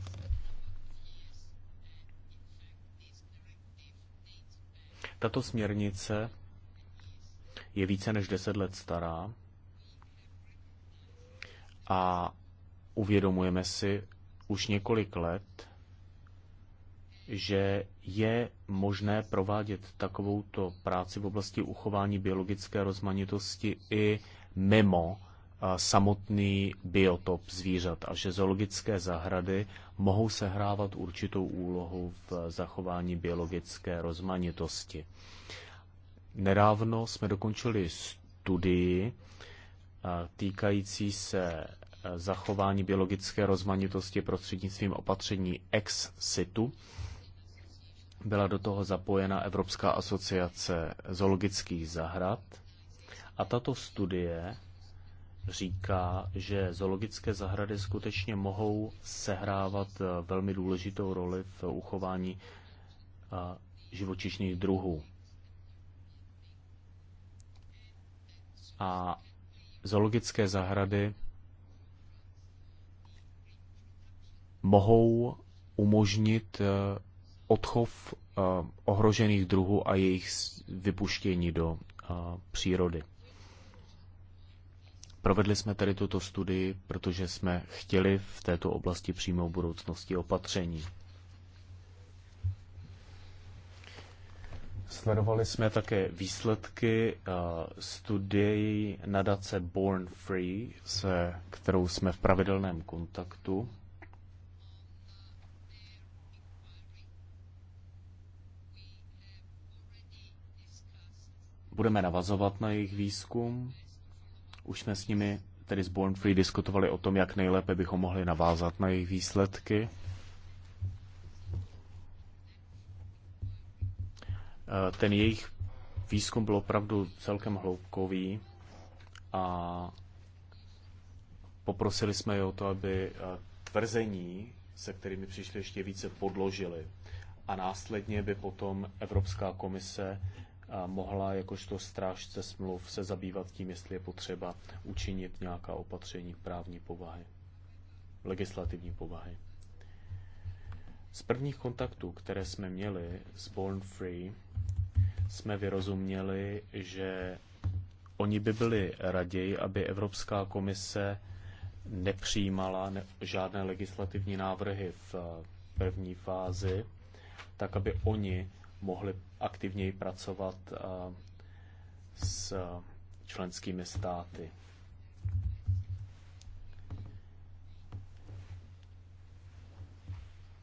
Tato směrnice je více než 10 let stará a uvědomujeme si už několik let, že je možné provádět takovouto práci v oblasti uchování biologické rozmanitosti i mimo samotný biotop zvířat a že zoologické zahrady mohou sehrávat určitou úlohu v zachování biologické rozmanitosti. Nedávno jsme dokončili studii týkající se zachování biologické rozmanitosti prostřednictvím opatření ex situ. Byla do toho zapojena Evropská asociace zoologických zahrad a tato studie říká, že zoologické zahrady skutečně mohou sehrávat eh, velmi důležitou roli v uchování eh, živočišných druhů. A zoologické zahrady mohou umožnit eh, odchov ohrožených druhů a jejich vypuštění do přírody. Provedli jsme tedy tuto studii, protože jsme chtěli v této oblasti přijmout budoucnosti opatření. Sledovali jsme také výsledky eh, studií nadace Born Free, se kterou jsme v pravidelném kontaktu. Budeme navazovat na jejich výzkum. Už jsme s nimi, tedy s Born Free, diskutovali o tom, jak nejlépe bychom mohli navázat na jejich výsledky. Eh, ten jejich výzkum byl opravdu celkem hloubkový a poprosili jsme je o to, aby eh, tvrzení, se kterými přišli ještě více, podložili. A následně by potom Evropská komise mohla jakožto strážce smluv se zabývat tím, jestli je potřeba učinit nějaká opatření právní povahy, legislativní povahy. Z prvních kontaktů, které jsme měli s Born Free, jsme vyrozuměli, že oni by byli raději, aby Evropská komise nepřijímala žádné legislativní návrhy v eh, první fázi, tak aby oni mohli aktivněji pracovat eh, s členskými státy.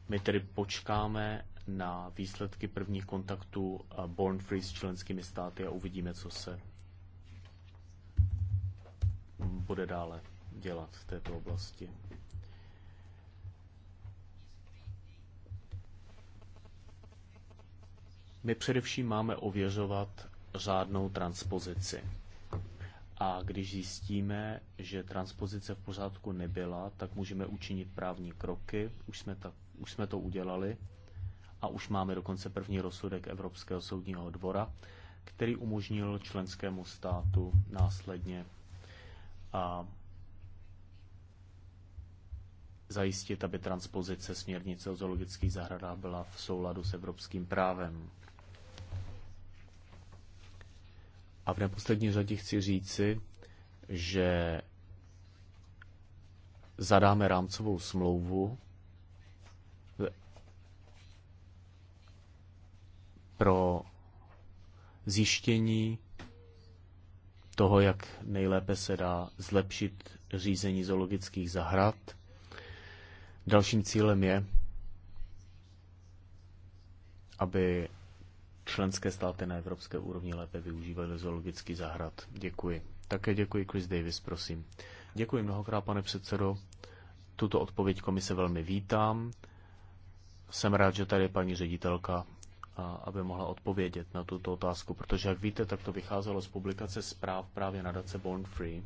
My tedy počkáme na výsledky prvních kontaktů eh, Born Free s členskými státy a uvidíme, co se bude dále dělat v této oblasti. My především máme ověřovat řádnou transpozici. A když zjistíme, že transpozice v pořádku nebyla, tak můžeme učinit právní kroky. Už jsme, ta, už jsme to udělali a už máme dokonce první rozsudek Evropského soudního dvora, který umožnil členskému státu následně a zajistit, aby transpozice směrnice o zoologických zahradách byla v souladu s evropským právem. A v neposlední řadě chci říci, že zadáme rámcovou smlouvu pro zjištění toho, jak nejlépe se dá zlepšit řízení zoologických zahrad. Dalším cílem je, aby členské státy na evropské úrovni lépe využívaly zoologický zahrad. Děkuji. Také děkuji, Chris Davis, prosím. Děkuji mnohokrát, pane předsedo. Tuto odpověď komise velmi vítám. Jsem rád, že tady je paní ředitelka, aby mohla odpovědět na tuto otázku, protože, jak víte, tak to vycházelo z publikace zpráv právě dace Born Free,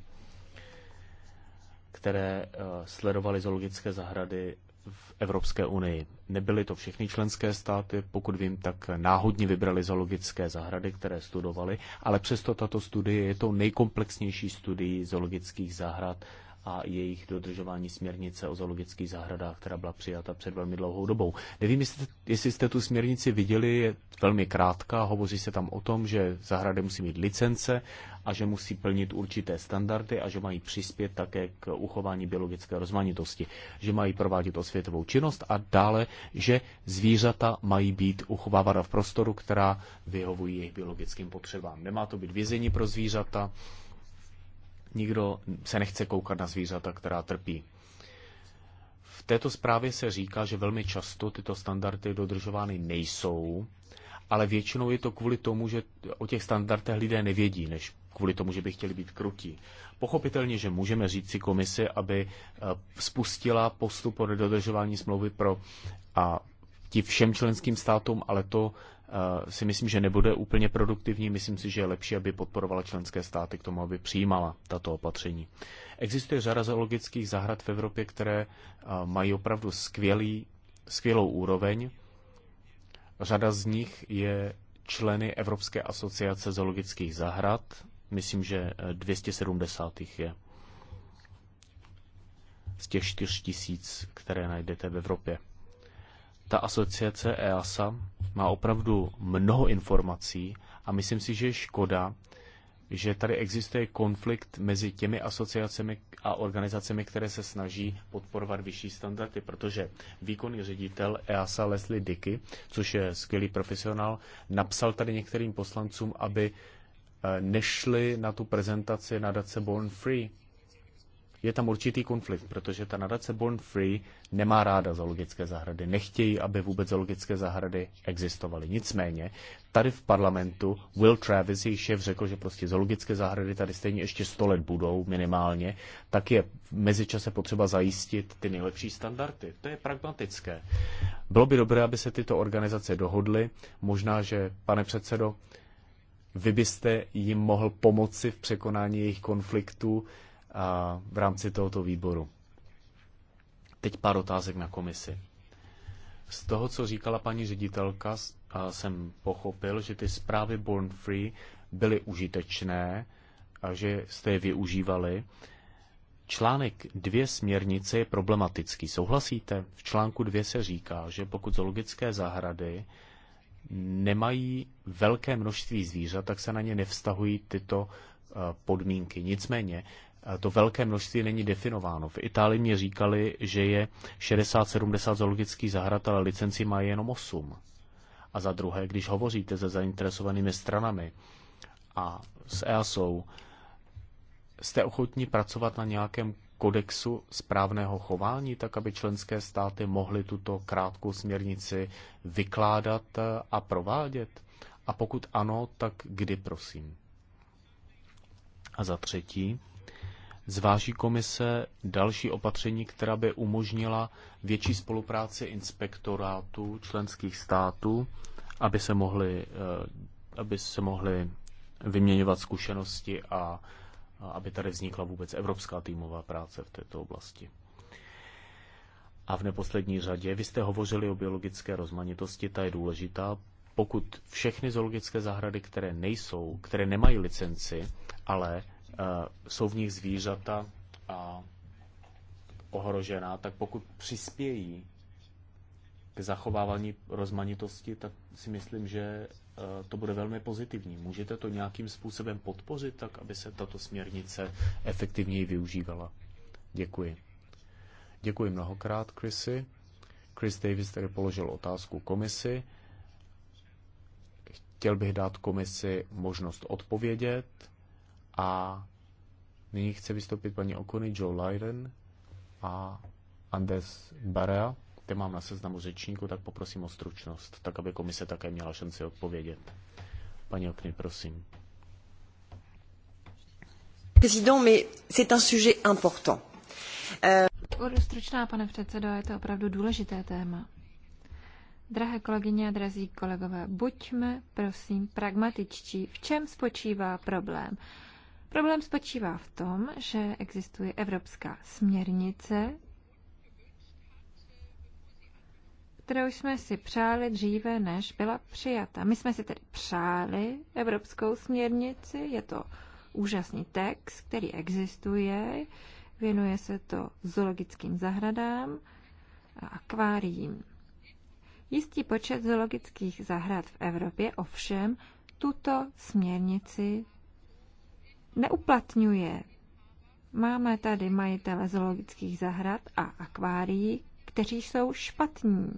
které eh, sledovaly zoologické zahrady v Evropské unii. Nebyly to všechny členské státy, pokud vím, tak náhodně vybrali zoologické zahrady, které studovali, ale přesto tato studie je to nejkomplexnější studií zoologických zahrad a jejich dodržování směrnice o zoologických zahradách, která byla přijata před velmi dlouhou dobou. Nevím, jestli, jestli jste tu směrnici viděli, je velmi krátká, hovoří se tam o tom, že zahrady musí mít licence a že musí plnit určité standardy a že mají přispět také k uchování biologické rozmanitosti, že mají provádět osvětovou činnost a dále, že zvířata mají být uchovávána v prostoru, která vyhovují jejich biologickým potřebám. Nemá to být vězení pro zvířata, Nikdo se nechce koukat na zvířata, která trpí. V této zprávě se říká, že velmi často tyto standardy dodržovány nejsou, ale většinou je to kvůli tomu, že o těch standardech lidé nevědí, než kvůli tomu, že by chtěli být krutí. Pochopitelně, že můžeme říct si komisi, aby eh, spustila postup o nedodržování smlouvy pro a ti všem členským státům, ale to Eh, si myslím, že nebude úplně produktivní. Myslím si, že je lepší, aby podporovala členské státy k tomu, aby přijímala tato opatření. Existuje řada zoologických zahrad v Evropě, které eh, mají opravdu skvělý, skvělou úroveň. Řada z nich je členy Evropské asociace zoologických zahrad. Myslím, že 270 eh, je z těch 4 tisíc, které najdete v Evropě. Ta asociace EASA má opravdu mnoho informací a myslím si, že je škoda, že tady existuje konflikt mezi těmi asociacemi a organizacemi, které se snaží podporovat vyšší standardy, protože výkonný ředitel EASA Leslie Dicky, což je skvělý profesionál, napsal tady některým poslancům, aby eh, nešli na tu prezentaci na Dace Born Free, je tam určitý konflikt, protože ta nadace Born Free nemá ráda zoologické zahrady, nechtějí, aby vůbec zoologické zahrady existovaly. Nicméně, tady v parlamentu Will Travis, její šéf, řekl, že prostě zoologické zahrady tady stejně ještě 100 let budou minimálně, tak je v mezičase potřeba zajistit ty nejlepší standardy. To je pragmatické. Bylo by dobré, aby se tyto organizace dohodly. Možná, že, pane předsedo, vy byste jim mohl pomoci v překonání jejich konfliktů v rámci tohoto výboru. Teď pár otázek na komisi. Z toho, co říkala paní ředitelka, jsem pochopil, že ty zprávy Born Free byly užitečné a že jste je využívali. Článek dvě směrnice je problematický. Souhlasíte? V článku dvě se říká, že pokud zoologické zahrady nemají velké množství zvířat, tak se na ně nevztahují tyto eh, podmínky. Nicméně to velké množství není definováno. V Itálii mi říkali, že je 60-70 zoologických zahrad, ale licenci má jenom 8. A za druhé, když hovoříte se zainteresovanými stranami a s EASO, jste ochotní pracovat na nějakém kodexu správného chování, tak aby členské státy mohly tuto krátkou směrnici vykládat a provádět? A pokud ano, tak kdy prosím? A za třetí, Zváží komise další opatření, která by umožnila větší spolupráci inspektorátů členských států, aby se mohly, eh, aby se mohly vyměňovat zkušenosti a aby tady vznikla vůbec evropská týmová práce v této oblasti. A v neposlední řadě, vy jste hovořili o biologické rozmanitosti, ta je důležitá. Pokud všechny zoologické zahrady, které nejsou, které nemají licenci, ale jsou eh, v nich zvířata a ohrožená, tak pokud přispějí k zachovávání rozmanitosti, tak si myslím, že eh, to bude velmi pozitivní. Můžete to nějakým způsobem podpořit, tak aby se tato směrnice efektivněji využívala. Děkuji. Děkuji mnohokrát, Chrisy. Chris Davis tady položil otázku komisi. Chtěl bych dát komisi možnost odpovědět a nyní chce vystoupit paní Okony, Joe Lyden a Andes Barea. Ty mám na seznamu řečníku, tak poprosím o stručnost, tak aby komise také měla šanci odpovědět. Paní Okny, prosím. Président, mais c'est un sujet important. Budu stručná, pane předsedo, je to opravdu důležité téma. Drahé kolegyně a drazí kolegové, buďme prosím pragmatičtí. V čem spočívá problém? Problém spočívá v tom, že existuje evropská směrnice, kterou jsme si přáli dříve, než byla přijata. My jsme si tedy přáli evropskou směrnici, je to úžasný text, který existuje, věnuje se to zoologickým zahradám a akváriím. Jistý počet zoologických zahrad v Evropě ovšem tuto směrnici neuplatňuje. Máme tady majitele zoologických zahrad a akvárií, kteří jsou špatní.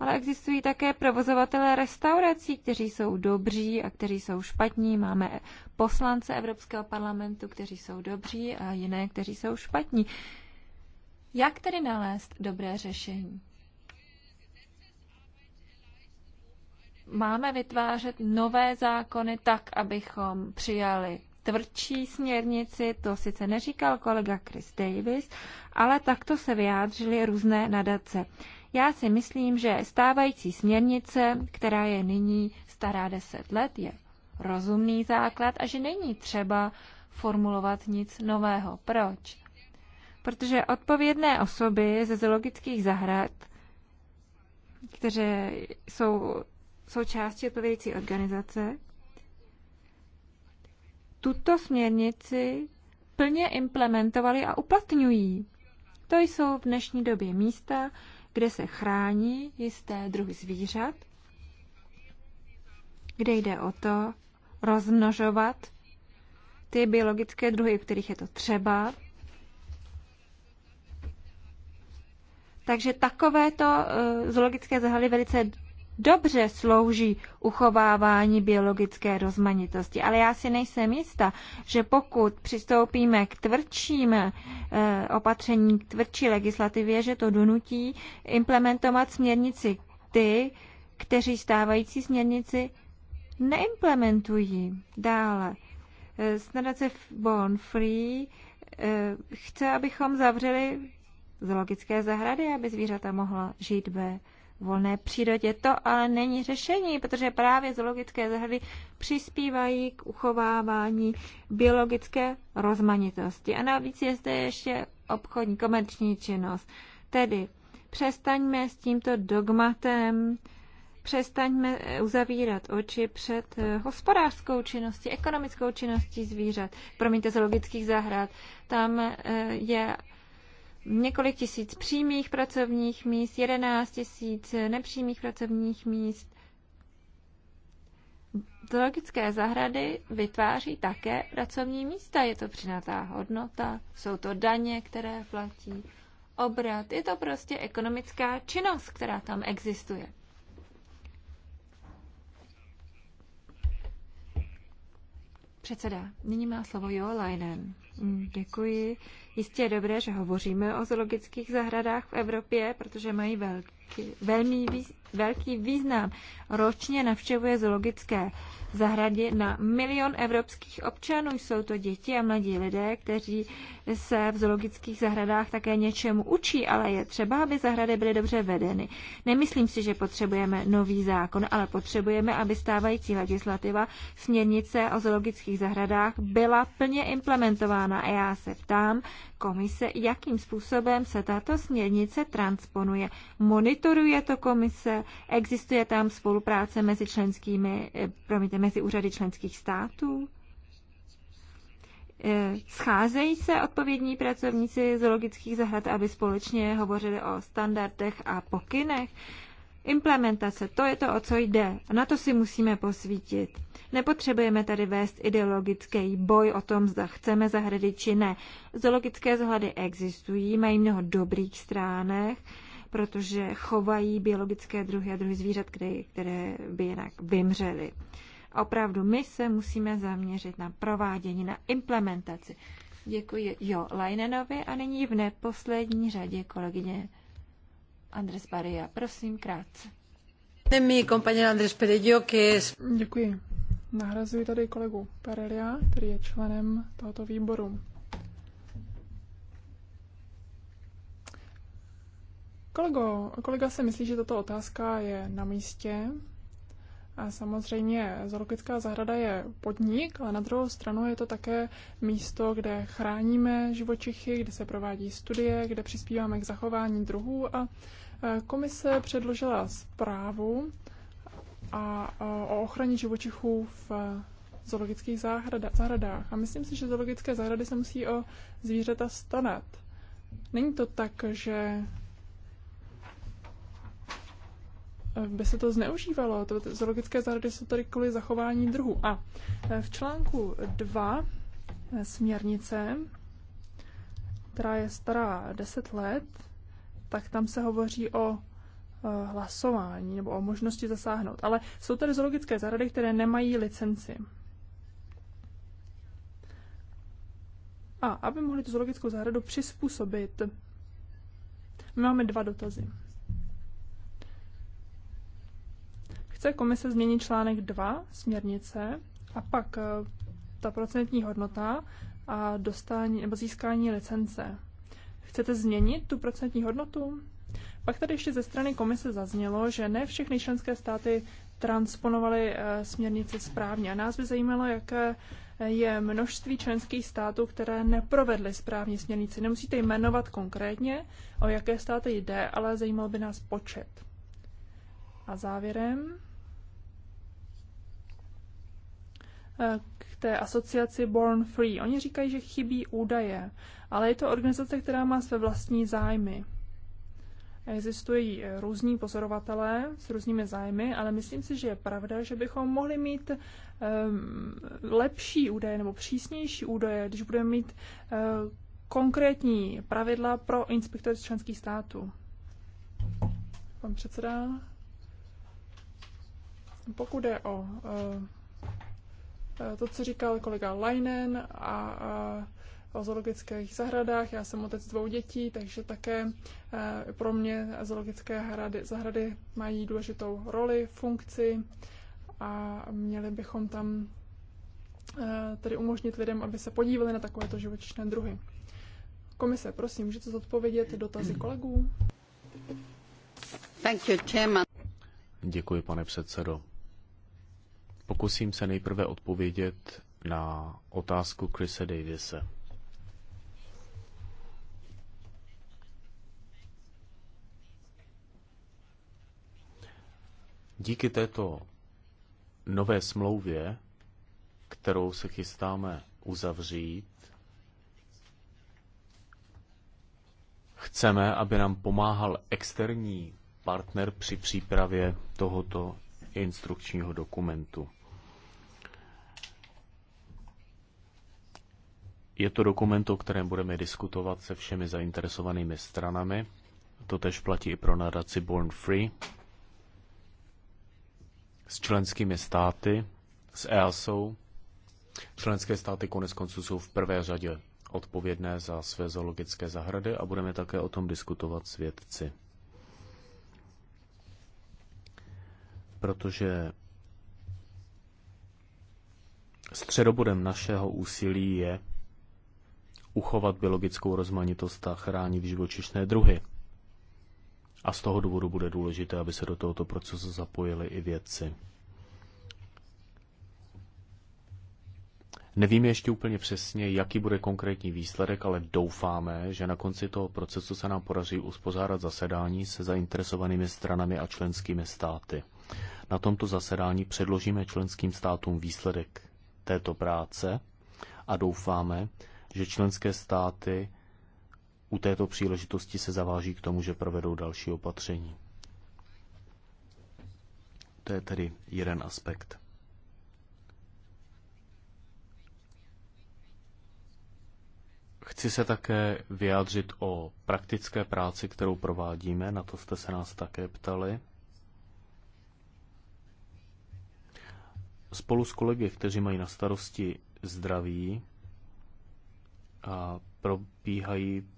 Ale existují také provozovatelé restaurací, kteří jsou dobří a kteří jsou špatní. Máme poslance Evropského parlamentu, kteří jsou dobří a jiné, kteří jsou špatní. Jak tedy nalézt dobré řešení? Máme vytvářet nové zákony tak, abychom přijali tvrdší směrnici, to sice neříkal kolega Chris Davis, ale takto se vyjádřili různé nadace. Já si myslím, že stávající směrnice, která je nyní stará 10 let, je rozumný základ a že není třeba formulovat nic nového. Proč? Protože odpovědné osoby ze zoologických zahrad, které jsou součástí odpovědící organizace, tuto směrnici plně implementovali a uplatňují. To jsou v dnešní době místa, kde se chrání jisté druhy zvířat, kde jde o to rozmnožovat ty biologické druhy, u kterých je to třeba. Takže takovéto eh, zoologické zahrady velice dobře slouží uchovávání biologické rozmanitosti. Ale já si nejsem jista, že pokud přistoupíme k tvrdším eh, opatřením, k tvrdší legislativě, že to donutí implementovat směrnici ty, kteří stávající směrnici neimplementují. Dále, eh, nadace Born Free eh, chce, abychom zavřeli zoologické zahrady, aby zvířata mohla žít ve volné přírodě. To ale není řešení, protože právě zoologické zahrady přispívají k uchovávání biologické rozmanitosti. A navíc je zde ještě obchodní komerční činnost. Tedy přestaňme s tímto dogmatem, přestaňme uzavírat oči před eh, hospodářskou činností, ekonomickou činností zvířat, promiňte, zoologických zahrad. Tam eh, je několik tisíc přímých pracovních míst, 11 tisíc nepřímých pracovních míst. Zoologické zahrady vytváří také pracovní místa. Je to přinatá hodnota, jsou to daně, které platí, obrat. Je to prostě ekonomická činnost, která tam existuje. Předseda, nyní má slovo Jo Leinen. Mm, děkuji. Jistě je dobré, že hovoříme o zoologických zahradách v Evropě, protože mají velký, velmi výz, velký význam. Ročně navštěvuje zoologické zahrady na milion evropských občanů. Jsou to děti a mladí lidé, kteří se v zoologických zahradách také něčemu učí, ale je třeba, aby zahrady byly dobře vedeny. Nemyslím si, že potřebujeme nový zákon, ale potřebujeme, aby stávající legislativa směrnice o zoologických zahradách byla plně implementována. A já se ptám, komise, jakým způsobem se tato směrnice transponuje. Monitoruje to komise, existuje tam spolupráce mezi členskými, eh, promiňte, mezi úřady členských států? Eh, scházejí se odpovědní pracovníci zoologických zahrad, aby společně hovořili o standardech a pokynech. Implementace, to je to, o co jde. A na to si musíme posvítit. Nepotřebujeme tady vést ideologický boj o tom, zda chceme zahrady či ne. Zoologické zhlady existují, mají mnoho dobrých stránek, protože chovají biologické druhy a druhy zvířat, které, které by jinak vymřely. A opravdu my se musíme zaměřit na provádění, na implementaci. Děkuji Jo Lajnenovi a nyní v neposlední řadě kolegyně Andres Barea. Prosím, krátce. Mi compañera Andres Perello, que es... Děkuji. Nahrazuji tady kolegu Perelia, který je členem tohoto výboru. Kolego, kolega se myslí, že tato otázka je na místě. A samozřejmě zoologická zahrada je podnik, ale na druhou stranu je to také místo, kde chráníme živočichy, kde se provádí studie, kde přispíváme k zachování druhů a Komise předložila zprávu a, o ochraně živočichů v zoologických zahrada, zahradách. A myslím si, že zoologické zahrady se musí o zvířata starat. Není to tak, že by se to zneužívalo. To, zoologické zahrady jsou tady kvůli zachování druhů. A v článku 2 směrnice, která je stará 10 let, tak tam se hovoří o eh, hlasování nebo o možnosti zasáhnout. Ale jsou tady zoologické zahrady, které nemají licenci. A aby mohli tu zoologickou zahradu přizpůsobit, my máme dva dotazy. Chce komise změnit článek 2 směrnice a pak eh, ta procentní hodnota a dostání nebo získání licence. Chcete změnit tu procentní hodnotu? Pak tady ještě ze strany komise zaznělo, že ne všechny členské státy transponovaly eh, směrnici správně. A nás by zajímalo, jaké eh, je množství členských států, které neprovedly správně směrnici. Nemusíte jmenovat konkrétně, o jaké státy jde, ale zajímal by nás počet. A závěrem Eh, k té asociaci Born Free. Oni říkají, že chybí údaje, ale je to organizace, která má své vlastní zájmy. Existují eh, různí pozorovatelé s různými zájmy, ale myslím si, že je pravda, že bychom mohli mít um, lepší údaje nebo přísnější údaje, když budeme mít uh, konkrétní pravidla pro inspektory z členských států. Pan předseda. Pokud je o uh, Eh, to, co říkal kolega Leinen a, a o zoologických zahradách. Já jsem otec dvou dětí, takže také eh, pro mě zoologické hrady, zahrady mají důležitou roli, funkci a měli bychom tam eh, tedy umožnit lidem, aby se podívali na takovéto živočišné druhy. Komise, prosím, můžete zodpovědět dotazy kolegů? Thank you, Děkuji, pane předsedo. Pokusím se nejprve odpovědět na otázku Chrisa Davise. Díky této nové smlouvě, kterou se chystáme uzavřít, chceme, aby nám pomáhal externí partner při přípravě tohoto instrukčního dokumentu. Je to dokument, o kterém budeme diskutovat se všemi zainteresovanými stranami. To tež platí i pro nadaci Born Free s členskými státy, s EASO. Členské státy konec konců jsou v prvé řadě odpovědné za své zoologické zahrady a budeme také o tom diskutovat svědci. protože středobodem našeho úsilí je uchovat biologickou rozmanitost a chránit živočišné druhy. A z toho důvodu bude důležité, aby se do tohoto procesu zapojili i vědci. Nevíme ještě úplně přesně, jaký bude konkrétní výsledek, ale doufáme, že na konci toho procesu se nám podaří uspořádat zasedání se zainteresovanými stranami a členskými státy. Na tomto zasedání předložíme členským státům výsledek této práce a doufáme, že členské státy u této příležitosti se zaváží k tomu, že provedou další opatření. To je tedy jeden aspekt. Chci se také vyjádřit o praktické práci, kterou provádíme, na to jste se nás také ptali. spolu s kolegy, kteří mají na starosti zdraví, a probíhají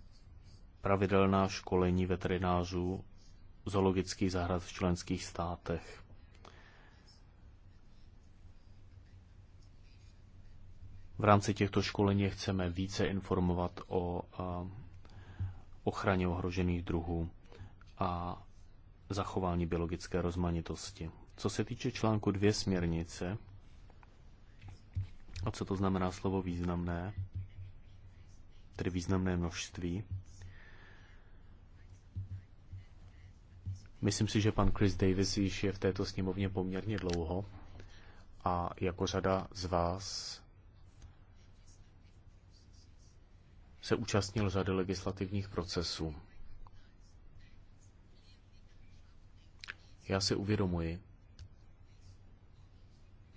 pravidelná školení veterinářů zoologických zahrad v členských státech. V rámci těchto školení chceme více informovat o ochraně ohrožených druhů a zachování biologické rozmanitosti. Co se týče článku dvě směrnice, a co to znamená slovo významné, tedy významné množství, Myslím si, že pan Chris Davis již je v této sněmovně poměrně dlouho a jako řada z vás se účastnil řady legislativních procesů. Já si uvědomuji,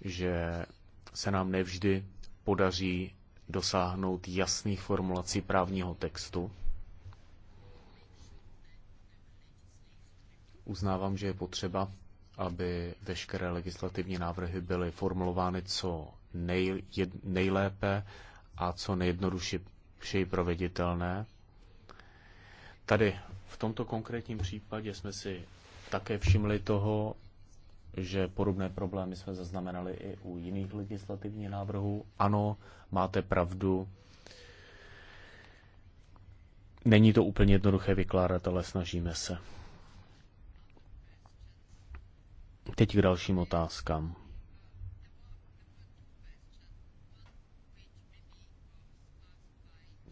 že se nám nevždy podaří dosáhnout jasných formulací právního textu. Uznávám, že je potřeba, aby veškeré legislativní návrhy byly formulovány co nejlépe a co nejjednodušeji proveditelné. Tady v tomto konkrétním případě jsme si také všimli toho, že podobné problémy jsme zaznamenali i u jiných legislativních návrhů. Ano, máte pravdu. Není to úplně jednoduché vykládat, ale snažíme se. Teď k dalším otázkám.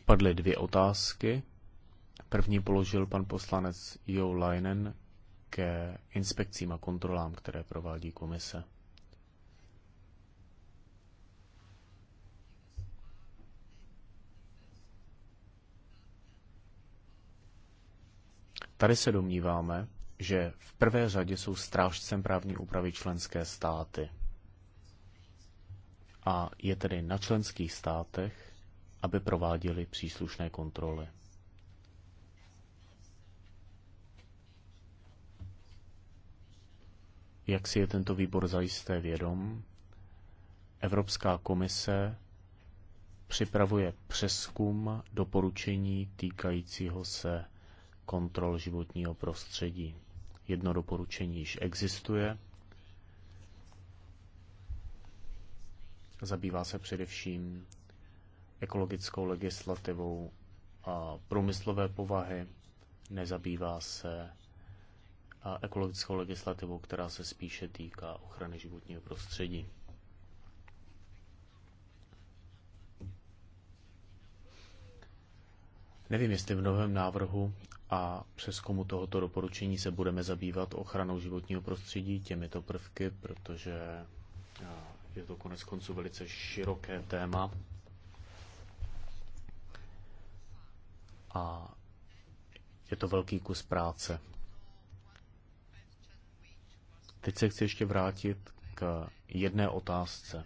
Padly dvě otázky. První položil pan poslanec Jo Leinen také inspekcím a kontrolám, které provádí komise. Tady se domníváme, že v prvé řadě jsou strážcem právní úpravy členské státy. A je tedy na členských státech, aby prováděli příslušné kontroly. jak si je tento výbor zajisté vědom, Evropská komise připravuje přeskum doporučení týkajícího se kontrol životního prostředí. Jedno doporučení již existuje. Zabývá se především ekologickou legislativou a průmyslové povahy, nezabývá se a ekologickou legislativou, která se spíše týká ochrany životního prostředí. Nevím, jestli v novém návrhu a přeskumu tohoto doporučení se budeme zabývat ochranou životního prostředí těmito prvky, protože eh, je to konec konců velice široké téma. A je to velký kus práce Teď se chci ještě vrátit k jedné otázce.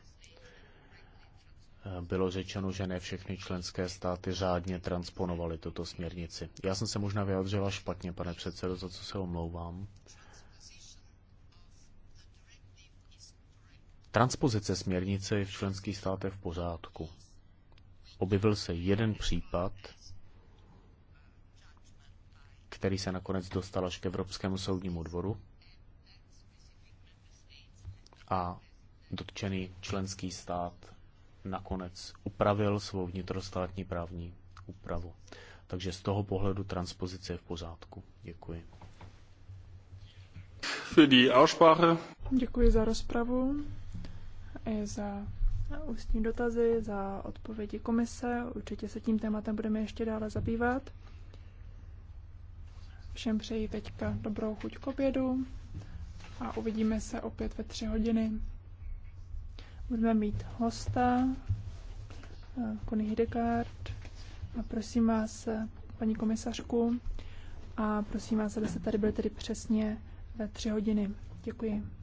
Bylo řečeno, že ne všechny členské státy řádně transponovaly tuto směrnici. Já jsem se možná vyjadřila špatně, pane předsedo, za co se omlouvám. Transpozice směrnice je v členských státech v pořádku. Objevil se jeden případ, který se nakonec dostal až k Evropskému soudnímu dvoru, a dotčený členský stát nakonec upravil svou vnitrostátní právní úpravu. Takže z toho pohledu transpozice je v pořádku. Děkuji. Děkuji za rozpravu, i za ústní dotazy, za odpovědi komise. Určitě se tím tématem budeme ještě dále zabývat. Všem přeji teďka dobrou chuť k obědu a uvidíme se opět ve tři hodiny. Budeme mít hosta, Kony eh, Hidegard, a prosím vás, eh, paní komisařku, a prosím vás, abyste tady byli tedy přesně ve tři hodiny. Děkuji.